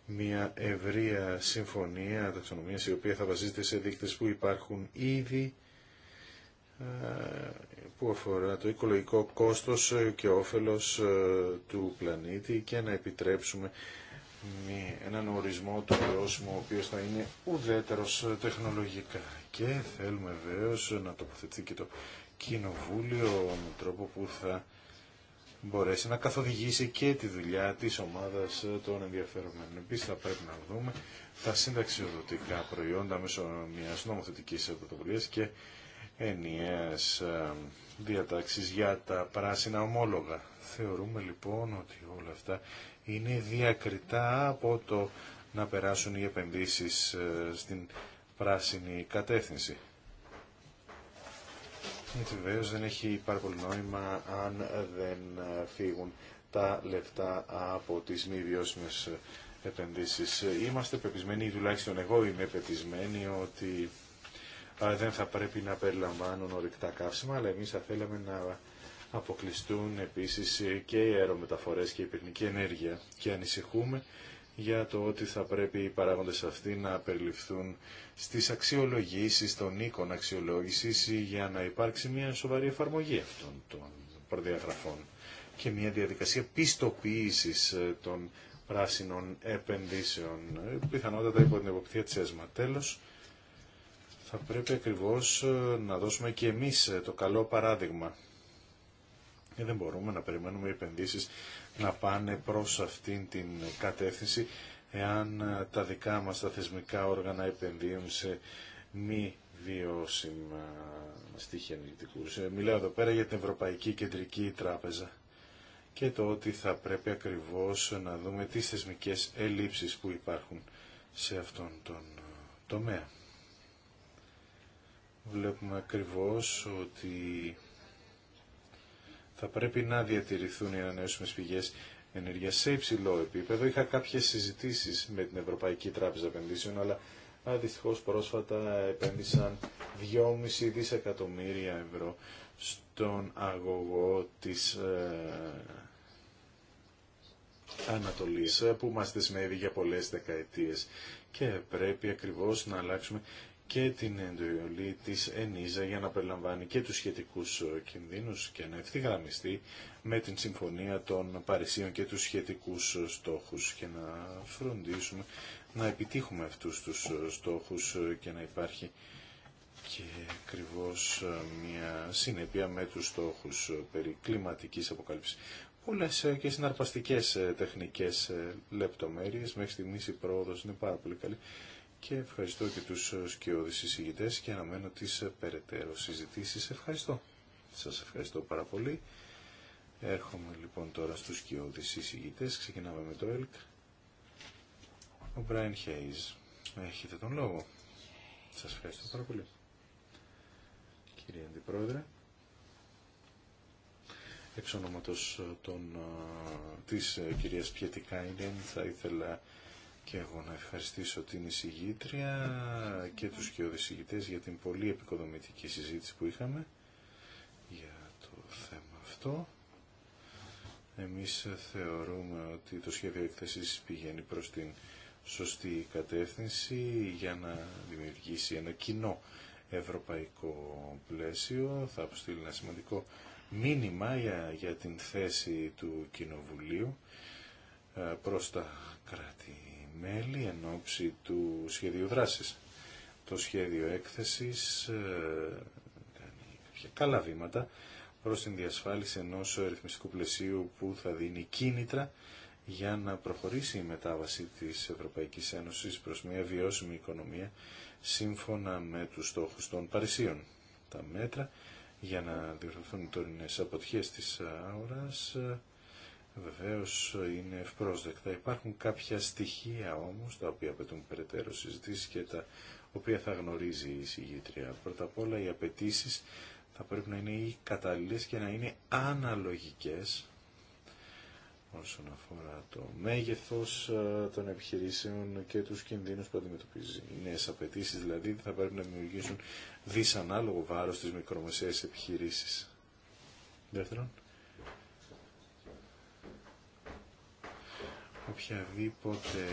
μια ευρεία συμφωνία ταξονομίας η οποία θα βασίζεται σε δείκτες που υπάρχουν ήδη ε, που αφορά το οικολογικό κόστος ε, και όφελος ε, του πλανήτη και να επιτρέψουμε έναν ορισμό του βιώσιμο ο οποίος θα είναι ουδέτερος τεχνολογικά. Και θέλουμε βεβαίω να τοποθετηθεί και το Κοινοβούλιο με τρόπο που θα μπορέσει να καθοδηγήσει και τη δουλειά της ομάδας των ενδιαφερομένων. Επίσης θα πρέπει να δούμε τα συνταξιοδοτικά προϊόντα μέσω μιας νομοθετικής πρωτοβουλίας και ενιαίας ε, διατάξεις για τα πράσινα ομόλογα. Θεωρούμε λοιπόν ότι όλα αυτά είναι διακριτά από το να περάσουν οι επενδύσεις ε, στην πράσινη κατεύθυνση. Γιατί βεβαίω δεν έχει πάρα πολύ νόημα αν δεν φύγουν τα λεφτά από τις μη βιώσιμες επενδύσεις. Είμαστε πεπισμένοι, τουλάχιστον εγώ είμαι πεπισμένοι ότι δεν θα πρέπει να περιλαμβάνουν ορυκτά καύσιμα, αλλά εμείς θα θέλαμε να αποκλειστούν επίσης και οι αερομεταφορές και η πυρηνική ενέργεια. Και ανησυχούμε για το ότι θα πρέπει οι παράγοντες αυτοί να περιληφθούν στις αξιολογήσεις των οίκων αξιολόγησης για να υπάρξει μια σοβαρή εφαρμογή αυτών των προδιαγραφών και μια διαδικασία πιστοποίησης ε, των πράσινων επενδύσεων, ε, πιθανότατα υπό την εποπτεία της ΕΣΜΑ. Τέλος, θα πρέπει ακριβώς ε, να δώσουμε και εμείς το καλό παράδειγμα και ε, δεν μπορούμε να περιμένουμε οι επενδύσεις να πάνε προς αυτήν την κατεύθυνση εάν ε, τα δικά μας τα θεσμικά όργανα επενδύουν σε μη βιώσιμα στοιχεία Μιλάω εδώ πέρα για την Ευρωπαϊκή Κεντρική Τράπεζα και το ότι θα πρέπει ακριβώς να δούμε τις θεσμικές ελλείψεις που υπάρχουν σε αυτόν τον ε, τομέα. Βλέπουμε ακριβώς ότι θα πρέπει να διατηρηθούν οι ανανεώσιμες πηγές ενέργειας σε υψηλό επίπεδο. Είχα κάποιες συζητήσεις με την Ευρωπαϊκή Τράπεζα Επενδύσεων, αλλά δυστυχώ πρόσφατα επένδυσαν 2,5 δισεκατομμύρια ευρώ στον αγωγό της ε, Ανατολής που μας δεσμεύει για πολλές δεκαετίες και πρέπει ακριβώς να αλλάξουμε και την εντολή της ΕΝΙΖΑ για να περιλαμβάνει και τους σχετικούς κινδύνους και να ευθυγραμμιστεί με την Συμφωνία των Παρισίων και τους σχετικούς στόχους και να φροντίσουμε να επιτύχουμε αυτούς τους στόχους και να υπάρχει και ακριβώ μια συνέπεια με τους στόχους περί κλιματικής αποκάλυψης. Πολλές και συναρπαστικές τεχνικές λεπτομέρειες, μέχρι στιγμής η πρόοδος είναι πάρα πολύ καλή και ευχαριστώ και τους ε, σκιώδεις εισηγητές και αναμένω τις ε, περαιτέρω συζητήσεις. Ευχαριστώ. Σας ευχαριστώ πάρα πολύ. Έρχομαι λοιπόν τώρα στους σκιώδεις εισηγητές. Ξεκινάμε με το ΕΛΚ. Ο Μπράιν Χέιζ. Έχετε τον λόγο. Σας ευχαριστώ πάρα πολύ. Κύριε Αντιπρόεδρε, εξ ονόματος ε, των, της κυρίας Πιετικάινεν θα ήθελα και εγώ να ευχαριστήσω την εισηγήτρια και τους και οδησηγητές για την πολύ επικοδομητική συζήτηση που είχαμε για το θέμα αυτό. Εμείς θεωρούμε ότι το σχέδιο έκθεσης πηγαίνει προς την σωστή κατεύθυνση για να δημιουργήσει ένα κοινό ευρωπαϊκό πλαίσιο. Θα αποστείλει ένα σημαντικό μήνυμα για, για την θέση του Κοινοβουλίου ε, προς τα κράτη μελη εν ώψη του σχεδίου δράσης. Το σχέδιο έκθεσης ε, κάνει κάποια καλά βήματα προς την διασφάλιση ενός ρυθμιστικού πλαισίου που θα δίνει κίνητρα για να προχωρήσει η μετάβαση της Ευρωπαϊκής Ένωσης προς μια βιώσιμη οικονομία σύμφωνα με τους στόχους των Παρισίων. Τα μέτρα για να διορθωθούν οι τωρινές αποτυχίες της αόρας βεβαίως είναι ευπρόσδεκτα. Υπάρχουν κάποια στοιχεία όμως τα οποία απαιτούν περαιτέρω συζητήσει και τα οποία θα γνωρίζει η συγγήτρια. Πρώτα απ' όλα οι απαιτήσει θα πρέπει να είναι οι καταλληλές και να είναι αναλογικές όσον αφορά το μέγεθος ε, των επιχειρήσεων και τους κινδύνους που αντιμετωπίζει. Οι νέες απαιτήσει δηλαδή θα πρέπει να δημιουργήσουν δυσανάλογο βάρος στις μικρομεσαίες επιχειρήσεις. Δεύτερον, οποιαδήποτε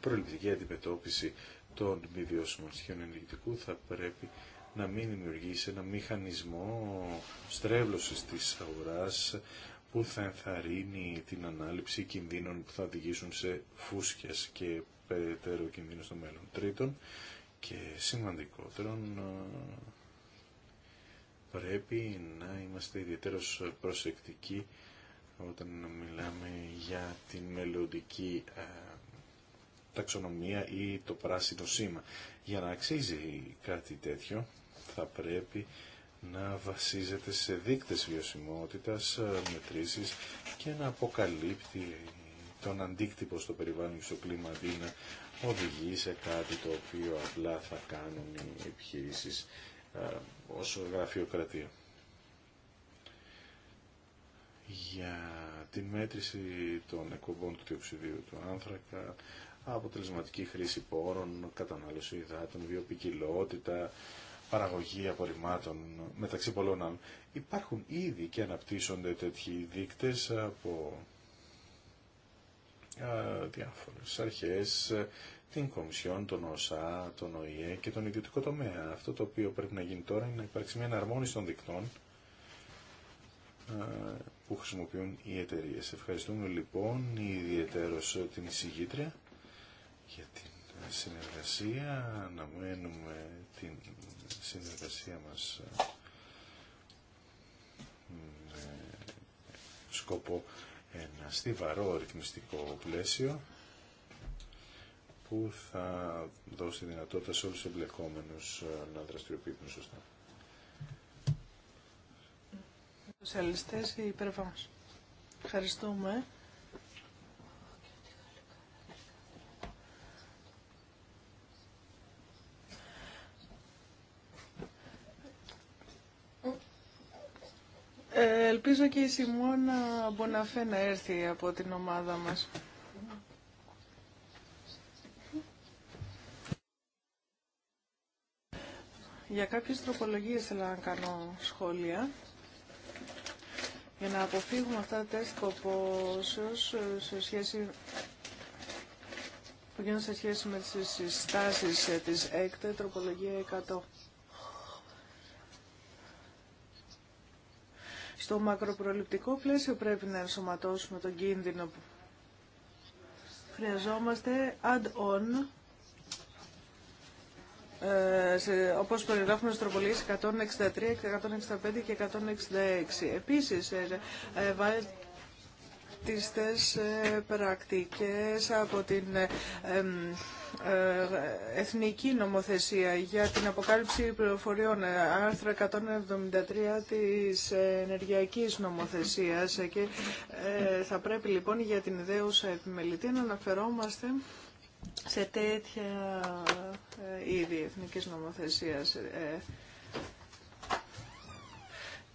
προληπτική αντιμετώπιση των μη βιώσιμων στοιχείων ενεργητικού θα πρέπει να μην δημιουργήσει ένα μηχανισμό στρέβλωσης της αγοράς που θα ενθαρρύνει την ανάληψη κινδύνων που θα οδηγήσουν σε φούσκες και περαιτέρω κινδύνου στο μέλλον. Τρίτον και σημαντικότερον πρέπει να είμαστε ιδιαίτερως προσεκτικοί όταν μιλάμε για την μελλοντική ε, ταξονομία ή το πράσινο σήμα. Για να αξίζει κάτι τέτοιο θα πρέπει να βασίζεται σε δείκτες βιωσιμότητας, ε, μετρήσεις και να αποκαλύπτει τον αντίκτυπο στο περιβάλλον και στο κλίμα αντί να οδηγεί σε κάτι το οποίο απλά θα κάνουν οι επιχειρήσεις ως ε, γραφειοκρατία για την μέτρηση των εκπομπών του διοξιδίου του άνθρακα, αποτελεσματική χρήση πόρων, κατανάλωση υδάτων, βιοπικιλότητα, παραγωγή απορριμμάτων, μεταξύ πολλών Υπάρχουν ήδη και αναπτύσσονται τέτοιοι δείκτες από διάφορες αρχές, την Κομισιόν, τον ΟΣΑ, τον ΟΗΕ και τον ιδιωτικό τομέα. Αυτό το οποίο πρέπει να γίνει τώρα είναι να υπάρξει μια εναρμόνιση των δικτών ε, που χρησιμοποιούν οι εταιρείε. Ευχαριστούμε λοιπόν ιδιαίτερο την εισηγήτρια για την ε, συνεργασία. να Αναμένουμε την συνεργασία μας ε, με σκόπο ένα στιβαρό ρυθμιστικό πλαίσιο που θα δώσει δυνατότητα σε όλους τους εμπλεκόμενους να δραστηριοποιηθούν σωστά. Σοσιαλιστές η Ευχαριστούμε. Ε, ελπίζω και η Σιμώνα Μποναφέ να έρθει από την ομάδα μας. Για κάποιες τροπολογίες θέλω να κάνω σχόλια για να αποφύγουμε αυτά τα τεστ κοπόσεως ε, σε σχέση που γίνονται σε σχέση με τις συστάσεις ε, της ΕΚΤΕ, τροπολογία 100. Στο μακροπροληπτικό πλαίσιο πρέπει να ενσωματώσουμε τον κίνδυνο. που Χρειαζόμαστε add-on ε, σε, όπως περιγράφουμε στις 163, 165 και 166. Επίσης, ε, ε, βαλτιστές πρακτικές από την εθνική νομοθεσία για την αποκάλυψη πληροφοριών, άρθρο 173 της ενεργειακής νομοθεσίας και θα πρέπει λοιπόν για την ιδέουσα επιμελητή να αναφερόμαστε σε τέτοια ε, είδη εθνικής νομοθεσίας. Ε, ε,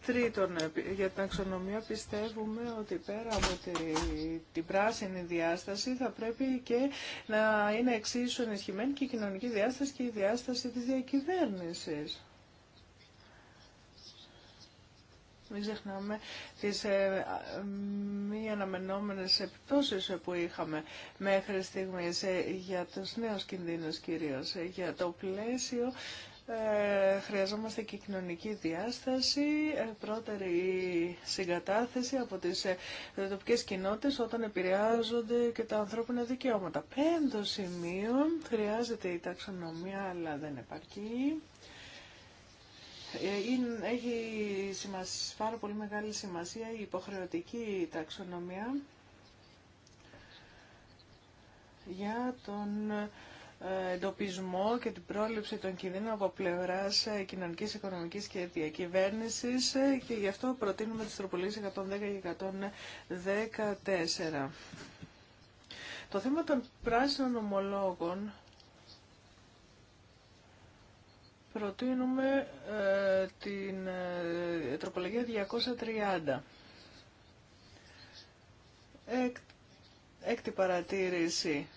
τρίτον, για την αξιονομία πιστεύουμε ότι πέρα από τη, την πράσινη διάσταση θα πρέπει και να είναι εξίσου ενισχυμένη και η κοινωνική διάσταση και η διάσταση της διακυβέρνησης. Μην ξεχνάμε τις ε, μη αναμενόμενες επιπτώσεις που είχαμε μέχρι στιγμής ε, για τους νέους κινδύνους κυρίως, ε, για το πλαίσιο ε, χρειαζόμαστε και κοινωνική διάσταση, ε, πρώτερη συγκατάθεση από τις ε, τοπικές κοινότητες όταν επηρεάζονται και τα ανθρώπινα δικαιώματα. Πέμπτο σημείο, χρειάζεται η ταξονομία αλλά δεν επαρκεί είναι, έχει σημασία, πάρα πολύ μεγάλη σημασία η υποχρεωτική ταξονομία για τον ε, εντοπισμό και την πρόληψη των κινδύνων από πλευρά ε, κοινωνική, οικονομική και διακυβέρνηση ε, και γι' αυτό προτείνουμε τι τροπολίε 110 και 114. Το θέμα των πράσινων ομολόγων προτείνουμε ε, την ε, τροπολογία 230. έκτη παρατήρηση.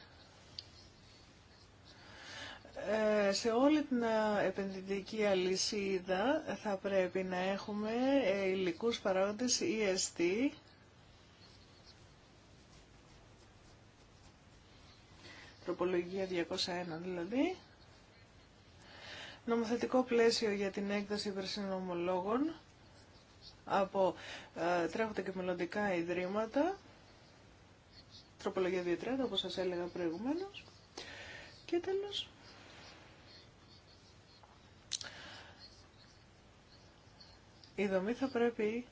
Ε, σε όλη την ε, επενδυτική αλυσίδα θα πρέπει να έχουμε υλικούς παράγοντες EST τροπολογία 201 δηλαδή νομοθετικό πλαίσιο για την έκδοση υπερσυνομολόγων από ε, τρέχοντα και μελλοντικά ιδρύματα, τροπολογία 230, όπως σας έλεγα προηγουμένως. Και τέλος, η δομή θα πρέπει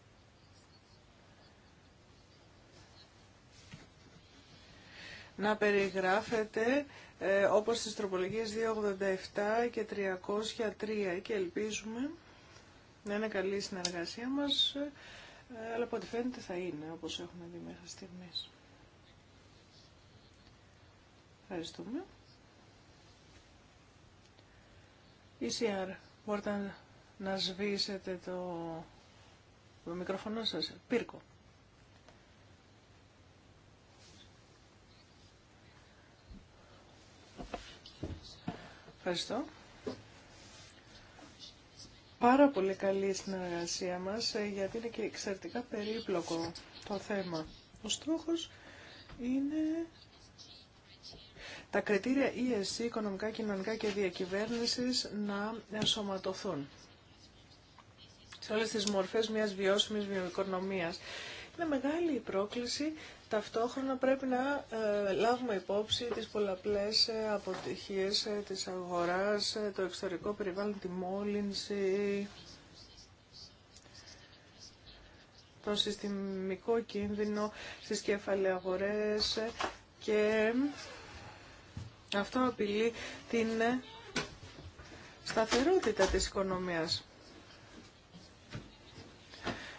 να περιγράφεται ε, όπως στις τροπολογίες 287 και 303 και ελπίζουμε να είναι καλή η συνεργασία μας, ε, αλλά από ό,τι φαίνεται θα είναι όπως έχουμε δει μέχρι στιγμής. Ευχαριστούμε. ECR, μπορείτε να σβήσετε το, το μικρόφωνο σας, πύρκο. Ευχαριστώ. Πάρα πολύ καλή συνεργασία μας, ε, γιατί είναι και εξαιρετικά περίπλοκο το θέμα. Ο στόχος είναι τα κριτήρια ESG, οικονομικά, κοινωνικά και διακυβέρνησης, να ενσωματωθούν σε όλες τις μορφές μιας βιώσιμης βιοοικονομίας. Είναι μεγάλη η πρόκληση Ταυτόχρονα πρέπει να ε, λάβουμε υπόψη τις πολλαπλές ε, αποτυχίες ε, της αγοράς, το εξωτερικό περιβάλλον, τη μόλυνση, τον συστημικό κίνδυνο στις κεφαλαιαγορές και αυτό απειλεί την σταθερότητα της οικονομίας.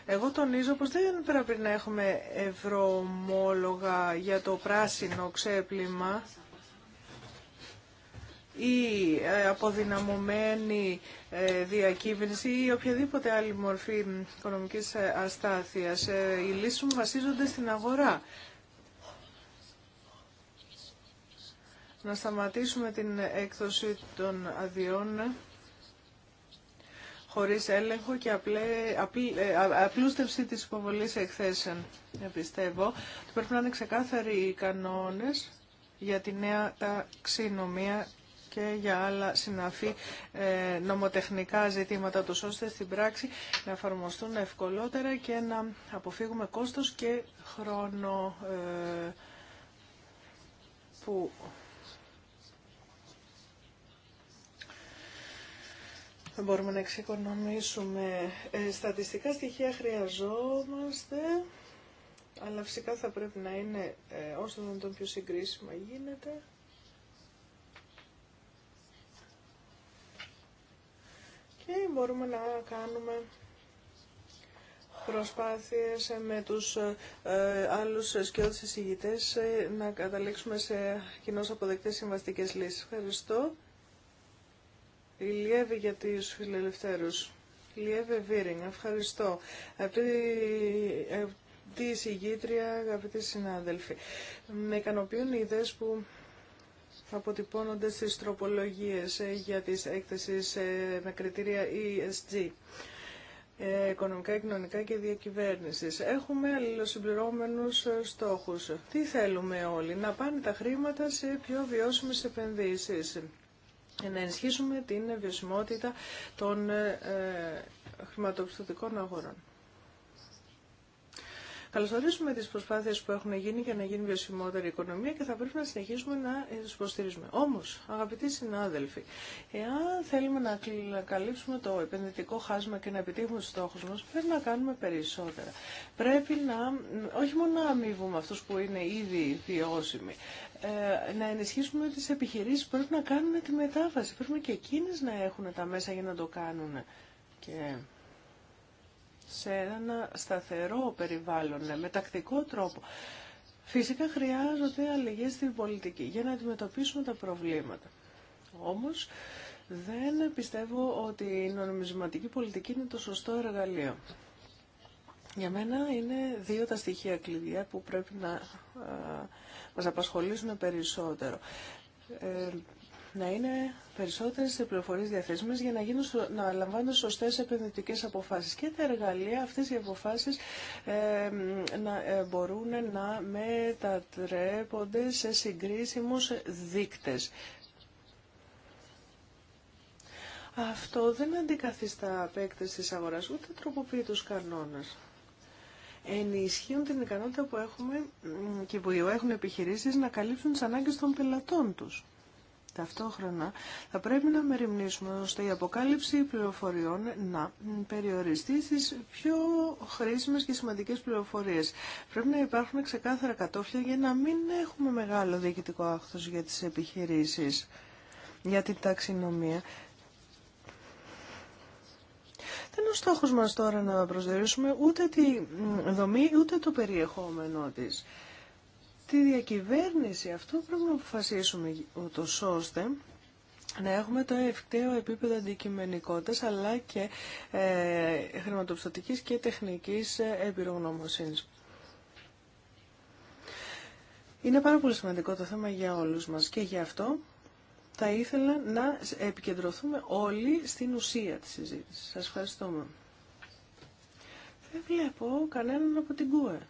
Εγώ τονίζω πως δεν πρέπει να έχουμε ευρωομόλογα για το πράσινο ξέπλυμα ή ε, αποδυναμωμένη ε, διακύβευση ή οποιαδήποτε άλλη μορφή οικονομικής ε, αστάθειας. Οι λύσεις μου βασίζονται στην αγορά. Να σταματήσουμε την έκδοση των αδειών χωρίς έλεγχο και απλέ, απλ, ε, απλούστευση της υποβολής εκθέσεων. Ε, πιστεύω ότι πρέπει να είναι ξεκάθαροι οι κανόνες για τη νέα ταξινομία και για άλλα συναφή ε, νομοτεχνικά ζητήματα, τους ώστε στην πράξη να εφαρμοστούν ευκολότερα και να αποφύγουμε κόστος και χρόνο που μπορούμε να εξοικονομήσουμε. Ε, στατιστικά στοιχεία χρειαζόμαστε, αλλά φυσικά θα πρέπει να είναι ε, όσο τον πιο συγκρίσιμα γίνεται. Και μπορούμε να κάνουμε προσπάθειες με τους ε, ε άλλους σκιώτες εισηγητές να καταλήξουμε σε κοινώς αποδεκτές συμβαστικές λύσεις. Ευχαριστώ. Η Λιέβη για τους φιλελευθέρους. Λιέβη Βίρινγκ, ευχαριστώ. Αγαπητή συγγήτρια, αγαπητοί συνάδελφοι. Με ικανοποιούν οι ιδέες που αποτυπώνονται στις τροπολογίες ε, για τις έκθεσεις ε, με κριτήρια ESG ε, οικονομικά, κοινωνικά και διακυβέρνηση. Έχουμε αλληλοσυμπληρώμενου στόχους. Τι θέλουμε όλοι, να πάνε τα χρήματα σε πιο βιώσιμε επενδύσει. Για να ενισχύσουμε την βιωσιμότητα των ε, ε, χρηματοπιστωτικών αγορών. Καλωσορίζουμε τις προσπάθειες που έχουν γίνει για να γίνει βιωσιμότερη η οικονομία και θα πρέπει να συνεχίσουμε να τις υποστηρίζουμε. Όμως, αγαπητοί συνάδελφοι, εάν θέλουμε να καλύψουμε το επενδυτικό χάσμα και να επιτύχουμε τους στόχους μας, πρέπει να κάνουμε περισσότερα. Πρέπει να, όχι μόνο να αμείβουμε αυτούς που είναι ήδη βιώσιμοι, ε, να ενισχύσουμε τις επιχειρήσεις που πρέπει να κάνουν τη μετάβαση. Πρέπει και εκείνες να έχουν τα μέσα για να το κάνουν. Και σε ένα σταθερό περιβάλλον, ναι, με τακτικό τρόπο. Φυσικά χρειάζονται αλλαγές στην πολιτική για να αντιμετωπίσουμε τα προβλήματα. Όμως δεν πιστεύω ότι η νομισματική πολιτική είναι το σωστό εργαλείο. Για μένα είναι δύο τα στοιχεία κλειδιά που πρέπει να ε, μας απασχολήσουν περισσότερο. Ε, να είναι περισσότερε οι πληροφορίε διαθέσιμε για να, γίνουν, να λαμβάνουν σωστέ επενδυτικέ αποφάσει και τα εργαλεία αυτέ οι αποφάσει ε, να ε, μπορούν να μετατρέπονται σε συγκρίσιμου δείκτε. Αυτό δεν αντικαθιστά απέκτηση τη αγορά. ούτε τροποποιεί του κανόνε ενισχύουν την ικανότητα που έχουμε και που έχουν επιχειρήσεις να καλύψουν τις ανάγκες των πελατών τους. Ταυτόχρονα θα πρέπει να μεριμνήσουμε ώστε η αποκάλυψη πληροφοριών να περιοριστεί στις πιο χρήσιμες και σημαντικές πληροφορίες. Πρέπει να υπάρχουν ξεκάθαρα κατόφλια για να μην έχουμε μεγάλο διοικητικό άχθος για τις επιχειρήσεις για την ταξινομία. Δεν είναι ο στόχος μας τώρα να προσδιορίσουμε ούτε τη δομή ούτε το περιεχόμενό της. Τη διακυβέρνηση αυτό πρέπει να αποφασίσουμε το ώστε να έχουμε το ευκταίο επίπεδο αντικειμενικότητας αλλά και ε, χρηματοπιστωτικής και τεχνικής επιρρογνωμοσύνης. Είναι πάρα πολύ σημαντικό το θέμα για όλους μας και γι' αυτό θα ήθελα να επικεντρωθούμε όλοι στην ουσία της συζήτησης. Σας ευχαριστούμε. Δεν βλέπω κανέναν από την ΚΟΕ.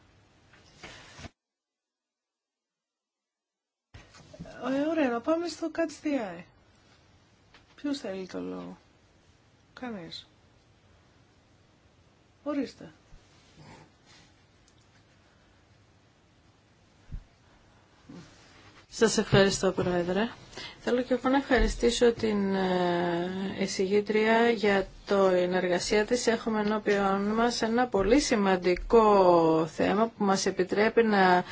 Ε, ωραία, να πάμε στο Catch the Ποιος θέλει το λόγο. Κανείς. Ορίστε. Σας ευχαριστώ, Πρόεδρε. Θέλω και εγώ να ευχαριστήσω την ε, εισηγήτρια για το εργασία της. Έχουμε ενώπιον μας ένα πολύ σημαντικό θέμα που μας επιτρέπει να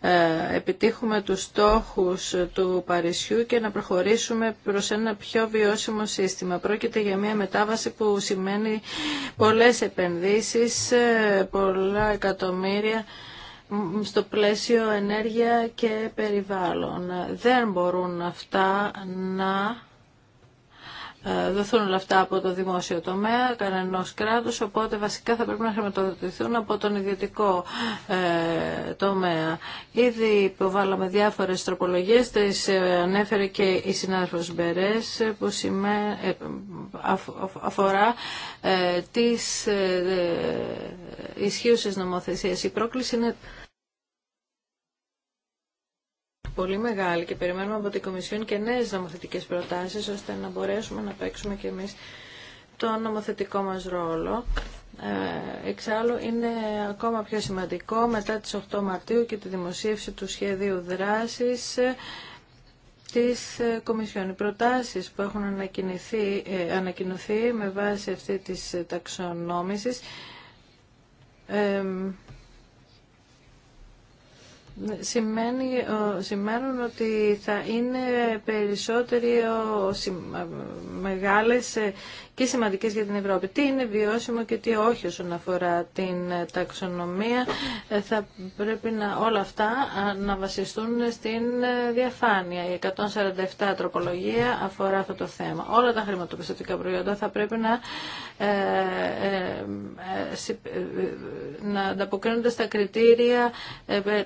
ε, επιτύχουμε τους στόχους του Παρισιού και να προχωρήσουμε προς ένα πιο βιώσιμο σύστημα. Πρόκειται για μια μετάβαση που σημαίνει πολλές επενδύσεις, ε, πολλά εκατομμύρια στο πλαίσιο ενέργεια και περιβάλλον. Δεν μπορούν αυτά να ε, δοθούν όλα αυτά από το δημόσιο τομέα, κανένα κράτου, οπότε βασικά θα πρέπει να χρηματοδοτηθούν από τον ιδιωτικό ε, τομέα. Ήδη υποβάλαμε διάφορε τροπολογίε, τι ε, ανέφερε και η συνάδελφο Μπερέ, που αφορά τι ισχύουσε νομοθεσίε. Η πρόκληση είναι πολύ μεγάλη και περιμένουμε από την Κομισιόν και νέε νομοθετικέ προτάσει, ώστε να μπορέσουμε να παίξουμε κι εμεί τον νομοθετικό μας ρόλο. Ε, εξάλλου είναι ακόμα πιο σημαντικό μετά τις 8 Μαρτίου και τη δημοσίευση του σχέδιου δράσης ε, της ε, Κομισιόν. Οι προτάσεις που έχουν ανακοινωθεί με βάση αυτή της ταξονόμησης σημαίνει, ε, σημαίνουν ότι θα είναι περισσότεροι ε, ε, μεγάλες και σημαντικές για την Ευρώπη. Τι είναι βιώσιμο και τι όχι όσον αφορά την ε, ταξονομία. Ε, θα πρέπει να, όλα αυτά να βασιστούν στην ε, διαφάνεια. Η 147 τροπολογία αφορά αυτό το θέμα. Όλα τα χρηματοπιστωτικά προϊόντα θα πρέπει να, ε, ε, ανταποκρίνονται στα κριτήρια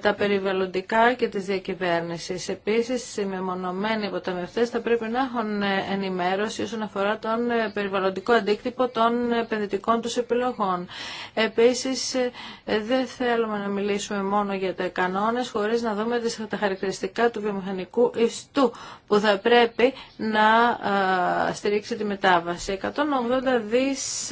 τα περιβαλλοντικά και της διακυβέρνησης. Επίσης, οι μεμονωμένοι υποταμευτές θα πρέπει να έχουν ενημέρωση όσον αφορά τον περιβαλλοντικό περιβαλλοντικό αντίκτυπο των επενδυτικών τους επιλογών. Επίσης, ε, δεν θέλουμε να μιλήσουμε μόνο για τα κανόνες χωρίς να δούμε τα χαρακτηριστικά του βιομηχανικού ιστού που θα πρέπει να ε, στηρίξει τη μετάβαση. 180 δις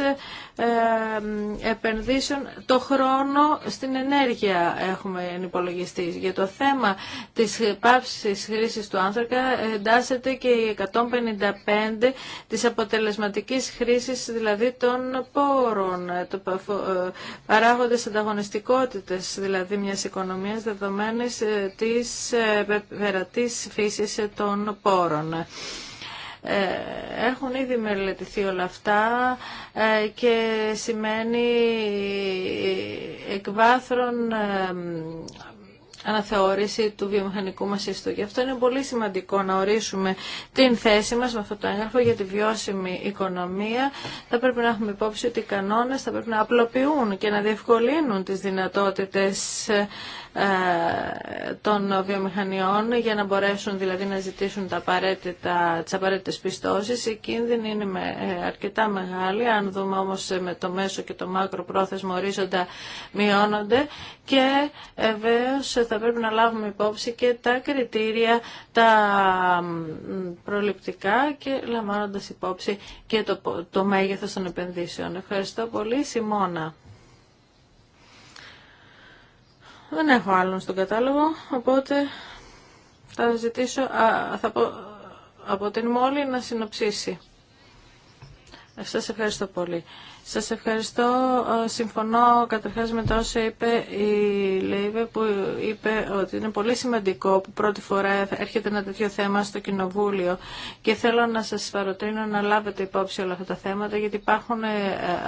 ε, επενδύσεων το χρόνο στην ενέργεια έχουμε υπολογιστεί. Για το θέμα της πάυσης χρήσης του άνθρακα εντάσσεται και η 155 της αποτελεσματικής χρήσης δηλαδή των πόρων, το ε, παράγοντες ανταγωνιστικότητες δηλαδή μιας οικονομίας δεδομένης ε, της περατής φύσης των πόρων. Ε, έχουν ήδη μελετηθεί όλα αυτά ε, και σημαίνει εκβάθρον ε, αναθεώρηση του βιομηχανικού μας ιστού. Γι' αυτό είναι πολύ σημαντικό να ορίσουμε την θέση μας με αυτό το έγγραφο για τη βιώσιμη οικονομία. Θα πρέπει να έχουμε υπόψη ότι οι κανόνες θα πρέπει να απλοποιούν και να διευκολύνουν τις δυνατότητες ε, των βιομηχανιών για να μπορέσουν δηλαδή να ζητήσουν τα απαραίτητα, τις απαραίτητες πιστώσεις. Οι κίνδυνοι είναι με, ε, αρκετά μεγάλη αν δούμε όμως ε, με το μέσο και το μάκρο πρόθεσμο ορίζοντα μειώνονται και βεβαίω θα πρέπει να λάβουμε υπόψη και τα κριτήρια, τα προληπτικά και λαμβάνοντας υπόψη και το, το μέγεθος των επενδύσεων. Ευχαριστώ πολύ. Σιμώνα. Δεν έχω άλλον στον κατάλογο, οπότε θα ζητήσω, α, από την Μόλι να συνοψίσει. Σας ευχαριστώ πολύ. Σας ευχαριστώ. Ε, συμφωνώ καταρχάς με το όσα είπε η Λέιβε που είπε ότι είναι πολύ σημαντικό που πρώτη φορά έρχεται ένα τέτοιο θέμα στο Κοινοβούλιο και θέλω να σας παροτρύνω να λάβετε υπόψη όλα αυτά τα θέματα γιατί υπάρχουν ε,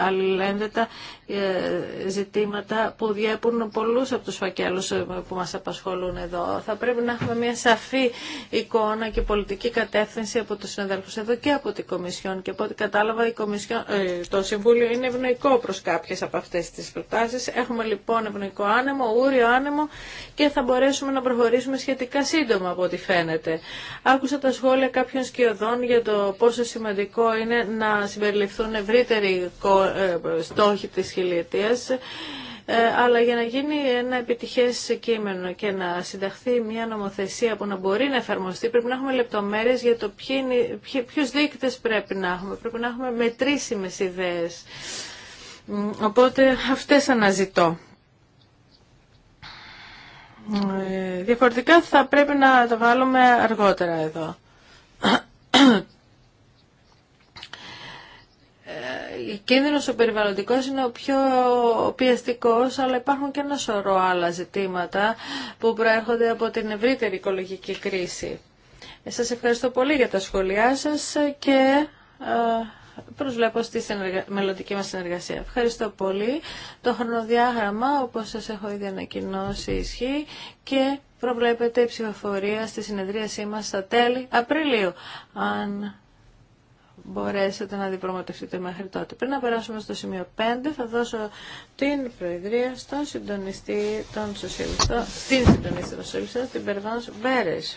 αλληλένδετα ε, ζητήματα που διέπουν πολλούς από τους φακέλους που μας απασχολούν εδώ. Θα πρέπει να έχουμε μια σαφή εικόνα και πολιτική κατεύθυνση από τους συναδέλφους εδώ και από την Κομισιόν και από ό,τι κατάλαβα η Κομισιόν, το Συμβούλιο είναι ευνοϊκό προς κάποιες από αυτές τις προτάσεις. Έχουμε λοιπόν ευνοϊκό άνεμο, ούριο άνεμο και θα μπορέσουμε να προχωρήσουμε σχετικά σύντομα από ό,τι φαίνεται. Άκουσα τα σχόλια κάποιων σκιωδών για το πόσο σημαντικό είναι να συμπεριληφθούν ευρύτεροι ε, στόχοι της χιλιετίας ε, αλλά για να γίνει ένα επιτυχές κείμενο και να συνταχθεί μια νομοθεσία που να μπορεί να εφαρμοστεί, πρέπει να έχουμε λεπτομέρειες για το ποιους δείκτες πρέπει να έχουμε. Πρέπει να έχουμε μετρήσιμες ιδέες. Οπότε αυτές αναζητώ. Ε, διαφορετικά θα πρέπει να τα βάλουμε αργότερα εδώ. ο κίνδυνος ο περιβαλλοντικό είναι ο πιο πιεστικό, αλλά υπάρχουν και ένα σωρό άλλα ζητήματα που προέρχονται από την ευρύτερη οικολογική κρίση. Ε, σας ευχαριστώ πολύ για τα σχόλιά σας και ε, προσβλέπω στη συνεργα... μελλοντική μας συνεργασία. Ευχαριστώ πολύ. Το χρονοδιάγραμμα, όπως σας έχω ήδη ανακοινώσει, ισχύει και προβλέπεται η ψηφοφορία στη συνεδρίασή μας στα τέλη Απριλίου μπορέσετε να διπραγματευτείτε μέχρι τότε. Πριν να περάσουμε στο σημείο 5, θα δώσω την προεδρία στον συντονιστή των σοσιαλιστών, στην συντονιστή των σοσιαλιστών, την Περβάνος Μπέρες.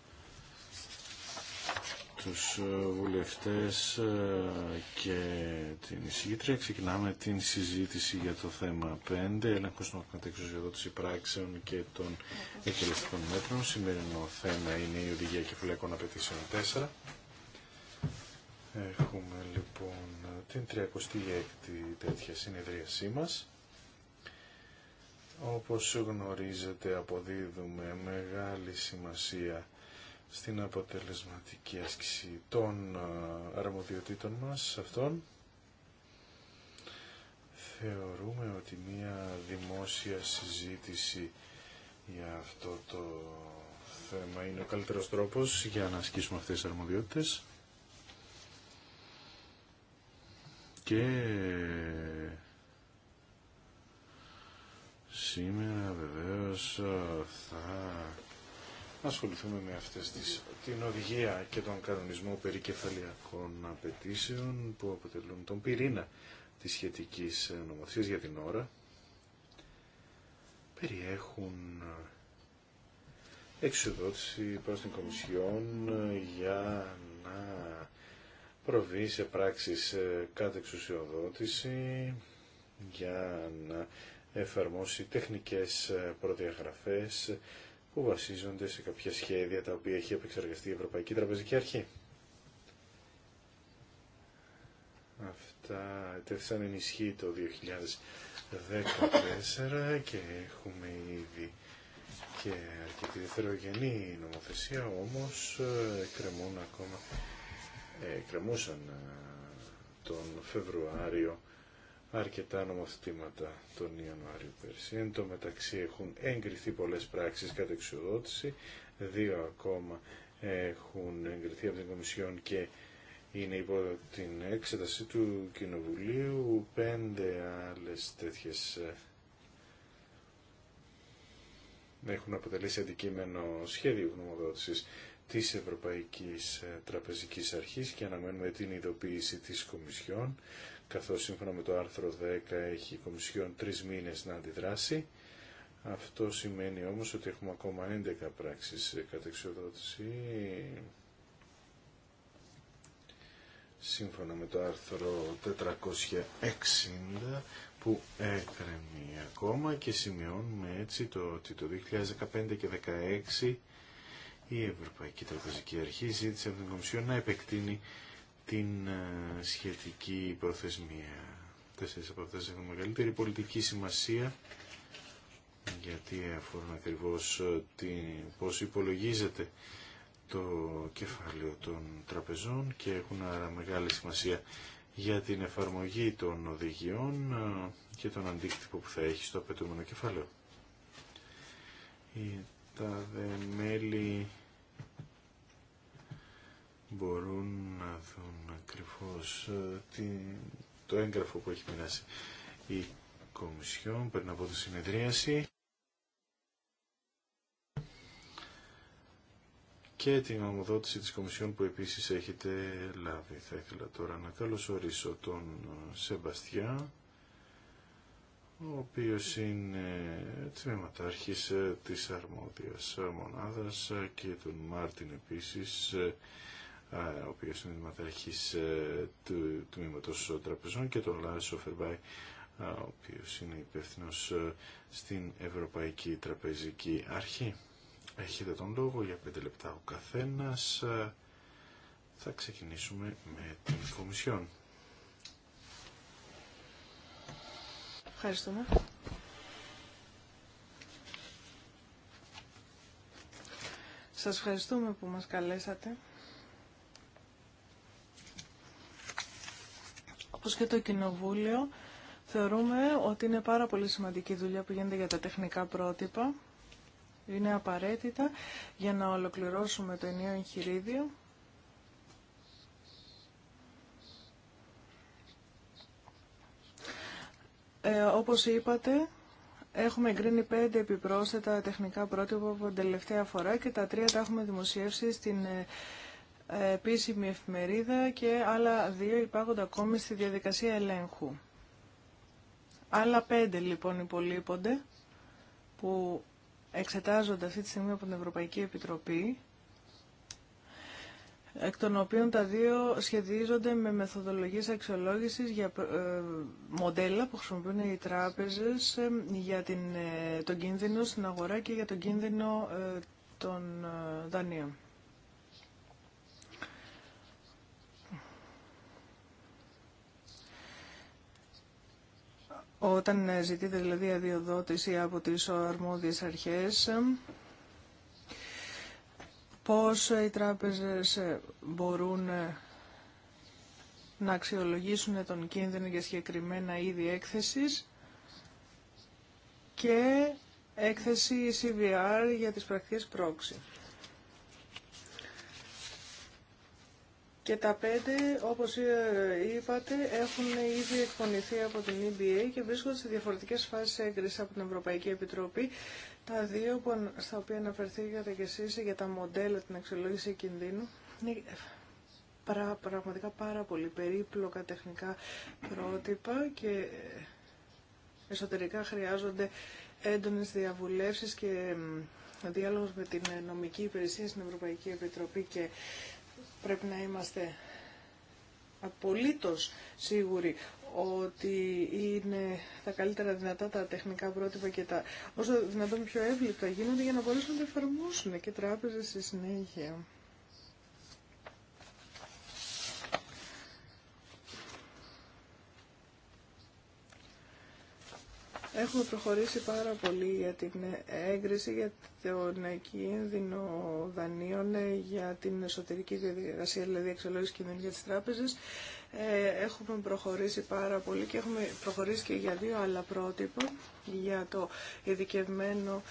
τους ε, βουλευτές ε, και την εισηγήτρια. Ξεκινάμε την συζήτηση για το θέμα 5, έλεγχος των κατεξουσιοδότηση πράξεων και των εκτελεστικών μέτρων. Σημερινό θέμα είναι η οδηγία και κεφαλαίων απαιτήσεων 4. Έχουμε λοιπόν την 36η τέτοια συνεδρίασή μας. Όπως γνωρίζετε αποδίδουμε μεγάλη σημασία στην αποτελεσματική άσκηση των ε, αρμοδιοτήτων μας αυτών θεωρούμε ότι μία δημόσια συζήτηση για αυτό το θέμα είναι ο καλύτερος τρόπος για να ασκήσουμε αυτές τις αρμοδιότητες και σήμερα βεβαίως θα ασχοληθούμε με αυτές τις, την οδηγία και τον κανονισμό περί κεφαλιακών απαιτήσεων που αποτελούν τον πυρήνα της σχετικής νομοθεσίας για την ώρα. Περιέχουν εξουδότηση προς την Κομισιόν για να προβεί σε πράξεις ε, κάθε εξουσιοδότηση για να εφαρμόσει τεχνικές ε, προδιαγραφές που βασίζονται σε κάποια σχέδια τα οποία έχει επεξεργαστεί η Ευρωπαϊκή Τραπεζική Αρχή. Αυτά τέθησαν ισχύ το 2014 και έχουμε ήδη και αρκετή δευτερογενή νομοθεσία, όμως ε, κρεμούν ακόμα, ε, κρεμούσαν ε, τον Φεβρουάριο αρκετά νομοθετήματα τον Ιανουάριο πέρσι. Εν μεταξύ έχουν εγκριθεί πολλές πράξεις κατά εξοδότηση, δύο ακόμα έχουν εγκριθεί από την Κομισιόν και είναι υπό την έξεταση του Κοινοβουλίου, πέντε άλλες τέτοιε ε, έχουν αποτελέσει αντικείμενο σχέδιου γνωμοδότησης της Ευρωπαϊκής ε, Τραπεζικής Αρχής και αναμένουμε την ειδοποίηση της Κομισιόν καθώς σύμφωνα με το άρθρο 10 έχει η Κομισιόν τρεις μήνες να αντιδράσει. Αυτό σημαίνει όμως ότι έχουμε ακόμα 11 πράξεις κατεξοδότηση. Σύμφωνα με το άρθρο 460 που έκρεμει ακόμα και σημειώνουμε έτσι το ότι το 2015 και 2016 η Ευρωπαϊκή Τραπεζική Αρχή ζήτησε από την Κομισιόν να επεκτείνει την ε, σχετική προθεσμία. Τέσσερις από αυτές έχουν μεγαλύτερη πολιτική σημασία γιατί αφορούν ακριβώς ε, την, πώς υπολογίζεται το κεφάλαιο των τραπεζών και έχουν άρα μεγάλη σημασία για την εφαρμογή των οδηγιών ε, και τον αντίκτυπο που θα έχει στο απαιτούμενο κεφάλαιο. Τα δε μέλη μπορούν να δουν ακριβώς ε, το έγγραφο που έχει μοιράσει η Κομισιόν πριν από τη συνεδρίαση και την ομοδότηση της Κομισιόν που επίσης έχετε λάβει. Θα ήθελα τώρα να καλωσορίσω τον ε, Σεμπαστιά ο οποίος είναι τμήματάρχης ε, της αρμόδιας μονάδας και τον Μάρτιν επίσης ο οποίος είναι δημοταρχής ε, του τμήματος τραπεζών και τον Λάσο Φερμπάη, ο οποίος είναι υπεύθυνο ε, στην Ευρωπαϊκή Τραπεζική Αρχή. Έχετε τον λόγο για 5 λεπτά ο καθένας. Θα ξεκινήσουμε με την Κομισιόν. Ευχαριστούμε. Σας ευχαριστούμε που μας καλέσατε. όπως και το Κοινοβούλιο, θεωρούμε ότι είναι πάρα πολύ σημαντική δουλειά που γίνεται για τα τεχνικά πρότυπα. Είναι απαραίτητα για να ολοκληρώσουμε το ενίο εγχειρίδιο. Ε, όπως είπατε, Έχουμε εγκρίνει πέντε επιπρόσθετα τεχνικά πρότυπα από την τελευταία φορά και τα τρία τα έχουμε δημοσιεύσει στην ε, επίσημη εφημερίδα και άλλα δύο υπάρχονται ακόμη στη διαδικασία ελέγχου. Άλλα πέντε λοιπόν υπολείπονται που εξετάζονται αυτή τη στιγμή από την Ευρωπαϊκή Επιτροπή εκ των οποίων τα δύο σχεδίζονται με μεθοδολογίες αξιολόγησης για ε, μοντέλα που χρησιμοποιούν οι τράπεζες ε, για την, ε, τον κίνδυνο στην αγορά και για τον κίνδυνο των δανείων. Όταν ε, ζητείτε δηλαδή αδειοδότηση από τις αρμόδιες αρχές, πώς ε, οι τράπεζες ε, μπορούν να αξιολογήσουν τον κίνδυνο για συγκεκριμένα είδη έκθεσης και έκθεση CVR για τις πρακτικές πρόξη. Και τα πέντε, όπως ε, είπατε, έχουν ήδη εκπονηθεί από την EBA και βρίσκονται σε διαφορετικές φάσεις έγκρισης από την Ευρωπαϊκή Επιτροπή. Τα δύο που, στα οποία αναφερθήκατε και εσείς για τα μοντέλα, την αξιολόγηση κινδύνου, είναι πραγματικά πάρα πολύ περίπλοκα τεχνικά πρότυπα και ε, εσωτερικά χρειάζονται έντονες διαβουλεύσεις και διάλογος με την νομική υπηρεσία στην Ευρωπαϊκή Επιτροπή και Πρέπει να είμαστε απολύτως σίγουροι ότι είναι τα καλύτερα δυνατά τα τεχνικά πρότυπα και τα όσο δυνατόν πιο εύληπτα γίνονται για να μπορέσουν να εφαρμόσουν και τράπεζες στη συνέχεια. Έχουμε προχωρήσει πάρα πολύ για την έγκριση, για τον κίνδυνο δανείων, για την εσωτερική διαδικασία, δηλαδή εξολόγηση κινδύνου για τις τράπεζες. Ε, έχουμε προχωρήσει πάρα πολύ και έχουμε προχωρήσει και για δύο άλλα πρότυπα, για το ειδικευμένο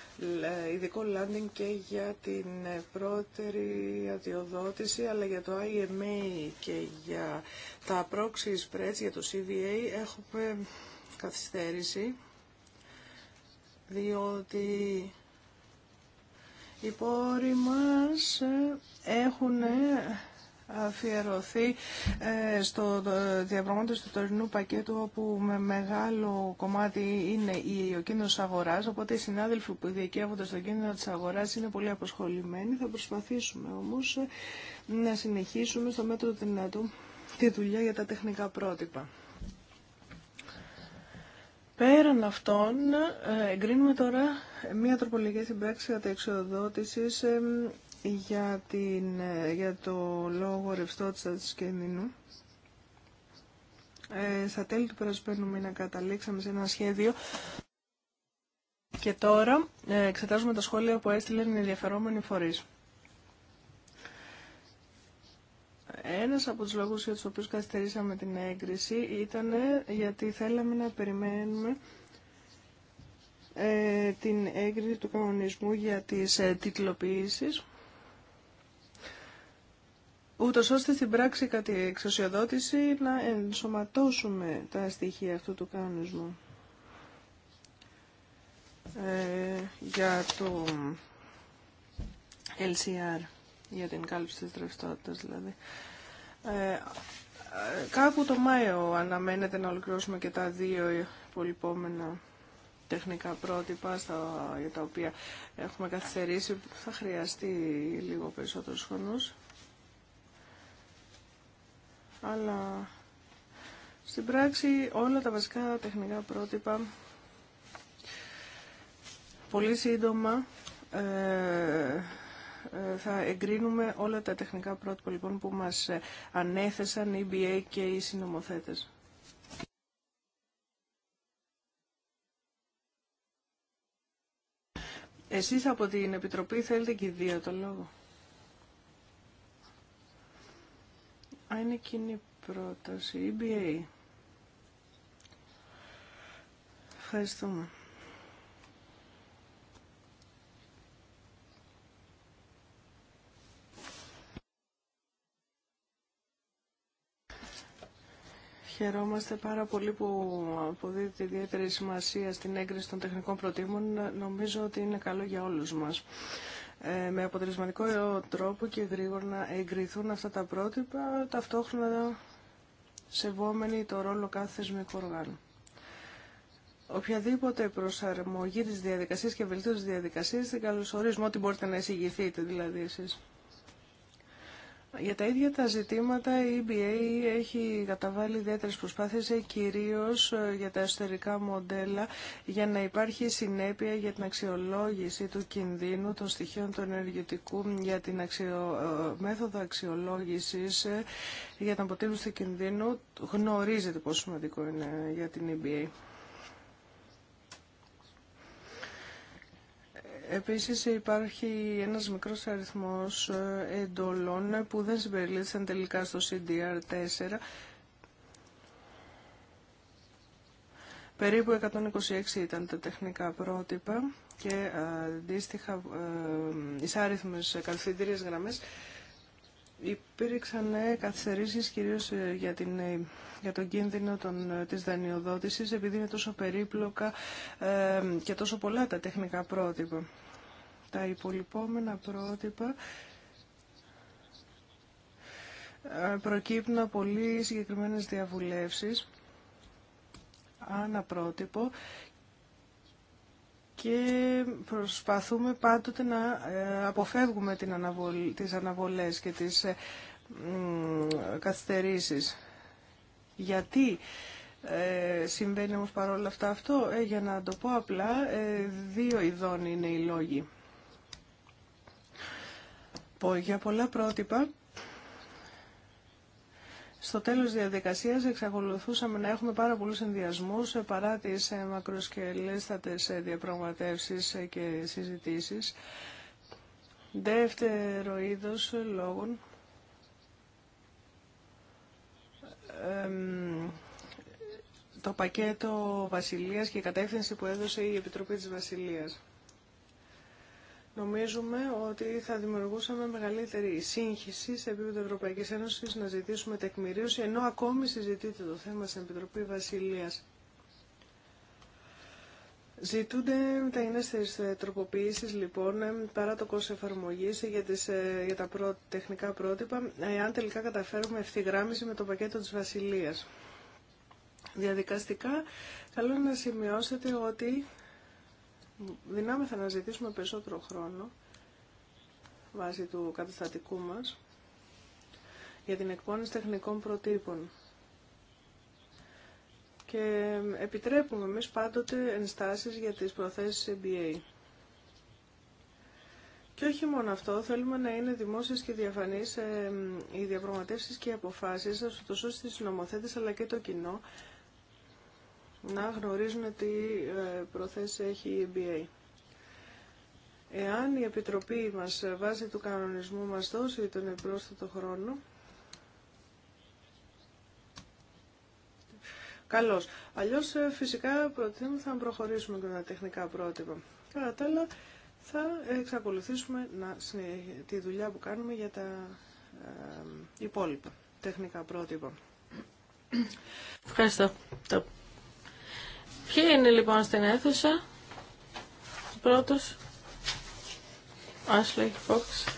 ε, ειδικό landing και για την πρώτερη αδειοδότηση, αλλά για το IMA και για τα proxy spreads, για το CVA, έχουμε καθυστέρηση διότι οι πόροι μας ε, έχουν αφιερωθεί ε, στο ε, διαπραγμάτευση του τωρινού πακέτου όπου με μεγάλο κομμάτι είναι ο κίνδυνος αγοράς οπότε οι συνάδελφοι που διοικεύονται στο κίνδυνο της αγοράς είναι πολύ αποσχολημένοι θα προσπαθήσουμε όμως να συνεχίσουμε στο μέτρο του δυνατού τη δουλειά για τα τεχνικά πρότυπα. Πέραν αυτών, ε, εγκρίνουμε τώρα μία τροπολογία στην πράξη εξοδότηση για, ε, για το λόγο ρευστότητα τη κινδυνού. Ε, στα τέλη του περασμένου μήνα καταλήξαμε σε ένα σχέδιο και τώρα ε, εξετάζουμε τα σχόλια που έστειλαν οι ενδιαφερόμενοι φορείς. Ένας από τους λόγους για τους οποίους καθυστερήσαμε την έγκριση ήταν γιατί θέλαμε να περιμένουμε ε, την έγκριση του κανονισμού για τις ε, τιτλοποιήσεις ούτως ώστε στην πράξη κατά εξωσιοδότηση να ενσωματώσουμε τα στοιχεία αυτού του κανονισμού ε, για το LCR, για την κάλυψη της δραστότητας δηλαδή. Ε, ε, κάπου το Μάιο αναμένεται να ολοκληρώσουμε και τα δύο υπολοιπόμενα τεχνικά πρότυπα στα, για τα οποία έχουμε καθυστερήσει. Θα χρειαστεί λίγο περισσότερο χρόνος. Αλλά στην πράξη όλα τα βασικά τεχνικά πρότυπα πολύ σύντομα ε, θα εγκρίνουμε όλα τα τεχνικά πρότυπα λοιπόν, που μας ανέθεσαν η EBA και οι συνομοθέτες. Εσείς από την Επιτροπή θέλετε και δύο το λόγο. Α, είναι κοινή πρόταση, EBA. Ευχαριστούμε. Χαιρόμαστε πάρα πολύ που αποδίδεται ιδιαίτερη σημασία στην έγκριση των τεχνικών προτύπων. Νομίζω ότι είναι καλό για όλους μας. Ε, με αποτελεσματικό τρόπο και γρήγορα να εγκριθούν αυτά τα πρότυπα, ταυτόχρονα σεβόμενοι το ρόλο κάθε θεσμικού οργάνου. Οποιαδήποτε προσαρμογή της διαδικασίας και βελτίωση της διαδικασίας την καλωσορίζουμε ό,τι μπορείτε να εισηγηθείτε δηλαδή εσείς. Για τα ίδια τα ζητήματα η EBA έχει καταβάλει ιδιαίτερες προσπάθειες ε, κυρίως ε, για τα εσωτερικά μοντέλα για να υπάρχει συνέπεια για την αξιολόγηση του κινδύνου των στοιχείων του ενεργητικού για την ε, μέθοδο αξιολόγησης για την αποτύπωση του κινδύνου γνωρίζετε πόσο σημαντικό είναι για την EBA. Επίσης υπάρχει ένας μικρός αριθμός εντολών που δεν συμπεριλήθησαν τελικά στο CDR4. Περίπου 126 ήταν τα τεχνικά πρότυπα και αντίστοιχα εισάριθμες κατευθυντήριες γραμμές Υπήρξαν ε, καθυστερήσεις κυρίως ε, για, την, ε, για τον κίνδυνο των, της δανειοδότησης επειδή είναι τόσο περίπλοκα και τόσο πολλά τα τεχνικά πρότυπα. Τα υπολοιπόμενα πρότυπα προκύπτουν από πολύ συγκεκριμένες διαβουλεύσεις πρότυπο και προσπαθούμε πάντοτε να ε, αποφεύγουμε την αναβολ, τις αναβολές και τις ε, καθυστερήσεις. Γιατί ε, συμβαίνει όμως παρόλα αυτά αυτό, για να το πω απλά, δύο ειδών είναι οι λόγοι. Για πολλά πρότυπα στο τέλος τη διαδικασία εξακολουθούσαμε να έχουμε πάρα πολλούς ενδιασμούς ε, παρά τι ε, μακροσκελέστατε διαπραγματεύσει ε, και συζητήσει. Δεύτερο είδο λόγων το πακέτο Βασιλείας και η κατεύθυνση που έδωσε η Επιτροπή της Βασιλείας. Νομίζουμε ότι θα δημιουργούσαμε μεγαλύτερη σύγχυση σε επίπεδο Ευρωπαϊκή Ένωση να ζητήσουμε τεκμηρίωση, ενώ ακόμη συζητείται το θέμα στην Επιτροπή Βασιλεία. Ζητούνται μεταγενέστερε τροποποιήσει, λοιπόν, παρά το κόστο εφαρμογή για, ε, για τα προ, τεχνικά πρότυπα, εάν τελικά καταφέρουμε ευθυγράμμιση με το πακέτο τη Βασιλεία. Διαδικαστικά, θέλω να σημειώσετε ότι δυνάμεθα να ζητήσουμε περισσότερο χρόνο βάσει του καταστατικού μας για την εκπόνηση τεχνικών προτύπων. Και επιτρέπουμε εμείς πάντοτε ενστάσεις για τις προθέσεις MBA. Και όχι μόνο αυτό, θέλουμε να είναι δημόσιες και διαφανείς ε, οι διαπραγματεύσεις και οι αποφάσεις, ώστε οι νομοθέτες αλλά και το κοινό να γνωρίζουν τι ε, προθέσεις έχει η EBA. Εάν η Επιτροπή μας ε, βάσει του κανονισμού μας δώσει τον επρόσθετο χρόνο, καλώς. Αλλιώς ε, φυσικά προτείνουμε θα προχωρήσουμε και τα τεχνικά πρότυπα. Κατά τα άλλα θα εξακολουθήσουμε να, τη δουλειά που κάνουμε για τα υπόλοιπα τεχνικά πρότυπα. Ευχαριστώ. Ποιοι είναι λοιπόν στην αίθουσα. Ο πρώτος. Ashley Fox.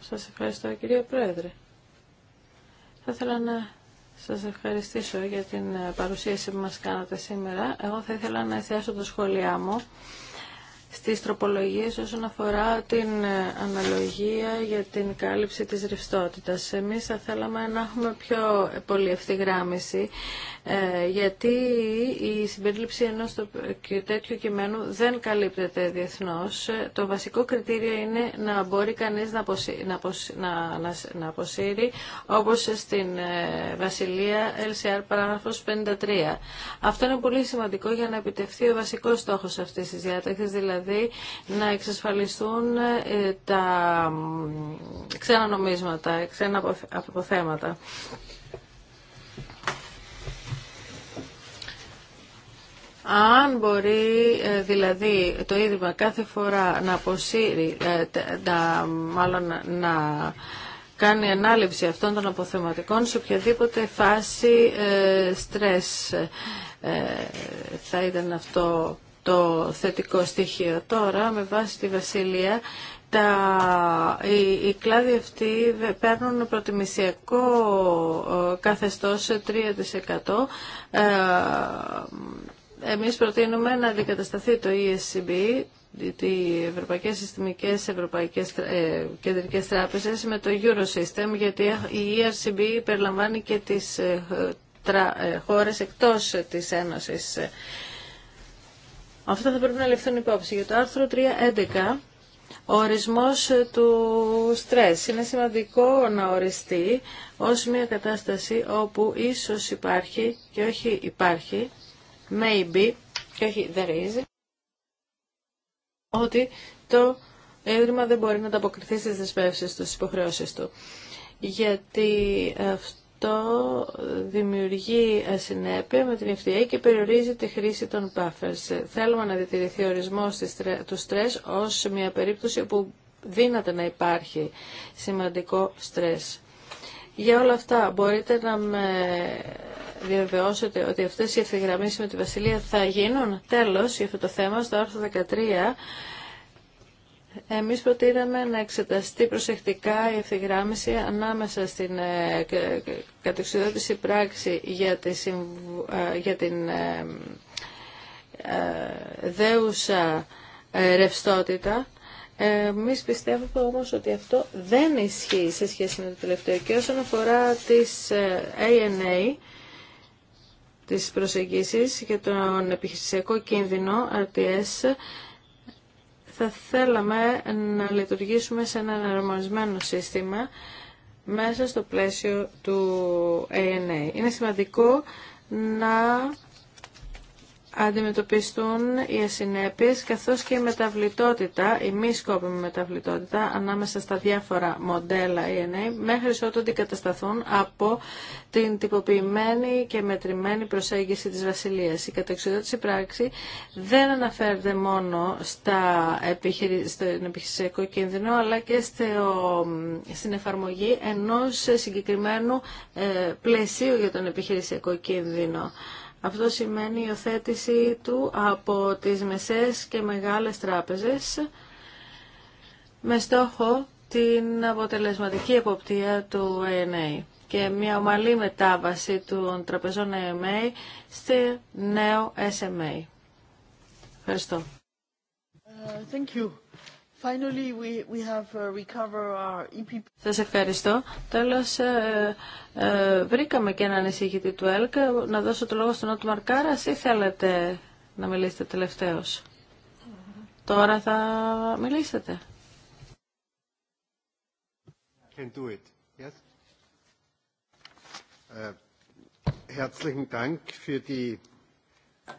Σας ευχαριστώ κυρία Πρόεδρε. Θα ήθελα να σας ευχαριστήσω για την ε, παρουσίαση που μας κάνατε σήμερα. Εγώ θα ήθελα να εστιάσω το σχόλιά μου στις τροπολογίες όσον αφορά την ε, αναλογία για την κάλυψη της ρευστότητας. Εμείς θα θέλαμε να έχουμε πιο πολύ ευθυγράμμιση ε, γιατί η συμπερίληψη ενός τέτοιου κειμένου δεν καλύπτεται διεθνώς. Το βασικό κριτήριο είναι να μπορεί κανείς να, να, αποσύρει, όπως στην ε, Βασιλεία LCR παράγραφος 53. Αυτό είναι πολύ σημαντικό για να επιτευχθεί ο βασικός στόχος αυτής της διάταξης, δηλαδή να εξασφαλιστούν ε, τα ξένα νομίσματα, ξένα αποθέματα. Αν μπορεί ε, δηλαδή το Ίδρυμα κάθε φορά να αποσύρει, ε, να, μάλλον να κάνει ανάληψη αυτών των αποθεματικών σε οποιαδήποτε φάση ε, στρες θα ήταν αυτό το θετικό στοιχείο. Τώρα με βάση τη Βασιλεία τα, οι, οι κλάδοι αυτοί παίρνουν προτιμησιακό καθεστώς 3% εμείς προτείνουμε να αντικατασταθεί το ESCB, οι Ευρωπαϊκές Συστημικές Ευρωπαϊκές ε, Κεντρικές Τράπεζες με το Eurosystem, γιατί η ERCB περιλαμβάνει και τις ε, τρα, ε, χώρες εκτός της Ένωσης. Αυτό θα πρέπει να ληφθούν υπόψη. Για το άρθρο 3.11, ο ορισμός του στρες είναι σημαντικό να οριστεί ως μια κατάσταση όπου ίσως υπάρχει και όχι υπάρχει maybe, και όχι there is, ότι το Ίδρυμα δεν μπορεί να ανταποκριθεί στις δεσπεύσεις του, στις υποχρεώσεις του. Γιατί αυτό δημιουργεί ασυνέπεια με την FDA και περιορίζει τη χρήση των buffers. Θέλουμε να διατηρηθεί ο ορισμός του στρες ως μια περίπτωση όπου δύναται να υπάρχει σημαντικό στρες. Για όλα αυτά μπορείτε να με διαβεβαιώσετε ότι αυτέ οι ευθυγραμμίσει με τη Βασιλεία θα γίνουν. τέλο για αυτό το θέμα, στο άρθρο 13, εμεί προτείναμε να εξεταστεί προσεκτικά η ευθυγράμμιση ανάμεσα στην ε, κατοξιδότηση πράξη για, τη ε, για την ε, δέουσα ρευστότητα. Εμεί πιστεύουμε όμω ότι αυτό δεν ισχύει σε σχέση με το τελευταίο. Και όσον αφορά τις ANA, της προσεγγίσης για τον επιχειρησιακό κίνδυνο RTS θα θέλαμε να λειτουργήσουμε σε ένα εναρμονισμένο σύστημα μέσα στο πλαίσιο του ANA. Είναι σημαντικό να αντιμετωπιστούν οι ασυνέπειες καθώς και η μεταβλητότητα, η μη σκόπιμη μεταβλητότητα ανάμεσα στα διάφορα μοντέλα ENA μέχρι ότου αντικατασταθούν από την τυποποιημένη και μετρημένη προσέγγιση της Βασιλείας. Η καταξιδότηση πράξη δεν αναφέρεται μόνο στα στον επιχειρησιακό κίνδυνο αλλά και στο... στην εφαρμογή ενός συγκεκριμένου ε, πλαισίου για τον επιχειρησιακό κίνδυνο. Αυτό σημαίνει η οθέτηση του από τις μεσές και μεγάλες τράπεζες με στόχο την αποτελεσματική εποπτεία του ΕΝΑ και μια ομαλή μετάβαση των τραπεζών ΕΜΑ στη νέο SMA. Ευχαριστώ. Uh, Finally, we, we have uh, our EPP. Σας ευχαριστώ. Τέλος, ε, ε, βρήκαμε και έναν εισηγητή του ΕΛΚ. Να δώσω το λόγο στον Ότμαρ Κάρα ή θέλετε να μιλήσετε τελευταίος. Mm -hmm. Τώρα θα μιλήσετε. Can do it. Yes. Uh, herzlichen Dank für die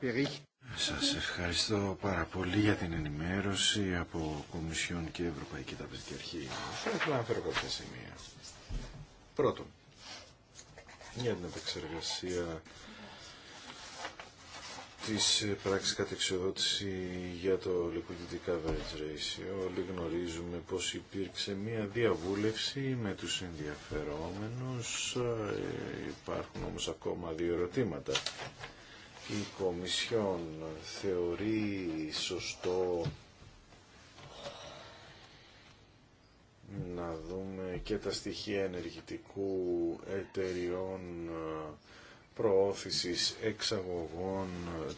Bericht. Σας ευχαριστώ πάρα πολύ για την ενημέρωση από Κομισιόν και Ευρωπαϊκή Ταπεζική Αρχή. Θα ήθελα να φέρω κάποια σημεία. Πρώτον, για την επεξεργασία της πράξης κατεξοδότηση για το liquidity coverage ratio. Όλοι γνωρίζουμε πως υπήρξε μία διαβούλευση με τους ενδιαφερόμενους. Ε, υπάρχουν όμως ακόμα δύο ερωτήματα η Κομισιόν θεωρεί σωστό να δούμε και τα στοιχεία ενεργητικού εταιριών ε, προώθησης εξαγωγών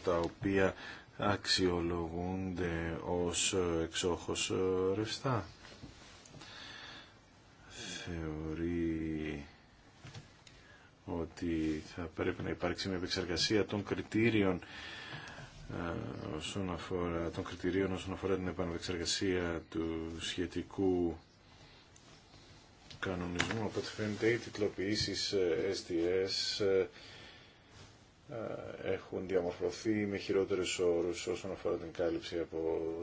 τα οποία αξιολογούνται ως ε, εξόχως ε, ρευστά. Θεωρεί ότι θα πρέπει να υπάρξει μια επεξεργασία των κριτήριων ε, όσον αφορά, των κριτηρίων όσον την επαναπεξεργασία του σχετικού κανονισμού. Οπότε φαίνεται οι τιτλοποιήσεις STS ε, ε, έχουν διαμορφωθεί με χειρότερες όρους όσον αφορά την κάλυψη από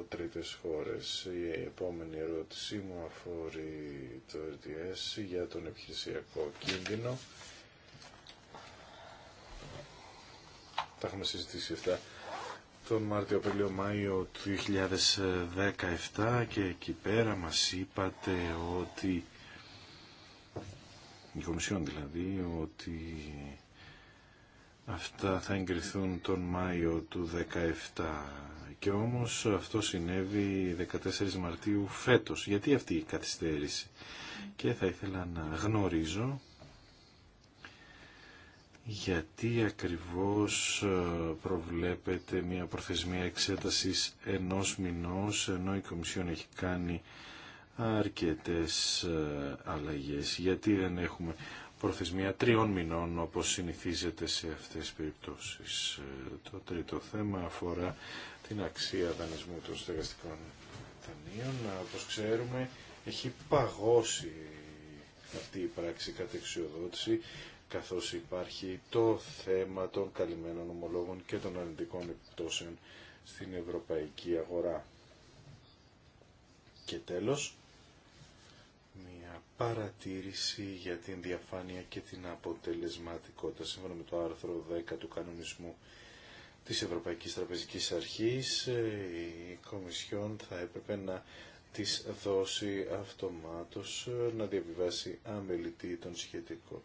τρίτες χώρες. Η επόμενη ερώτησή μου αφορεί το RTS για τον επιχειρησιακό κίνδυνο. Τα έχουμε συζητήσει αυτά τον Μάρτιο, Πελιο Μάιο του 2017 και εκεί πέρα μας είπατε ότι η Κομισιόν δηλαδή ότι αυτά θα εγκριθούν τον Μάιο του 2017 και όμως αυτό συνέβη 14 Μαρτίου φέτος. Γιατί αυτή η καθυστέρηση και θα ήθελα να γνωρίζω γιατί ακριβώς ε, προβλέπεται μια προθεσμία εξέτασης ενός μηνός ενώ η Κομισιόν έχει κάνει αρκετές ε, αλλαγές γιατί δεν έχουμε προθεσμία τριών μηνών όπως συνηθίζεται σε αυτές τις περιπτώσεις ε, το τρίτο θέμα αφορά την αξία δανεισμού των στεγαστικών δανείων όπως ξέρουμε έχει παγώσει αυτή η πράξη κατεξιοδότηση καθώς υπάρχει το θέμα των καλυμμένων ομολόγων και των αρνητικών επιπτώσεων στην ευρωπαϊκή αγορά. Και τέλος, μια παρατήρηση για την διαφάνεια και την αποτελεσματικότητα σύμφωνα με το άρθρο 10 του κανονισμού της Ευρωπαϊκής Τραπεζικής Αρχής ε, η Κομισιόν θα έπρεπε να της δώσει αυτομάτως ε, να διαβιβάσει αμελητή τον σχετικό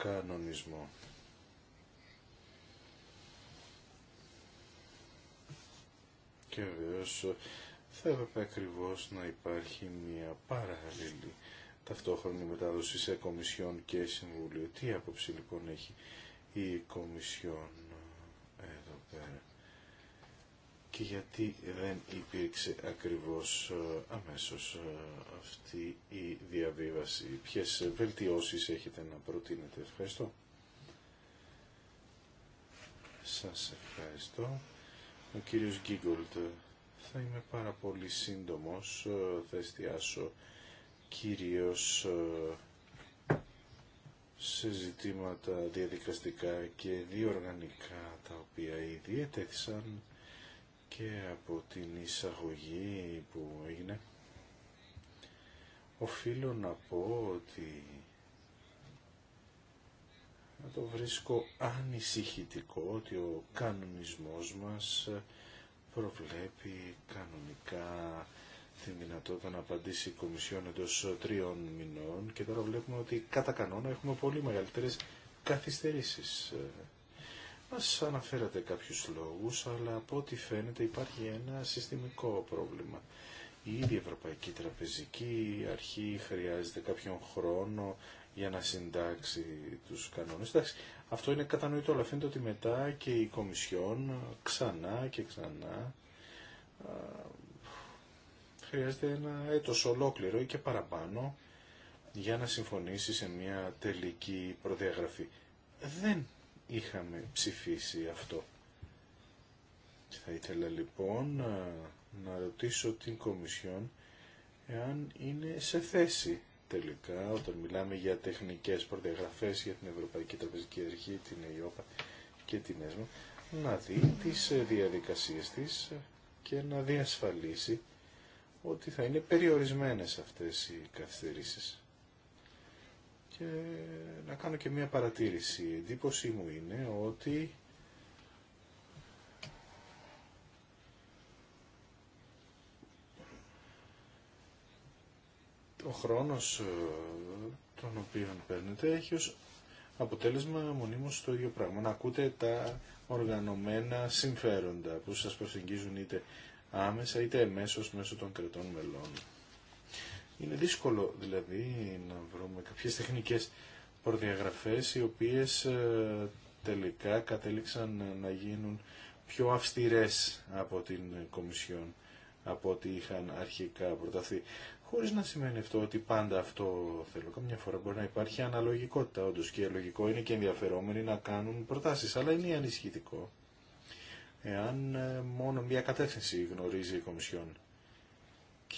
κανονισμό. Και βεβαίω θα έπρεπε ακριβώ να υπάρχει μια παράλληλη ταυτόχρονη μετάδοση σε Κομισιόν και Συμβούλιο. Τι άποψη λοιπόν έχει η Κομισιόν εδώ πέρα και γιατί δεν υπήρξε ακριβώς ε, αμέσως ε, αυτή η διαβίβαση. Ποιες βελτιώσεις έχετε να προτείνετε. Ευχαριστώ. Σας ευχαριστώ. Ο κύριος Γκίγκολτ, θα είμαι πάρα πολύ σύντομος, ε, θα εστιάσω κυρίως σε ζητήματα διαδικαστικά και διοργανικά τα οποία ήδη ετέθησαν και από την εισαγωγή που έγινε οφείλω να πω ότι να το βρίσκω ανησυχητικό ότι ο κανονισμός μας προβλέπει κανονικά την δυνατότητα να απαντήσει η Κομισιόν εντό τριών μηνών και τώρα βλέπουμε ότι κατά κανόνα έχουμε πολύ μεγαλύτερες καθυστερήσεις μας αναφέρατε κάποιους λόγους, αλλά από ό,τι φαίνεται υπάρχει ένα συστημικό πρόβλημα. Η ίδια Ευρωπαϊκή Τραπεζική Αρχή χρειάζεται κάποιον χρόνο για να συντάξει τους κανόνες. Εντάξει, αυτό είναι κατανοητό, αλλά φαίνεται ότι μετά και η Κομισιόν ξανά και ξανά χρειάζεται ένα έτος ολόκληρο ή και παραπάνω για να συμφωνήσει σε μια τελική προδιαγραφή. Δεν είχαμε ψηφίσει αυτό. Θα ήθελα λοιπόν ε, να ρωτήσω την Κομισιόν εάν είναι σε θέση τελικά όταν μιλάμε για τεχνικές προδιαγραφές για την Ευρωπαϊκή Τραπεζική Αρχή, την ΕΙΟΠΑ και την ΕΣΜΑ να δει τις ε, διαδικασίες της και να διασφαλίσει ότι θα είναι περιορισμένες αυτές οι καθυστερήσεις και να κάνω και μία παρατήρηση. Η εντύπωσή μου είναι ότι ο χρόνος ε, τον οποίο παίρνετε έχει ως αποτέλεσμα μονίμως το ίδιο πράγμα. Να ακούτε τα οργανωμένα συμφέροντα που σας προσεγγίζουν είτε άμεσα είτε εμέσως μέσω των κρετών μελών. Είναι δύσκολο δηλαδή να βρούμε κάποιες τεχνικές προδιαγραφές οι οποίες ε, τελικά κατέληξαν να γίνουν πιο αυστηρές από την Κομισιόν από ό,τι είχαν αρχικά προταθεί. Χωρίς να σημαίνει αυτό ότι πάντα αυτό θέλω. Καμιά φορά μπορεί να υπάρχει αναλογικότητα όντως και λογικό είναι και ενδιαφερόμενοι να κάνουν προτάσεις, αλλά είναι ανησυχητικό εάν ε, μόνο μία κατεύθυνση γνωρίζει η Κομισιόν.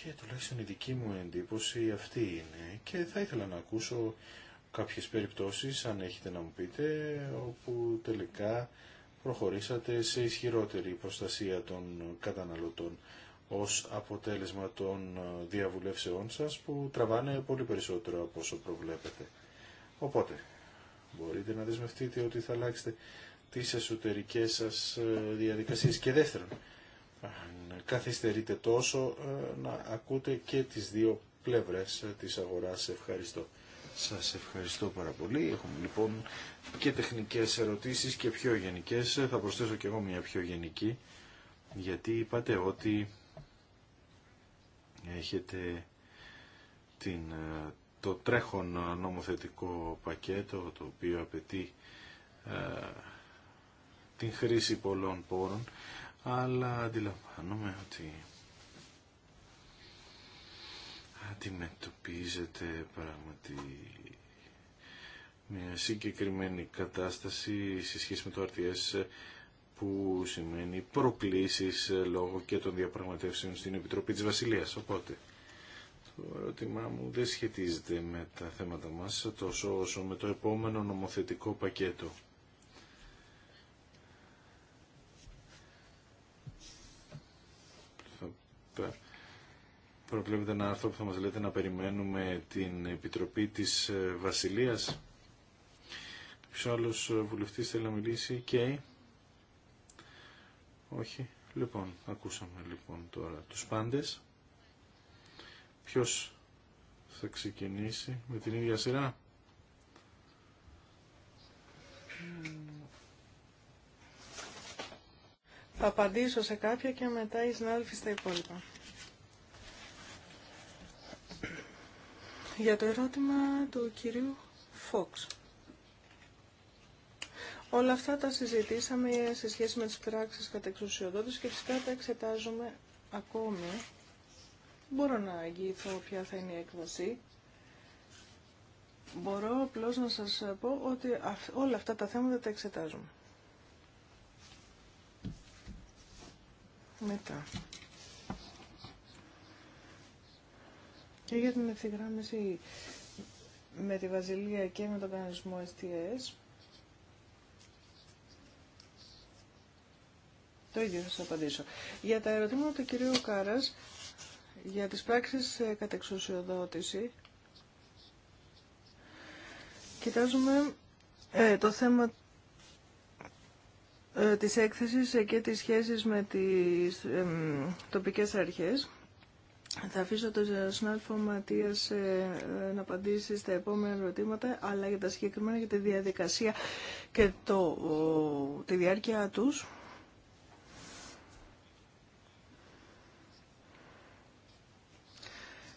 Και τουλάχιστον η δική μου εντύπωση αυτή είναι και θα ήθελα να ακούσω κάποιες περιπτώσεις, αν έχετε να μου πείτε, όπου τελικά προχωρήσατε σε ισχυρότερη προστασία των καταναλωτών ως αποτέλεσμα των διαβουλεύσεών σας που τραβάνε πολύ περισσότερο από όσο προβλέπετε. Οπότε, μπορείτε να δεσμευτείτε ότι θα αλλάξετε τις εσωτερικές σας ε, διαδικασίες. Και δεύτερον, αν καθυστερείτε τόσο ε, να ακούτε και τις δύο πλευρές ε, της αγοράς. Ευχαριστώ. Σας ευχαριστώ πάρα πολύ. Έχουμε λοιπόν και τεχνικές ερωτήσεις και πιο γενικές. Θα προσθέσω και εγώ μια πιο γενική, γιατί είπατε ότι έχετε την, ε, το τρέχον νομοθετικό πακέτο, το οποίο απαιτεί την χρήση πολλών πόρων αλλά αντιλαμβάνομαι ότι αντιμετωπίζεται πράγματι μια συγκεκριμένη κατάσταση σε σχέση με το RTS που σημαίνει προκλήσεις λόγω και των διαπραγματεύσεων στην Επιτροπή της Βασιλείας. Οπότε, το ερώτημά μου δεν σχετίζεται με τα θέματα μας τόσο όσο με το επόμενο νομοθετικό πακέτο. Προβλέπετε ένα άρθρο που θα μας λέτε να περιμένουμε την Επιτροπή της ε, Βασιλείας. Ποιος άλλος ε, βουλευτής θέλει να μιλήσει και... Όχι. Λοιπόν, ακούσαμε λοιπόν τώρα τους πάντες. Ποιος θα ξεκινήσει με την ίδια σειρά. Θα απαντήσω σε κάποια και μετά οι συνάδελφοι στα υπόλοιπα. για το ερώτημα του κυρίου Φόξ. Όλα αυτά τα συζητήσαμε σε σχέση με τις πράξεις κατά και φυσικά τα εξετάζουμε ακόμη. Μπορώ να αγγίθω ποια θα είναι η έκβαση. Μπορώ απλώς να σας πω ότι όλα αυτά τα θέματα τα εξετάζουμε. Μετά. και για την ευθυγράμμιση με τη Βαζιλία και με τον κανονισμό STS. Το ίδιο θα σας απαντήσω. Για τα ερωτήματα του κυρίου Κάρας, για τις πράξεις κατεξουσιοδότηση, κοιτάζουμε ε, το θέμα ε, της έκθεσης και τις σχέσεις με τις ε, τοπικές αρχές. Θα αφήσω τον συνάδελφο Ματία ε, ε, να απαντήσει στα επόμενα ερωτήματα, αλλά για τα συγκεκριμένα για τη διαδικασία και το, τη διάρκεια τους.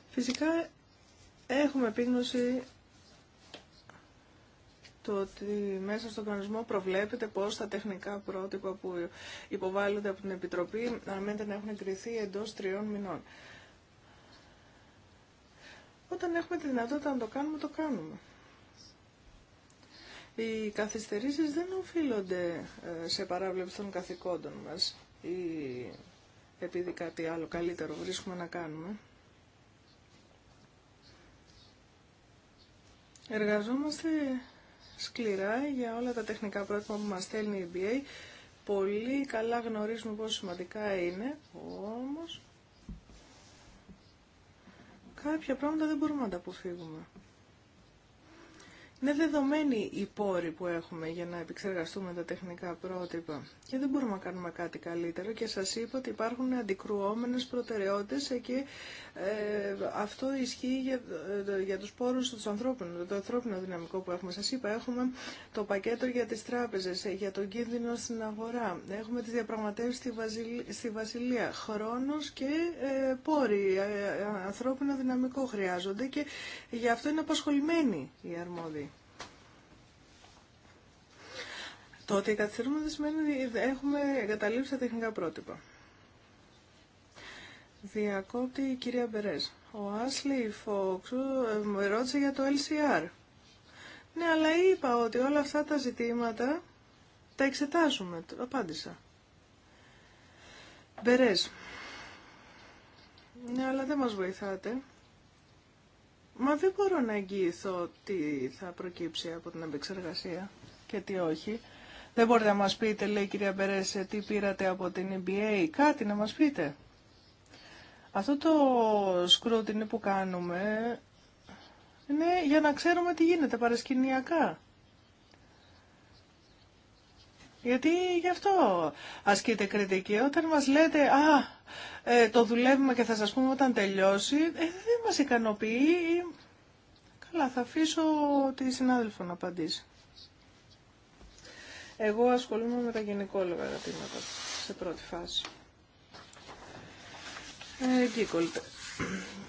Φυσικά έχουμε επίγνωση το ότι μέσα στον κανονισμό προβλέπεται πως τα τεχνικά πρότυπα που υποβάλλονται από την Επιτροπή αναμένεται να έχουν εγκριθεί εντός τριών μηνών. Όταν έχουμε τη δυνατότητα να το κάνουμε, το κάνουμε. Οι καθυστερήσεις δεν οφείλονται ε, σε παράβλεψη των καθηκόντων μας ή επειδή κάτι άλλο καλύτερο βρίσκουμε να κάνουμε. Εργαζόμαστε σκληρά για όλα τα τεχνικά πρότυπα που μας στέλνει η EBA. Πολύ καλά γνωρίζουμε πόσο σημαντικά είναι, όμως κάποια πράγματα δεν μπορούμε να τα αποφύγουμε. Είναι δεδομένοι οι πόροι που έχουμε για να επεξεργαστούμε τα τεχνικά πρότυπα και δεν μπορούμε να κάνουμε κάτι καλύτερο και σας είπα ότι υπάρχουν αντικρουόμενες προτεραιότητες και ε, αυτό ισχύει για, ε, για τους πόρους του ανθρώπινου, το ανθρώπινο δυναμικό που έχουμε. Σας είπα έχουμε το πακέτο για τις τράπεζες, ε, για τον κίνδυνο στην αγορά, έχουμε τις διαπραγματεύσεις στη, Βασιλ, στη Βασιλεία, χρόνος και ε, πόροι, ε, ανθρώπινο δυναμικό χρειάζονται και γι' αυτό είναι απασχολημένοι οι αρμόδιοι. Το ότι καθυστερούμε δεν σημαίνει ότι έχουμε εγκαταλείψει τα τεχνικά πρότυπα. Διακόπτη η κυρία Μπερές. Ο Άσλι Φόξου με ρώτησε για το LCR. Ναι, αλλά είπα ότι όλα αυτά τα ζητήματα τα εξετάζουμε. Απάντησα. Μπερές. Ναι, αλλά δεν μας βοηθάτε. Μα δεν μπορώ να εγγυηθώ τι θα προκύψει από την επεξεργασία και τι όχι. Δεν μπορείτε να μας πείτε, λέει η κυρία Μπερές, τι πήρατε από την EBA. Κάτι να μας πείτε. Αυτό το σκρούτινι που κάνουμε είναι για να ξέρουμε τι γίνεται παρασκηνιακά. Γιατί γι' αυτό ασκείται κριτική. Όταν μας λέτε «Α, ε, το δουλεύουμε και θα σας πούμε όταν τελειώσει», ε, δεν μας ικανοποιεί. Καλά, θα αφήσω τη συνάδελφο να απαντήσει. Εγώ ασχολούμαι με τα γενικόλογα ερωτήματα σε πρώτη φάση. Ε,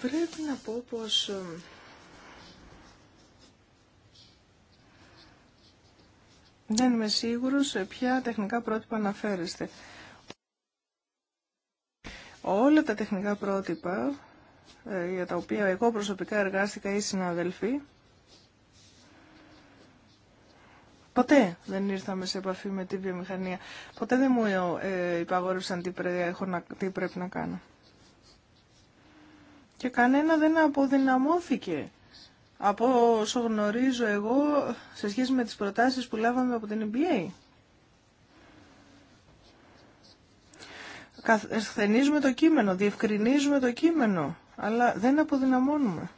πρέπει να πω πως ε, δεν είμαι σίγουρος σε ποια τεχνικά πρότυπα αναφέρεστε. Όλα τα τεχνικά πρότυπα ε, για τα οποία εγώ προσωπικά εργάστηκα ή συναδελφοί Ποτέ δεν ήρθαμε σε επαφή με τη βιομηχανία. Ποτέ δεν μου ε, υπαγόρευσαν τι, τι πρέπει να κάνω. Και κανένα δεν αποδυναμώθηκε. Από όσο γνωρίζω εγώ σε σχέση με τις προτάσεις που λάβαμε από την EBA. Καθενίζουμε το κείμενο, διευκρινίζουμε το κείμενο, αλλά δεν αποδυναμώνουμε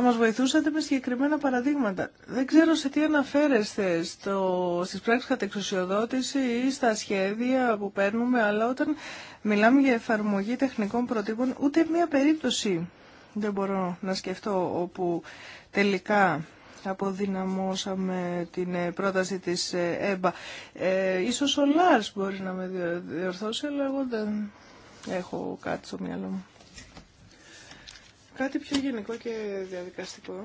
θα μας βοηθούσατε με συγκεκριμένα παραδείγματα. Δεν ξέρω σε τι αναφέρεστε στο, στις πράξεις κατεξουσιοδότηση ή στα σχέδια που παίρνουμε, αλλά όταν μιλάμε για εφαρμογή τεχνικών προτύπων, ούτε μία περίπτωση δεν μπορώ να σκεφτώ όπου τελικά αποδυναμώσαμε την ε, πρόταση της ε, ΕΜΠΑ. Ε, ίσως ο Λάρς μπορεί να με διορθώσει, αλλά εγώ δεν έχω κάτι στο μυαλό μου. Κάτι πιο γενικό και διαδικαστικό.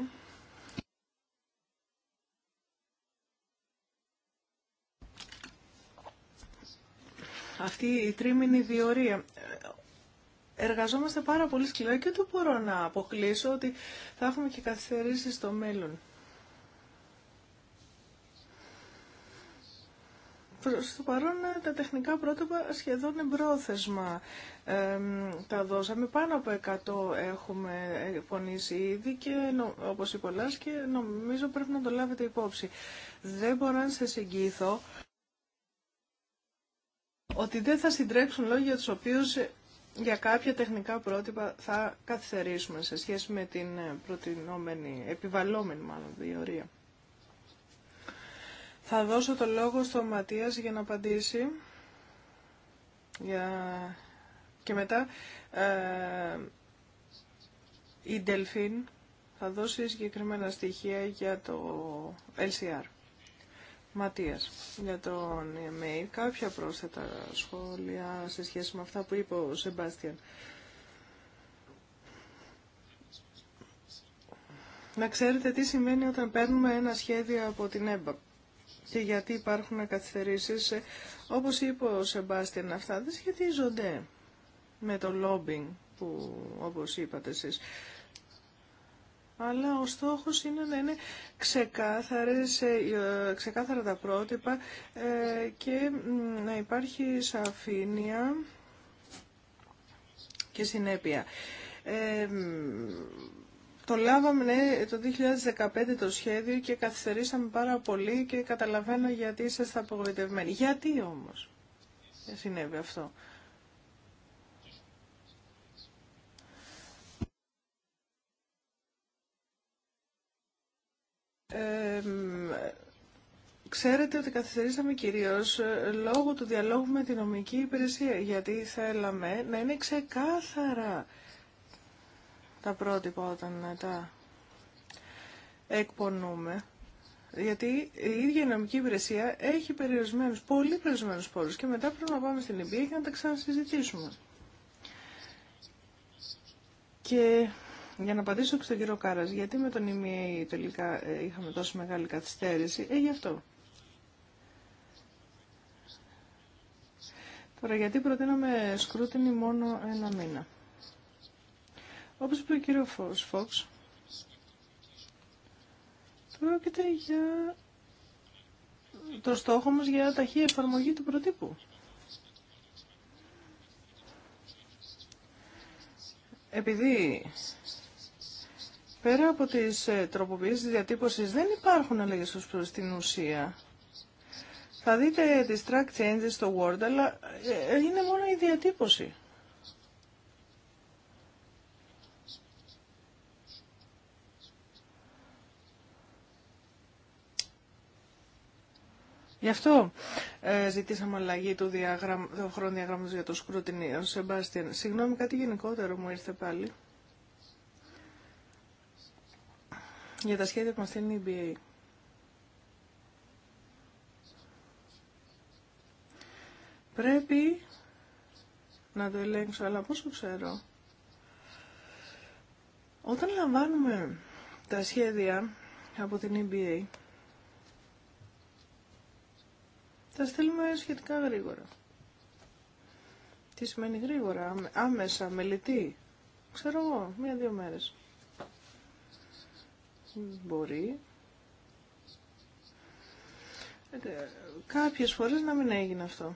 Αυτή η τρίμηνη διορία. Εργαζόμαστε πάρα πολύ σκληρά και το μπορώ να αποκλείσω ότι θα έχουμε και καθυστερήσεις στο μέλλον. Στο παρόν ε, τα τεχνικά πρότυπα σχεδόν εμπρόθεσμα ε, τα δώσαμε. Πάνω από 100 έχουμε πονήσει ήδη και όπως είπε ο και νομίζω πρέπει να το λάβετε υπόψη. Δεν μπορώ να σε εγγύθω ότι δεν θα συντρέξουν λόγια τους οποίους ε, για κάποια τεχνικά πρότυπα θα καθυστερήσουμε σε σχέση με την ε, προτινόμενη, επιβαλλόμενη μάλλον διορία. Θα δώσω το λόγο στο Ματίας για να απαντήσει. Για... Και μετά ε, η Ντελφίν θα δώσει συγκεκριμένα στοιχεία για το LCR. Ματίας, για τον email, κάποια πρόσθετα σχόλια σε σχέση με αυτά που είπε ο Σεμπάστιαν. Να ξέρετε τι σημαίνει όταν παίρνουμε ένα σχέδιο από την ΕΜΠΑ και γιατί υπάρχουν καθυστερήσεις. Όπως είπε ο Σεμπάστιαν, αυτά δεν σχετίζονται με το lobbying που όπως είπατε εσείς. Αλλά ο στόχος είναι να είναι ξεκάθαρες, ε, ε, ξεκάθαρα τα πρότυπα ε, και να υπάρχει σαφήνεια και συνέπεια. Το λάβαμε ναι, το 2015 το σχέδιο και καθυστερήσαμε πάρα πολύ και καταλαβαίνω γιατί είσαστε απογοητευμένοι. Γιατί όμως συνέβη αυτό. ξέρετε ότι καθυστερήσαμε κυρίως ε, λόγω του διαλόγου με την νομική υπηρεσία, γιατί θέλαμε να είναι ξεκάθαρα τα πρότυπα όταν ε, τα εκπονούμε. Γιατί η ίδια η νομική υπηρεσία έχει περιορισμένους, πολύ περιορισμένους πόρους και μετά πρέπει να πάμε στην εμπειρία και να τα ξανασυζητήσουμε. Και για να απαντήσω και στον κύριο Κάρας, γιατί με τον EMA τελικά ε, είχαμε τόσο μεγάλη καθυστέρηση, ε, γι' αυτό. Τώρα, γιατί προτείναμε σκρούτινη μόνο ένα μήνα. Όπως είπε ο κύριο Φόξ, πρόκειται για το στόχο μας για ταχύ εφαρμογή του προτύπου. Επειδή πέρα από τις ε, τροποποιήσεις διατύπωσης δεν υπάρχουν αλλαγές ως προς την ουσία. Θα δείτε τις track changes στο Word, αλλά ε, ε, είναι μόνο η διατύπωση. Γι' αυτό ε, ζητήσαμε αλλαγή του, διαγραμ... του για το σκρούτινι. Σεμπάστιαν, συγγνώμη, κάτι γενικότερο μου ήρθε πάλι. Για τα σχέδια που μα στέλνει η EBA. Πρέπει να το ελέγξω, αλλά πόσο ξέρω. Όταν λαμβάνουμε τα σχέδια από την EBA, Θα στείλουμε σχετικά γρήγορα. Τι σημαίνει γρήγορα, άμεσα, μελετή. Ξέρω εγώ, μία-δύο μέρες. Μπορεί. Ε, κάποιες φορές να μην έγινε αυτό.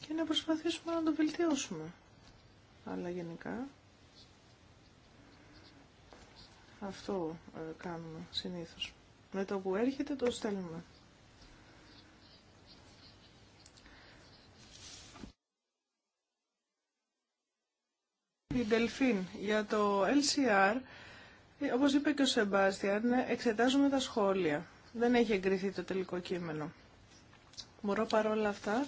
Και να προσπαθήσουμε να το βελτιώσουμε. Αλλά γενικά αυτό ε, κάνουμε συνήθως. Με το που έρχεται το στέλνουμε. Η Δελφίν για το LCR, όπως είπε και ο Σεμπάστιαν, εξετάζουμε τα σχόλια. Δεν έχει εγκριθεί το τελικό κείμενο. Μπορώ παρόλα αυτά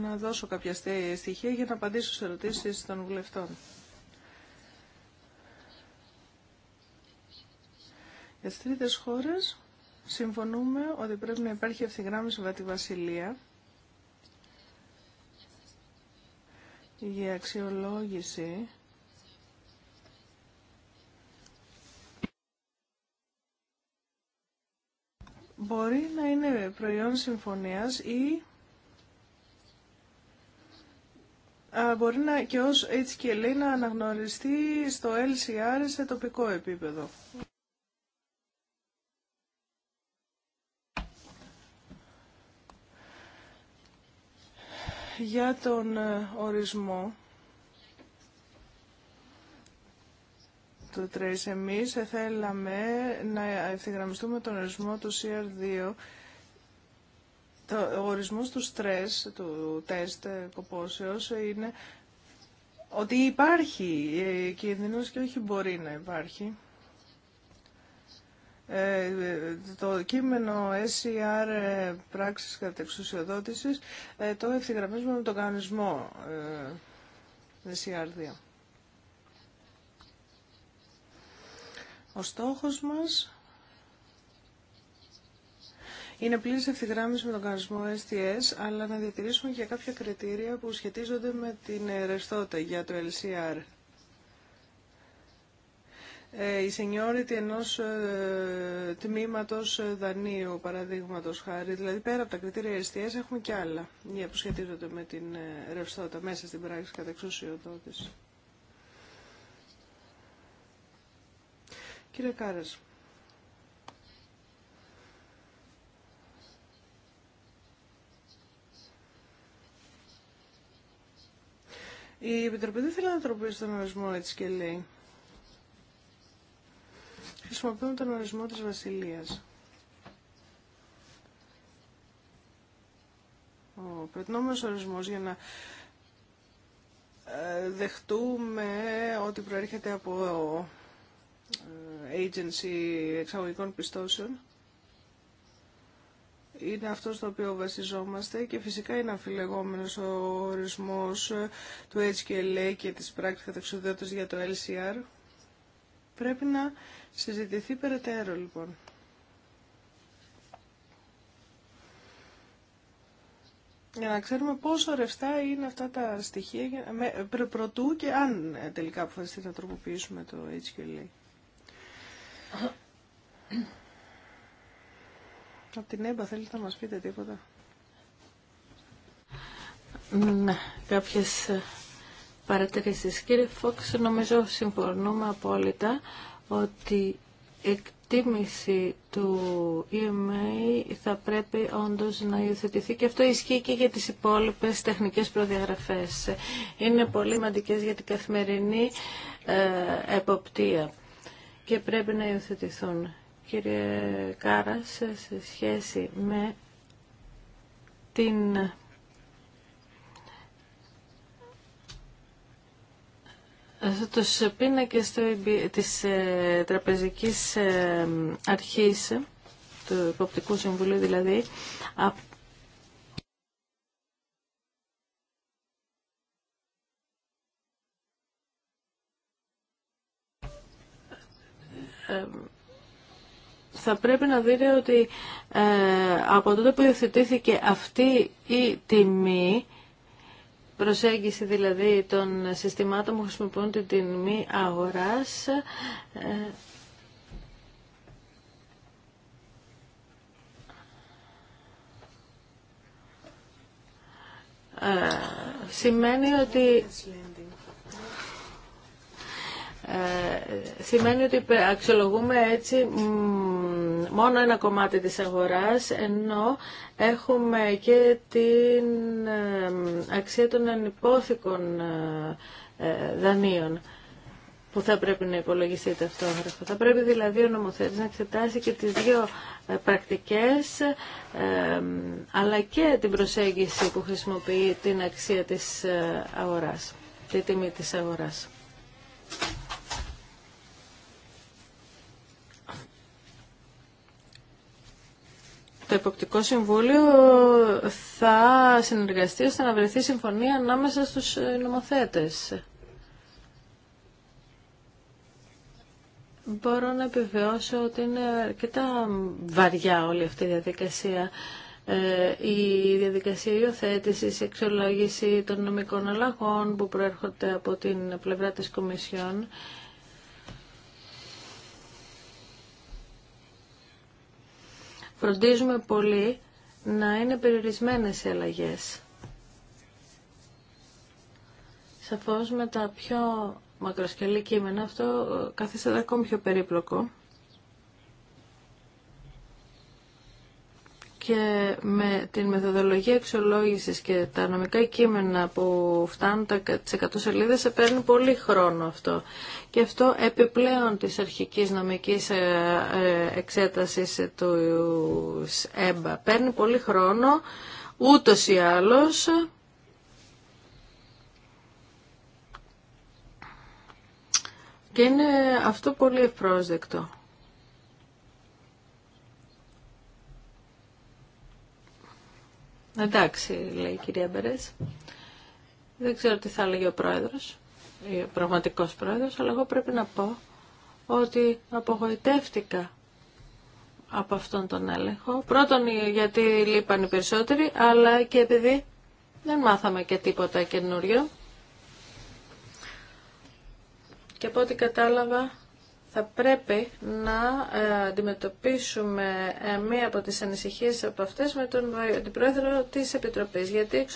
να δώσω κάποια στοιχεία για να απαντήσω σε ερωτήσεις των βουλευτών. Για χώρες συμφωνούμε ότι πρέπει να υπάρχει ευθυγράμμιση με τη Βασιλεία για αξιολόγηση μπορεί να είναι προϊόν συμφωνίας ή μπορεί να, και ως λέει να αναγνωριστεί στο LCR σε τοπικό επίπεδο. για τον ε, ορισμό του Trace. Εμείς θέλαμε να ευθυγραμμιστούμε τον ορισμό του CR2 ο ορισμός του στρες, του τεστ ε, κοπόσεως, είναι ότι υπάρχει ε, κίνδυνος και όχι μπορεί να υπάρχει. Ε, το κείμενο SCR e ε, πράξης ε, το ευθυγραμμίζουμε με τον κανονισμό ε, SCR2. E Ο στόχος μας είναι πλήρης ευθυγράμμιση με τον κανονισμό STS, αλλά να διατηρήσουμε και κάποια κριτήρια που σχετίζονται με την ρευστότητα για το LCR. Ε, η σενιόριτη ενός ε, τμήματος ε, δανείου, παραδείγματος χάρη. Δηλαδή πέρα από τα κριτήρια εστίας έχουμε και άλλα που σχετίζονται με την ρευστότητα μέσα στην πράξη κατά εξουσιοδότηση. Κύριε κάρα. Η Επιτροπή δεν θέλει να τροποποιήσει τον ορισμό έτσι και λέει χρησιμοποιούν τον ορισμό της βασιλείας. Ο προτινόμενος ορισμός για να ε, δεχτούμε ότι προέρχεται από ε, agency εξαγωγικών πιστώσεων είναι αυτό στο οποίο βασιζόμαστε και φυσικά είναι αμφιλεγόμενος ο ορισμός ε, του HQLA και της πράξης κατεξοδότητας για το LCR. Πρέπει να συζητηθεί περαιτέρω λοιπόν. Για να ξέρουμε πόσο ρευστά είναι αυτά τα στοιχεία προτού και αν ε, τελικά αποφασιστεί να τροποποιήσουμε το HQLA. Από την ΕΜΠΑ θέλετε να μας πείτε τίποτα. Ναι, κάποιες ε, παρατηρήσεις. Κύριε Φόξ, νομίζω συμφωνούμε απόλυτα ότι εκτίμηση του EMA θα πρέπει όντως να υιοθετηθεί και αυτό ισχύει και για τις υπόλοιπες τεχνικές προδιαγραφές. Είναι πολύ σημαντικέ για την καθημερινή ε, εποπτεία και πρέπει να υιοθετηθούν. Κύριε Κάρας, σε σχέση με την τους πίνακες της ε, τραπεζικής ε, αρχής, του Υποπτικού Συμβουλίου δηλαδή, ε, θα πρέπει να δείτε ότι από τότε που υιοθετήθηκε αυτή η τιμή προσέγγιση δηλαδή των συστημάτων που χρησιμοποιούν την τιμή αγοράς ε, ε, σημαίνει ότι σημαίνει ότι αξιολογούμε έτσι μόνο ένα κομμάτι της αγοράς, ενώ έχουμε και την ε, αξία των ανυπόθηκων ε, ε, δανείων που θα πρέπει να υπολογιστεί ταυτόχρονα. Θα πρέπει δηλαδή ο νομοθέτης να εξετάσει και τις δύο πρακτικές αλλά και την προσέγγιση που χρησιμοποιεί την αξία της αγοράς, τη τιμή της αγοράς. το Εποπτικό Συμβούλιο θα συνεργαστεί ώστε να βρεθεί συμφωνία ανάμεσα στους ε, νομοθέτες. Μπορώ να επιβεβαιώσω ότι είναι αρκετά βαριά όλη αυτή η διαδικασία. Ε, η διαδικασία υιοθέτηση, η εξολόγηση των νομικών αλλαγών που προέρχονται από την πλευρά της Κομισιόν φροντίζουμε πολύ να είναι περιορισμένες οι αλλαγές. Σαφώς με τα πιο μακροσκελή κείμενα αυτό ε, καθίσταται ακόμη πιο περίπλοκο. και με την μεθοδολογία αξιολόγησης και τα νομικά κείμενα που φτάνουν τα 100 σελίδες παίρνει πολύ χρόνο αυτό. Και αυτό επιπλέον της αρχικής νομικής ε, ε, εξέτασης του ΕΜΠΑ. Παίρνει πολύ χρόνο ούτω ή άλλως και είναι αυτό πολύ ευπρόσδεκτο. Εντάξει, λέει η κυρία Μπερές. Δεν ξέρω τι θα έλεγε ο πρόεδρος, ο πραγματικός πρόεδρος, αλλά εγώ πρέπει να πω ότι απογοητεύτηκα από αυτόν τον έλεγχο. Πρώτον γιατί λείπαν οι περισσότεροι, αλλά και επειδή δεν μάθαμε και τίποτα καινούριο. Και από ό,τι κατάλαβα, θα πρέπει να ε, αντιμετωπίσουμε ε, μία από τις ανησυχίες από αυτές με τον πρόεδρο της Επιτροπής. Γιατί,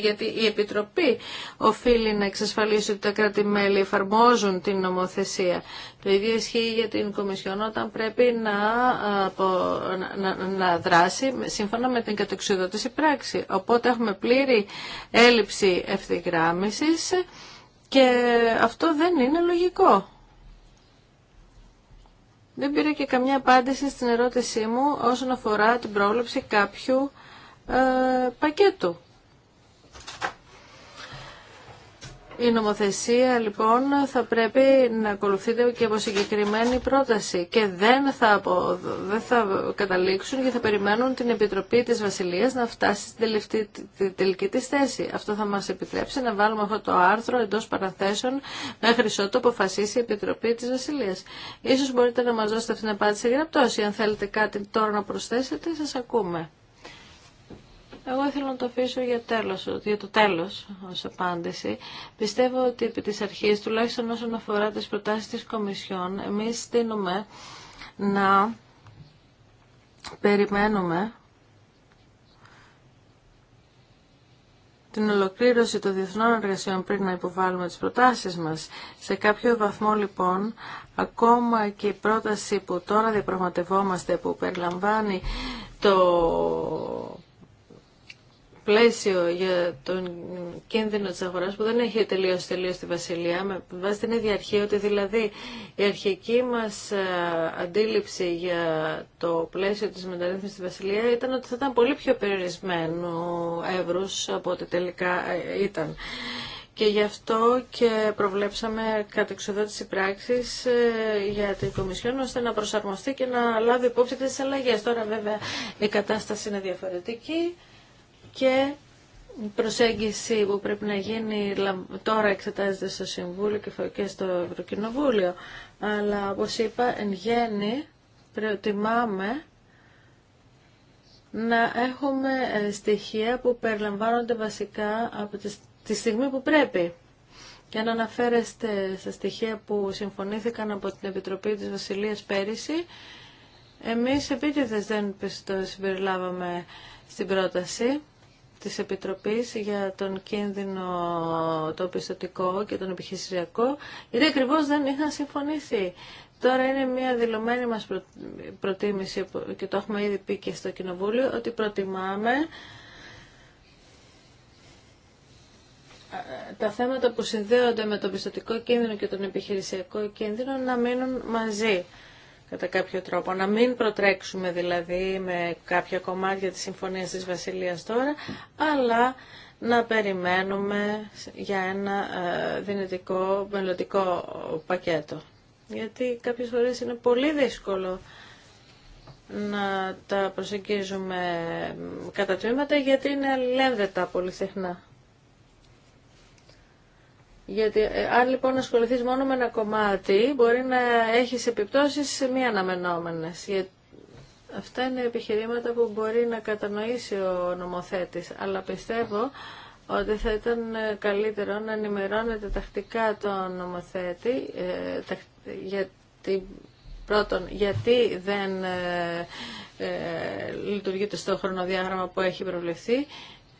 γιατί η Επιτροπή οφείλει να εξασφαλίσει ότι τα κράτη-μέλη εφαρμόζουν την νομοθεσία. Το ίδιο ισχύει για την Κομισιόν όταν πρέπει να, να, δράσει σύμφωνα με την κατεξουδότηση πράξη. Οπότε έχουμε πλήρη έλλειψη ευθυγράμμισης και αυτό δεν είναι λογικό. Δεν πήρα και καμιά απάντηση στην ερώτησή μου όσον αφορά την πρόληψη κάποιου ε, πακέτου. Η νομοθεσία λοιπόν θα πρέπει να ακολουθείται και από συγκεκριμένη πρόταση και δεν θα, θα καταλήξουν και θα περιμένουν την Επιτροπή της Βασιλείας να φτάσει στην τη τελική της θέση. Αυτό θα μας επιτρέψει να βάλουμε αυτό το άρθρο εντός παραθέσεων μέχρι ότου αποφασίσει η Επιτροπή της Βασιλείας. Ίσως μπορείτε να μας δώσετε αυτή την απάντηση γραπτός αν θέλετε κάτι τώρα να προσθέσετε σας ακούμε. Εγώ ήθελα να το αφήσω για, τέλος, για το τέλος ως απάντηση. Πιστεύω ότι επί της αρχής, τουλάχιστον όσον αφορά τις προτάσεις της Κομισιόν, εμείς στείνουμε να περιμένουμε την ολοκλήρωση των διεθνών εργασιών πριν να υποβάλουμε τις προτάσεις μας. Σε κάποιο βαθμό λοιπόν, ακόμα και η πρόταση που τώρα διαπραγματευόμαστε που περιλαμβάνει το πλαίσιο για τον κίνδυνο της αγοράς που δεν έχει τελειώσει τελείως στη Βασιλεία με βάση την ίδια αρχή ότι δηλαδή η αρχική μας ε, αντίληψη για το πλαίσιο της μεταρρύθμισης στη Βασιλεία ήταν ότι θα ήταν πολύ πιο περιορισμένο εύρους από ό,τι τελικά ε, ήταν. Και γι' αυτό και προβλέψαμε κατεξοδότηση πράξη ε, για την Κομισιόν ώστε να προσαρμοστεί και να λάβει υπόψη τι αλλαγέ. Τώρα βέβαια η κατάσταση είναι διαφορετική και η προσέγγιση που πρέπει να γίνει τώρα εξετάζεται στο Συμβούλιο και στο Ευρωκοινοβούλιο. Αλλά όπως είπα, εν γέννη προτιμάμε να έχουμε ε, στοιχεία που περιλαμβάνονται βασικά από τη στιγμή που πρέπει. Και αν αναφέρεστε στα στοιχεία που συμφωνήθηκαν από την Επιτροπή της Βασιλείας πέρυσι, εμείς επίτηδες δεν το συμπεριλάβαμε στην πρόταση της Επιτροπής για τον κίνδυνο το πιστοτικό και τον επιχειρησιακό, γιατί ακριβώ δεν είχαν συμφωνήσει. Τώρα είναι μια δηλωμένη μας προτίμηση και το έχουμε ήδη πει και στο Κοινοβούλιο ότι προτιμάμε ε, τα θέματα που συνδέονται με τον πιστοτικό κίνδυνο και τον επιχειρησιακό κίνδυνο να μείνουν μαζί κατά κάποιο τρόπο. Να μην προτρέξουμε δηλαδή με κάποια κομμάτια της Συμφωνίας της Βασιλείας τώρα, αλλά να περιμένουμε για ένα ε, δυνητικό μελλοντικό πακέτο. Γιατί κάποιες φορές είναι πολύ δύσκολο να τα προσεγγίζουμε ε, κατά τμήματα γιατί είναι αλληλένδετα πολύ συχνά. Γιατί ε, αν λοιπόν ασχοληθεί μόνο με ένα κομμάτι, μπορεί να έχει επιπτώσει μη αναμενόμενε. Αυτά είναι επιχειρήματα που μπορεί να κατανοήσει ο νομοθέτης, αλλά πιστεύω ότι θα ήταν ε, καλύτερο να ενημερώνεται τακτικά τον νομοθέτη ε, γιατί, πρώτον γιατί δεν ε, ε, λειτουργείται στο χρονοδιάγραμμα που έχει προβλεφθεί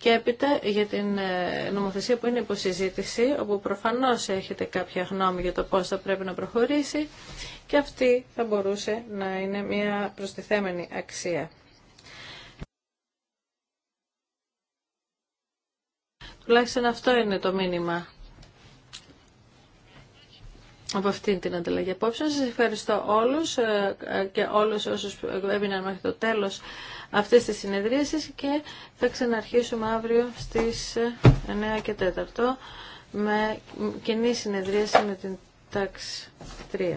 και έπειτα για την ε, νομοθεσία που είναι υποσυζήτηση, όπου προφανώς έχετε κάποια γνώμη για το πώς θα πρέπει να προχωρήσει και αυτή θα μπορούσε να είναι μια προστιθέμενη αξία. Τουλάχιστον αυτό είναι το μήνυμα από αυτήν την ανταλλαγή απόψε. Σας ευχαριστώ όλους ε, ε, και όλους όσους έμειναν μέχρι το τέλος αυτές τις συνεδρίες και θα ξαναρχίσουμε αύριο στις 9 και 4 με κοινή συνεδρίαση με την τάξη 3.